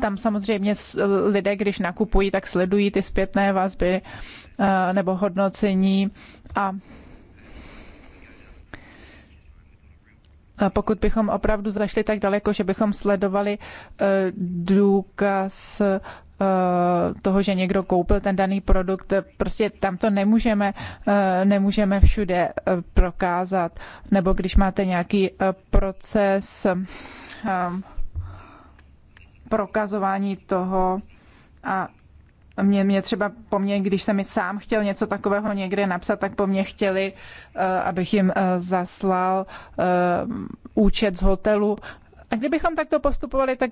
tam samozřejmě lidé, když nakupují, tak sledují ty zpětné vazby Eh, nebo hodnocení a pokud bychom opravdu zašli tak daleko, že bychom sledovali eh, důkaz eh, toho, že někdo koupil ten daný produkt, prostě tam to nemůžeme, nemůžeme všude prokázat. Nebo když máte nějaký proces prokazování toho a mě, mě třeba po mně, když jsem mi sám chtěl něco takového někde napsat, tak po mně chtěli, eh, abych jim eh, zaslal eh, účet z hotelu. A kdybychom takto postupovali, tak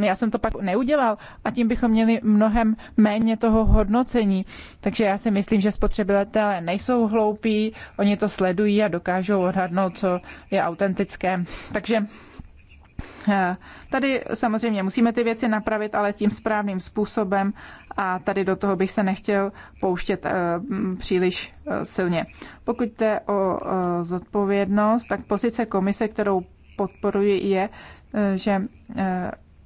já jsem to pak neudělal a tím bychom měli mnohem méně toho hodnocení. Takže já si myslím, že spotřebitelé nejsou hloupí, oni to sledují a dokážou odhadnout, co je autentické. Takže Eh, tady samozřejmě musíme ty věci napravit, ale tím správným způsobem a tady do toho bych se nechtěl pouštět eh, příliš eh, silně. Pokud jde o zodpovědnost, tak pozice komise, kterou podporuji, je, že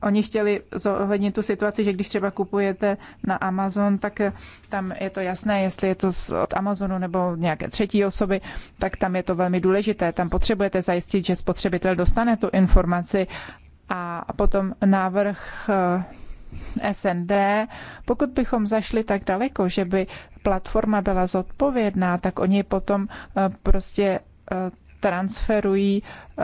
oni chtěli zohlednit tu situaci, že když třeba kupujete na Amazon, tak tam je to jasné, jestli je to od Amazonu nebo nějaké třetí osoby, tak tam je to velmi důležité. Tam potřebujete zajistit, že spotřebitel dostane tu informaci a potom návrh eh, SND. Pokud bychom zašli tak daleko, že by platforma byla zodpovědná, tak oni potom eh, prostě eh, transferují eh,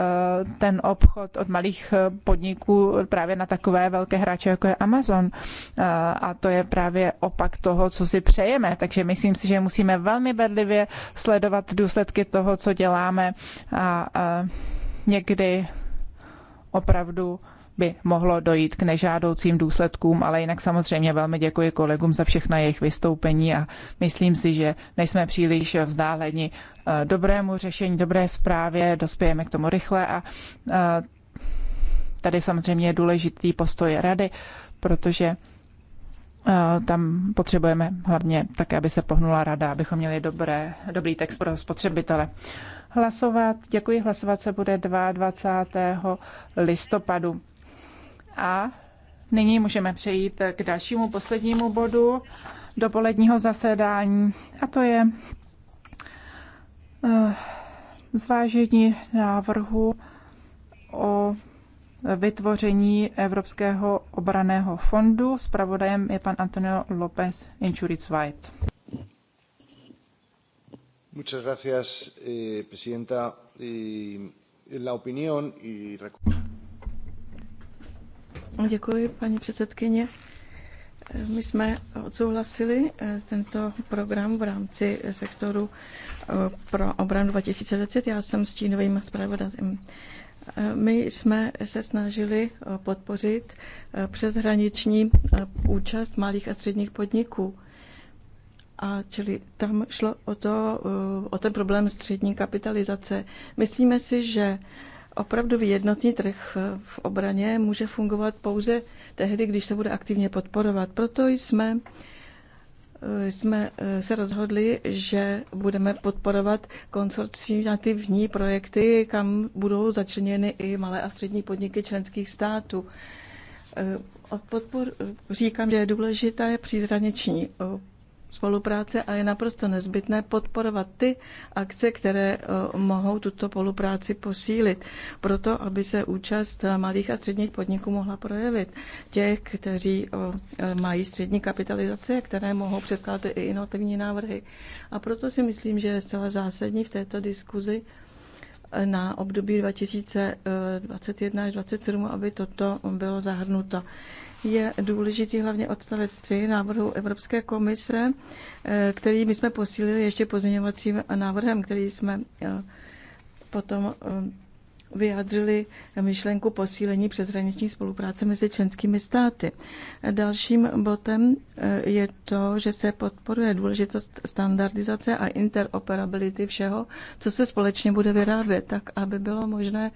ten obchod od malých eh, podniků právě na takové velké hráče, jako je Amazon. Eh, a to je právě opak toho, co si přejeme. Takže myslím si, že musíme velmi bedlivě sledovat důsledky toho, co děláme a někdy opravdu by mohlo dojít k nežádoucím důsledkům, ale jinak samozřejmě velmi děkuji kolegům za všechna jejich vystoupení a myslím si, že nejsme příliš vzdáleni eh, dobrému řešení, dobré zprávě, dospějeme k tomu rychle a eh, tady samozřejmě je důležitý postoj rady, protože eh, tam potřebujeme hlavně také, aby se pohnula rada, abychom měli dobré, dobrý text pro spotřebitele. Hlasovat, děkuji, hlasovat se bude 22. listopadu. A nyní můžeme přejít k dalšímu poslednímu bodu dopoledního zasedání. A to je eh, zvážení návrhu o vytvoření Evropského obraného fondu. Spravodajem je pan Antonio López Inchuric White. Muchas gracias, eh, presidenta. Eh, la opinión y Děkuji, paní předsedkyně. My jsme odsouhlasili eh, tento program v rámci sektoru eh, pro obranu 2020. Já jsem s stínovým zpravodajem. Eh, my jsme se snažili podpořit přeshraniční účast malých a středních podniků. A čili tam šlo o, to, o ten problém střední kapitalizace. Myslíme si, že opravdu jednotný trh v obraně může fungovat pouze tehdy, když se bude aktivně podporovat. Proto jsme eh, jsme eh, se rozhodli, že budeme podporovat konsorciativní projekty, kam budou začleněny i malé a střední podniky členských států. Eh, podpor říkám, že je důležité přízraniční spolupráce a je naprosto nezbytné podporovat ty akce, které eh, mohou tuto spolupráci posílit, proto aby se účast eh, malých a středních podniků mohla projevit. Těch, kteří eh, mají střední kapitalizace, které mohou předkládat i inovativní návrhy. A proto si myslím, že je zcela zásadní v této diskuzi na období 2021 až 2027, aby toto bylo zahrnuto je důležitý hlavně odstavec 3 návrhu Evropské komise, eh, který my jsme posílili ještě pozměňovacím návrhem, který jsme eh, potom eh, vyjádřili myšlenku posílení přeshraniční spolupráce mezi členskými státy. Dalším botem eh, je to, že se podporuje důležitost standardizace a interoperability všeho, co se společně bude vyrábět, tak aby bylo možné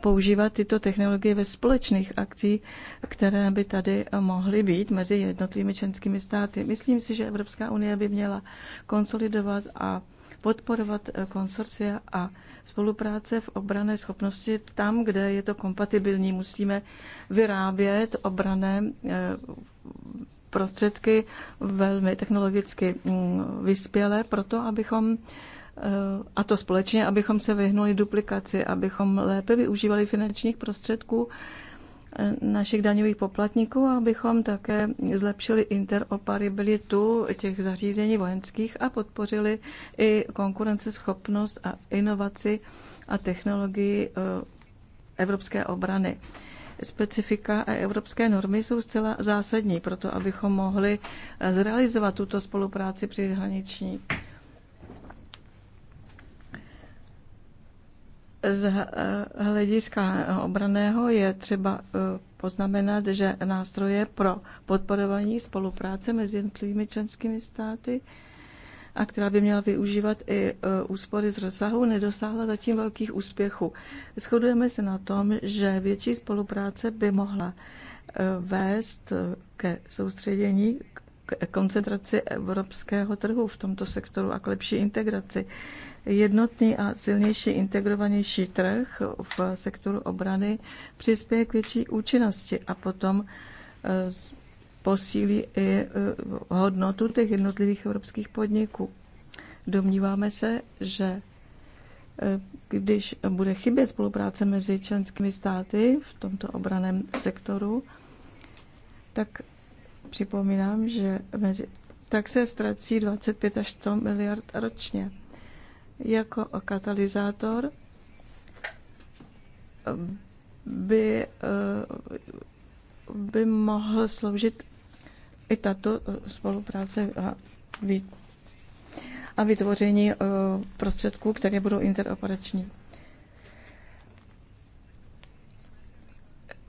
používat tyto technologie ve společných akcích, které by tady mohly být mezi jednotlivými členskými státy. Myslím si, že Evropská unie by měla konsolidovat a podporovat eh, konsorcia a Spolupráce v obrané schopnosti tam, kde je to kompatibilní, musíme vyrábět obrané eh, prostředky velmi technologicky mm, vyspělé, proto abychom eh, a to společně, abychom se vyhnuli duplikaci, abychom lépe využívali finančních prostředků našich daňových poplatníků, abychom také zlepšili interoperabilitu těch zařízení vojenských a podpořili i konkurenceschopnost a inovaci a technologii eh, evropské obrany. Specifika a evropské normy jsou zcela zásadní pro to, abychom mohli eh, zrealizovat tuto spolupráci při hraničních. Z eh, hlediska obraného je třeba eh, poznamenat, že nástroje pro podporování spolupráce mezi jednotlivými členskými státy a která by měla využívat i eh, úspory z rozsahu, nedosáhla zatím velkých úspěchů. Shodujeme se na tom, že větší spolupráce by mohla vést ke soustředění, k koncentraci evropského trhu v tomto sektoru a k lepší integraci. Jednotný a silnější integrovanější trh v sektoru obrany přispěje k větší účinnosti a potom eh, posílí i eh, hodnotu těch jednotlivých evropských podniků. Domníváme se, že eh, když bude chybět spolupráce mezi členskými státy v tomto obraném sektoru, tak připomínám, že mezi, tak se ztrací 25 až 100 miliard ročně jako katalyzátor by, eh, by mohl sloužit i tato spolupráce a, vytvoření eh, prostředků, které budou interoperační.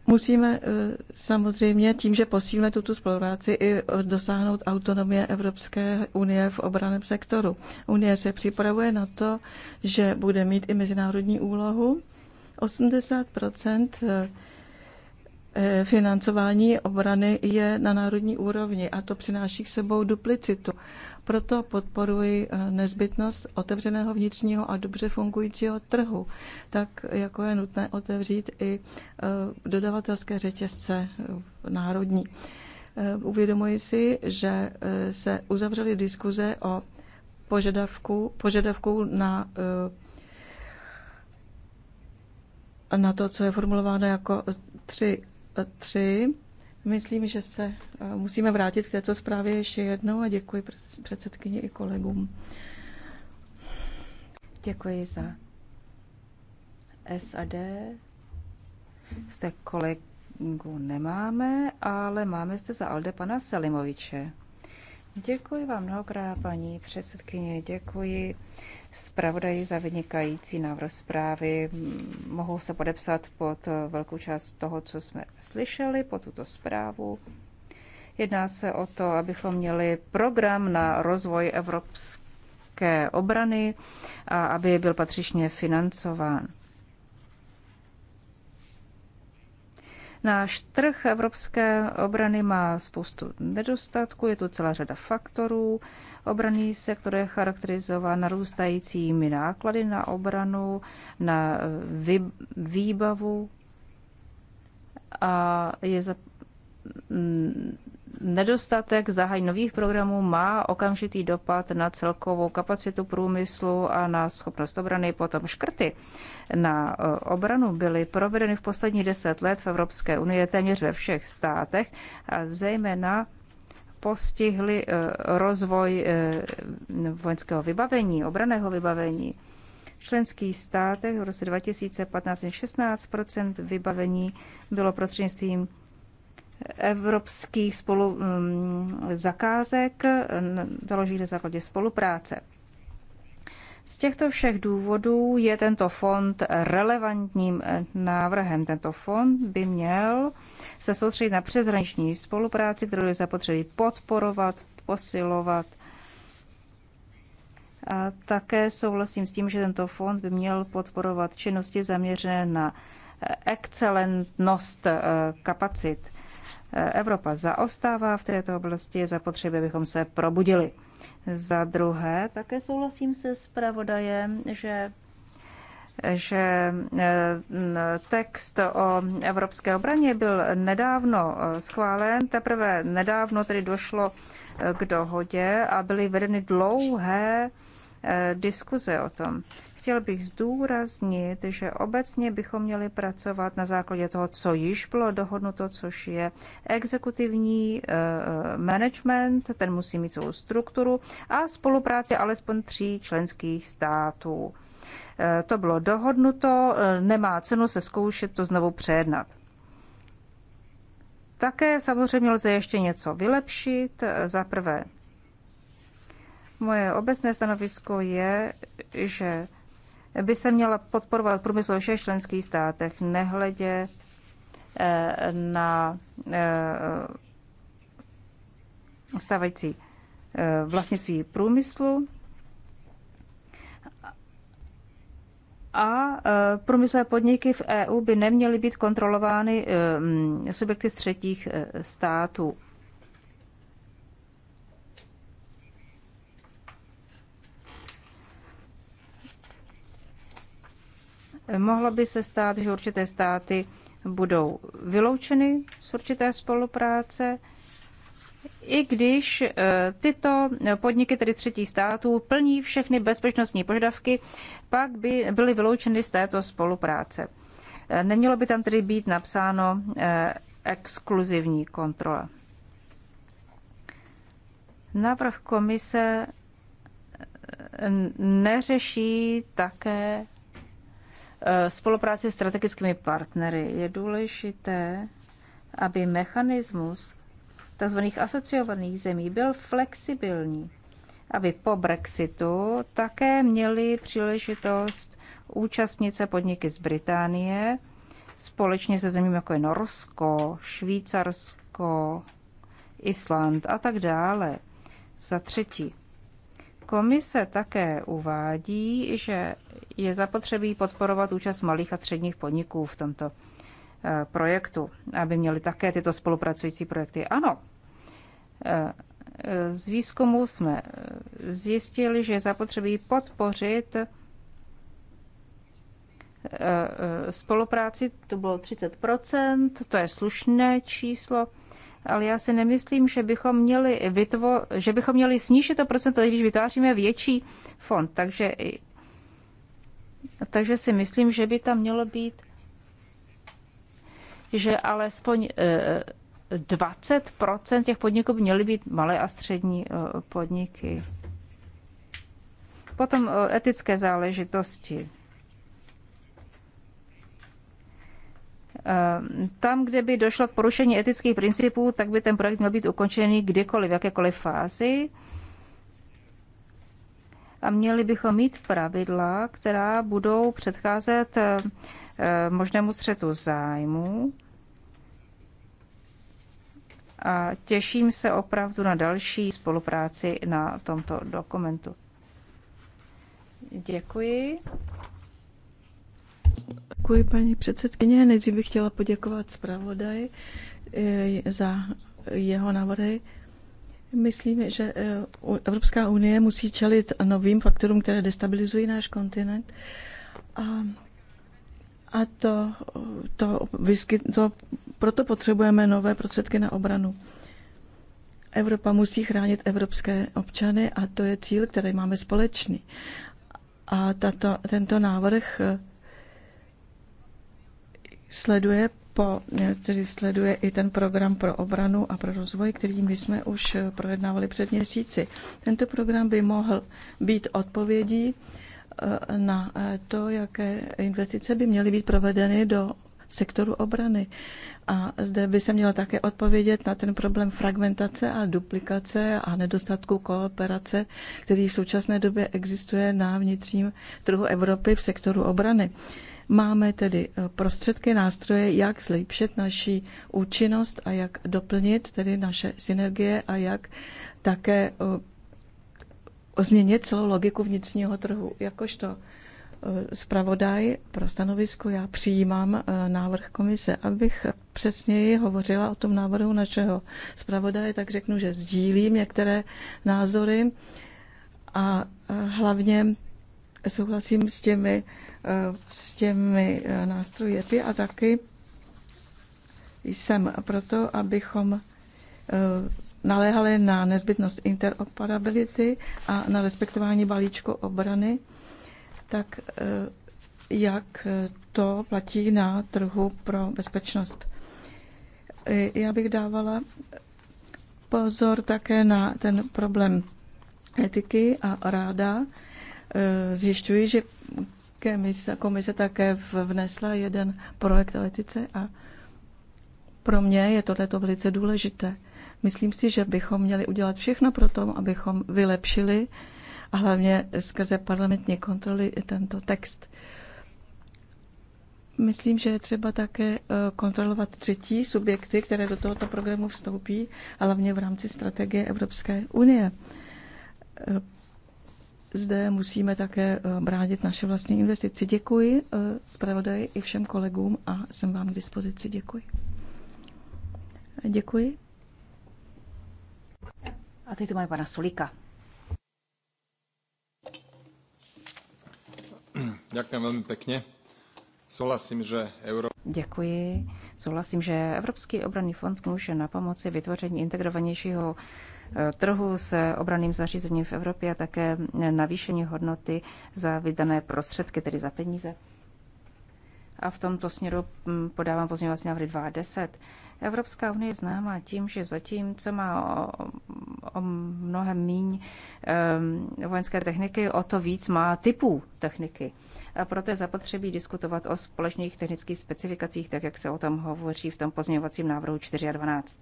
Musíme eh, samozřejmě tím, že posílíme tuto spolupráci, i eh, dosáhnout autonomie Evropské unie v obraném sektoru. Unie se připravuje na to, že bude mít i mezinárodní úlohu. 80 eh, financování obrany je na národní úrovni a to přináší k sebou duplicitu. Proto podporuji eh, nezbytnost otevřeného vnitřního a dobře fungujícího trhu, tak jako je nutné otevřít i eh, dodavatelské řetězce eh, národní. Uvědomuji si, že se uzavřely diskuze o požadavku, požadavku na na to, co je formulováno jako tři tři. Myslím, že se eh, musíme vrátit k této zprávě ještě jednou a děkuji předsedkyni i kolegům. Děkuji za SAD. té kolegu nemáme, ale máme zde za Alde pana Selimoviče. Děkuji vám mnohokrát, paní předsedkyně, děkuji zpravodaji za vynikající návrh zprávy. Mohou se podepsat pod velkou část toho, co jsme slyšeli, pod tuto zprávu. Jedná se o to, abychom měli program na rozvoj evropské obrany a aby byl patřičně financován. Náš trh evropské obrany má spoustu nedostatků, je tu celá řada faktorů Obraný sektor je charakterizován narůstajícími náklady na obranu, na eh, výbavu a je za mm, nedostatek zahájení nových programů má okamžitý dopad na celkovou kapacitu průmyslu a na schopnost obrany. Potom škrty na eh, obranu byly provedeny v posledních deset let v Evropské unii téměř ve všech státech a zejména postihly eh, rozvoj eh, vojenského vybavení, obraného vybavení. V členských státech v roce 2015 16 vybavení bylo prostřednictvím evropských spolu, mm, zakázek založených na základě spolupráce. Z těchto všech důvodů je tento fond relevantním eh, návrhem. Tento fond by měl se soustředit na přeshraniční spolupráci, kterou je zapotřebí podporovat, posilovat. A také souhlasím s tím, že tento fond by měl podporovat činnosti zaměřené na excelentnost e, kapacit. E, Evropa zaostává v této oblasti, je zapotřebí, abychom se probudili. Za druhé, také souhlasím se s pravodajem, že že eh, text o evropské obraně byl nedávno eh, schválen, teprve nedávno tedy došlo eh, k dohodě a byly vedeny dlouhé diskuze o tom. Chtěl bych zdůraznit, že obecně bychom měli pracovat na základě toho, co již bylo dohodnuto, což je exekutivní management, ten musí mít svou strukturu a spolupráci alespoň tří členských států Eh, to bylo dohodnuto, eh, nemá cenu se zkoušet to znovu přejednat. Také samozřejmě lze ještě něco vylepšit. Eh, za prvé, moje obecné stanovisko je, že by se měla podporovat průmysl ve všech členských státech, nehledě na stávající vlastnictví průmyslu. a e, průmyslové podniky v EU by neměly být kontrolovány e, subjekty z třetích e, států. Mohlo by se stát, že určité státy budou vyloučeny z určité spolupráce, i když e, tyto podniky, tedy třetích států, plní všechny bezpečnostní požadavky, pak by byly vyloučeny z této spolupráce. E, nemělo by tam tedy být napsáno e, exkluzivní kontrola. Návrh komise neřeší také spolupráci s strategickými partnery. Je důležité, aby mechanismus tzv. asociovaných zemí byl flexibilní, aby po Brexitu také měli příležitost účastnit se podniky z Británie společně se zemím jako je Norsko, Švýcarsko, Island a tak dále. Za třetí, Komise také uvádí, že je zapotřebí podporovat účast malých a středních podniků v tomto Eh, projektu, aby měli také tyto spolupracující projekty. Ano, eh, z výzkumu jsme zjistili, že je zapotřebí podpořit eh, spolupráci, to bylo 30%, to je slušné číslo, ale já si nemyslím, že bychom měli, vytvo, že bychom měli snížit to procento, když vytváříme větší fond. Takže, takže si myslím, že by tam mělo být že alespoň 20 eh, těch podniků by měly být malé a střední eh, podniky. Potom eh, etické záležitosti. Tam, kde by došlo k porušení etických principů, tak by ten projekt měl být ukončený kdykoliv, v jakékoliv fázi. A měli bychom mít pravidla, která budou předcházet Eh, možnému střetu zájmů. A těším se opravdu na další spolupráci na tomto dokumentu. Děkuji. Děkuji, paní předsedkyně. Nejdřív bych chtěla poděkovat zpravodaj eh, za jeho návrhy. Myslím, že eh, Evropská unie musí čelit novým faktorům, které destabilizují náš kontinent. A a to, to, vyskyt, to proto potřebujeme nové prostředky na obranu. Evropa musí chránit evropské občany a to je cíl, který máme společný. A tato, tento návrh eh, sleduje po, eh, tedy sleduje i ten program pro obranu a pro rozvoj, který my jsme už eh, projednávali před měsíci. Tento program by mohl být odpovědí Eh, na eh, to, jaké investice by měly být provedeny do sektoru obrany. A zde by se mělo také odpovědět na ten problém fragmentace a duplikace a nedostatku kooperace, který v současné době existuje na vnitřním trhu Evropy v sektoru obrany. Máme tedy eh, prostředky, nástroje, jak zlepšit naši účinnost a jak doplnit tedy naše synergie a jak také O změně celou logiku vnitřního trhu. Jakožto eh, zpravodaj pro stanovisko já přijímám eh, návrh komise. Abych přesněji hovořila o tom návrhu našeho zpravodaje, tak řeknu, že sdílím některé názory a eh, hlavně souhlasím s těmi, s těmi nástroji ty e a taky jsem proto, abychom naléhali na nezbytnost interoperability a na respektování balíčku obrany, tak eh, jak eh, to platí na trhu pro bezpečnost. Eh, já bych dávala pozor také na ten problém etiky a ráda zjišťuji, že komise, komise také vnesla jeden projekt o etice a pro mě je tohleto velice důležité. Myslím si, že bychom měli udělat všechno pro to, abychom vylepšili a hlavně skrze parlamentní kontroly tento text. Myslím, že je třeba také eh, kontrolovat třetí subjekty, které do tohoto programu vstoupí, hlavně v rámci strategie Evropské unie. Eh, zde musíme také eh, bránit naše vlastní investici. Děkuji zpravodaji i všem kolegům a jsem vám k dispozici. Děkuji. Děkuji. A teď tu máme pana Sulika. Děkujeme velmi pěkně. Souhlasím, že euro... Děkuji. Souhlasím, že Evropský obranný fond může na pomoci vytvoření integrovanějšího e, trhu s obraným zařízením v Evropě a také navýšení hodnoty za vydané prostředky, tedy za peníze. A v tomto směru podávám pozměňovací návrhy 2 a 10. Evropská unie je známá tím, že zatím, co má o, o mnohem míň um, vojenské techniky, o to víc má typů techniky. A proto je zapotřebí diskutovat o společných technických specifikacích, tak jak se o tom hovoří v tom pozměňovacím návrhu 4 a 12.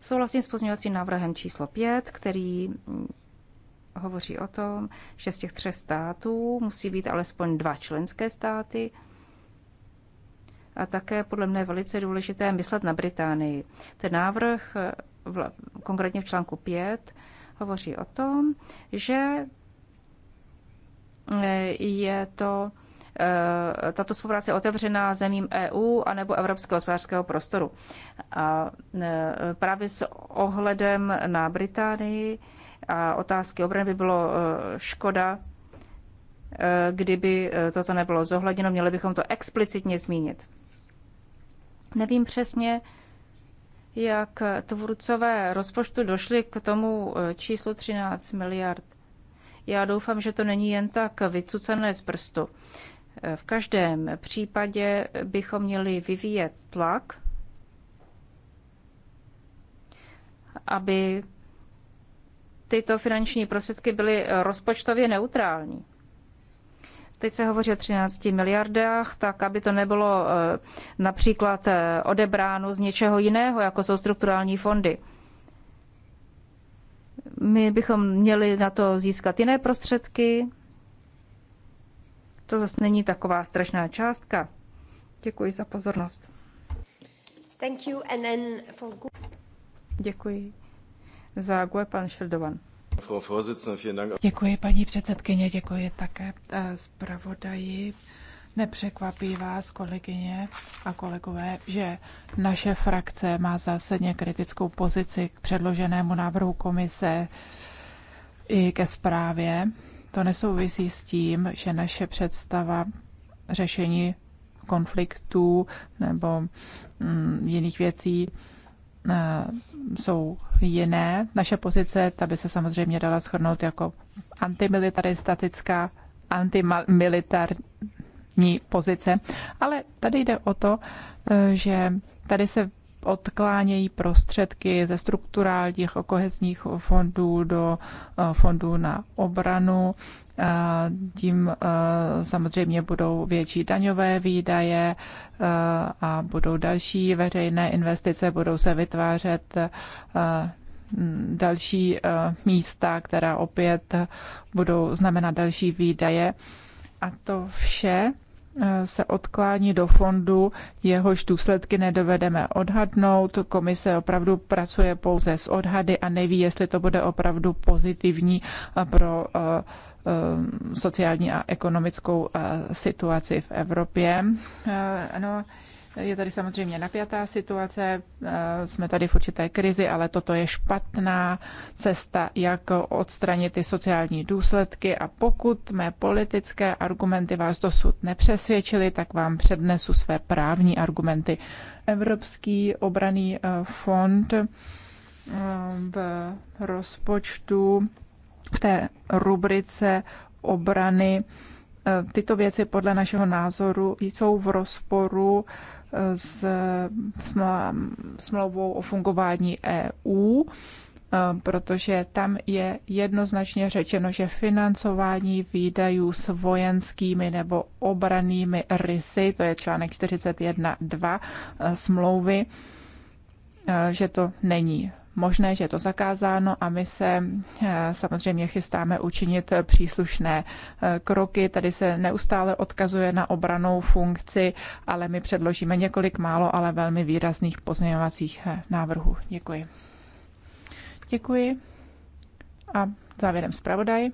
Souhlasím s pozměňovacím návrhem číslo 5, který mm, hovoří o tom, že z těch třech států musí být alespoň dva členské státy, a také podle mne velice důležité myslet na Británii. Ten návrh, eh, v, konkrétně v článku 5, hovoří o tom, že eh, je to eh, tato spolupráce je otevřená zemím EU anebo Evropského hospodářského prostoru. A právě s ohledem na Británii a otázky obrany by bylo škoda, kdyby toto nebylo zohledněno. Měli bychom to explicitně zmínit. Nevím přesně, jak tvůrcové rozpočtu došli k tomu eh, číslu 13 miliard. Já doufám, že to není jen tak vycucené z prstu. Eh, v každém případě bychom měli vyvíjet tlak, aby tyto finanční prostředky byly rozpočtově neutrální. Teď se hovoří o 13 miliardách, tak aby to nebylo eh, například eh, odebráno z něčeho jiného, jako jsou strukturální fondy. My bychom měli na to získat jiné prostředky. To zase není taková strašná částka. Děkuji za pozornost. Děkuji. Za Gue pan Šeldovan. Děkuji paní předsedkyně, děkuji také eh, zpravodaji. Nepřekvapí vás, kolegyně a kolegové, že naše frakce má zásadně kritickou pozici k předloženému návrhu komise i ke zprávě. To nesouvisí s tím, že naše představa řešení konfliktů nebo mm, jiných věcí Eh, jsou jiné. Naše pozice, ta by se samozřejmě dala shodnout jako antimilitaristatická, antimilitární pozice, ale tady jde o to, eh, že tady se odklánějí prostředky ze strukturálních kohezních fondů do eh, fondů na obranu. Eh, tím eh, samozřejmě budou větší daňové výdaje a budou další veřejné investice, budou se vytvářet další místa, která opět budou znamenat další výdaje. A to vše se odklání do fondu, jehož důsledky nedovedeme odhadnout. Komise opravdu pracuje pouze s odhady a neví, jestli to bude opravdu pozitivní pro eh, eh, sociální a ekonomickou eh, situaci v Evropě. Ano. Je tady samozřejmě napjatá situace, eh, jsme tady v určité krizi, ale toto je špatná cesta, jak odstranit ty sociální důsledky a pokud mé politické argumenty vás dosud nepřesvědčily, tak vám přednesu své právní argumenty. Evropský obraný eh, fond eh, v rozpočtu v té rubrice obrany Tyto věci podle našeho názoru jsou v rozporu s smlouvou o fungování EU, eh, protože tam je jednoznačně řečeno, že financování výdajů s vojenskými nebo obranými rysy, to je článek 41.2 eh, smlouvy, eh, že to není možné, že je to zakázáno a my se eh, samozřejmě chystáme učinit příslušné eh, kroky. Tady se neustále odkazuje na obranou funkci, ale my předložíme několik málo, ale velmi výrazných pozměňovacích eh, návrhů. Děkuji. Děkuji. A závěrem zpravodaj.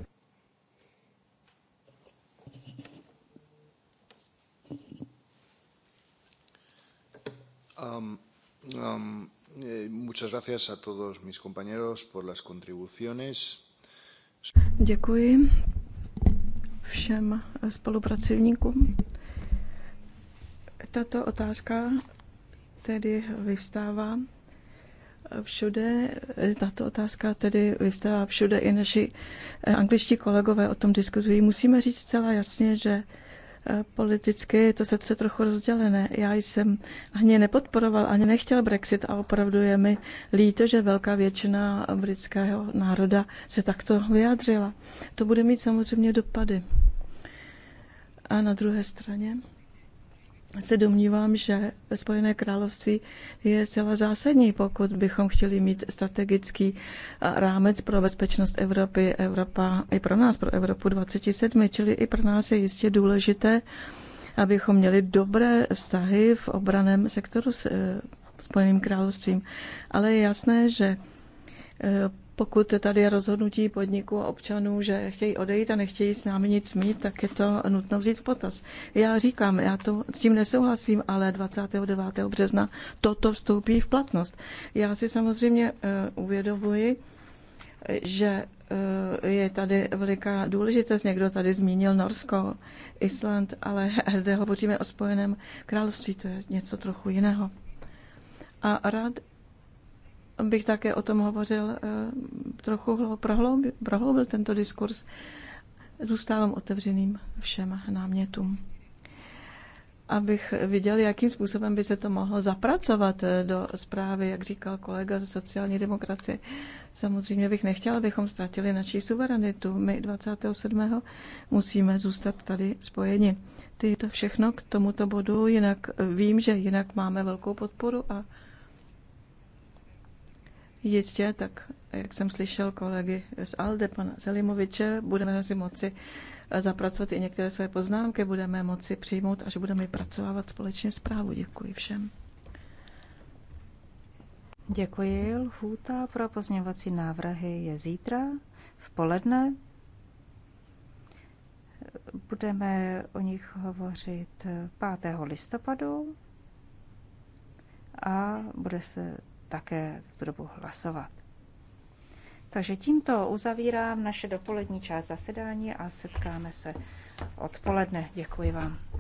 Um, um. Eh, muchas gracias a todos mis compañeros por las contribuciones. Děkuji všem spolupracovníkům. Tato otázka tedy vyvstává všude, eh, tato otázka tedy vyvstává všude, i naši eh, angličtí kolegové o tom diskutují. Musíme říct zcela jasně, že Eh, politicky je to srdce trochu rozdělené. Já jsem ani nepodporoval, ani nechtěl Brexit a opravdu je mi líto, že velká většina britského národa se takto vyjádřila. To bude mít samozřejmě dopady. A na druhé straně se domnívám, že Spojené království je zcela zásadní, pokud bychom chtěli mít strategický rámec pro bezpečnost Evropy, Evropa i pro nás, pro Evropu 27, čili i pro nás je jistě důležité, abychom měli dobré vztahy v obraném sektoru s eh, Spojeným královstvím. Ale je jasné, že eh, pokud tady rozhodnutí podniku a občanů, že chtějí odejít a nechtějí s námi nic mít, tak je to nutno vzít v potaz. Já říkám, já to, s tím nesouhlasím, ale 29. března toto vstoupí v platnost. Já si samozřejmě eh, uvědomuji, že eh, je tady veliká důležitost. Někdo tady zmínil Norsko, Island, ale zde hovoříme o Spojeném království, to je něco trochu jiného. A rád bych také o tom hovořil, eh, trochu prohloubil, prohloubil tento diskurs. Zůstávám otevřeným všem námětům. Abych viděl, jakým způsobem by se to mohlo zapracovat eh, do zprávy, jak říkal kolega ze sociální demokracie. Samozřejmě bych nechtěla, abychom ztratili naší suverenitu. My 27. musíme zůstat tady spojeni. Ty to všechno k tomuto bodu, jinak eh, vím, že jinak máme velkou podporu a Jistě, tak jak jsem slyšel kolegy z ALDE, pana Zelimoviče, budeme si moci eh, zapracovat i některé své poznámky, budeme moci přijmout, že budeme pracovat společně zprávu. Děkuji všem. Děkuji. Lhůta pro pozměňovací návrhy je zítra v poledne. Budeme o nich hovořit 5. listopadu a bude se také tu dobu hlasovat. Takže tímto uzavírám naše dopolední část zasedání a setkáme se odpoledne. Děkuji vám.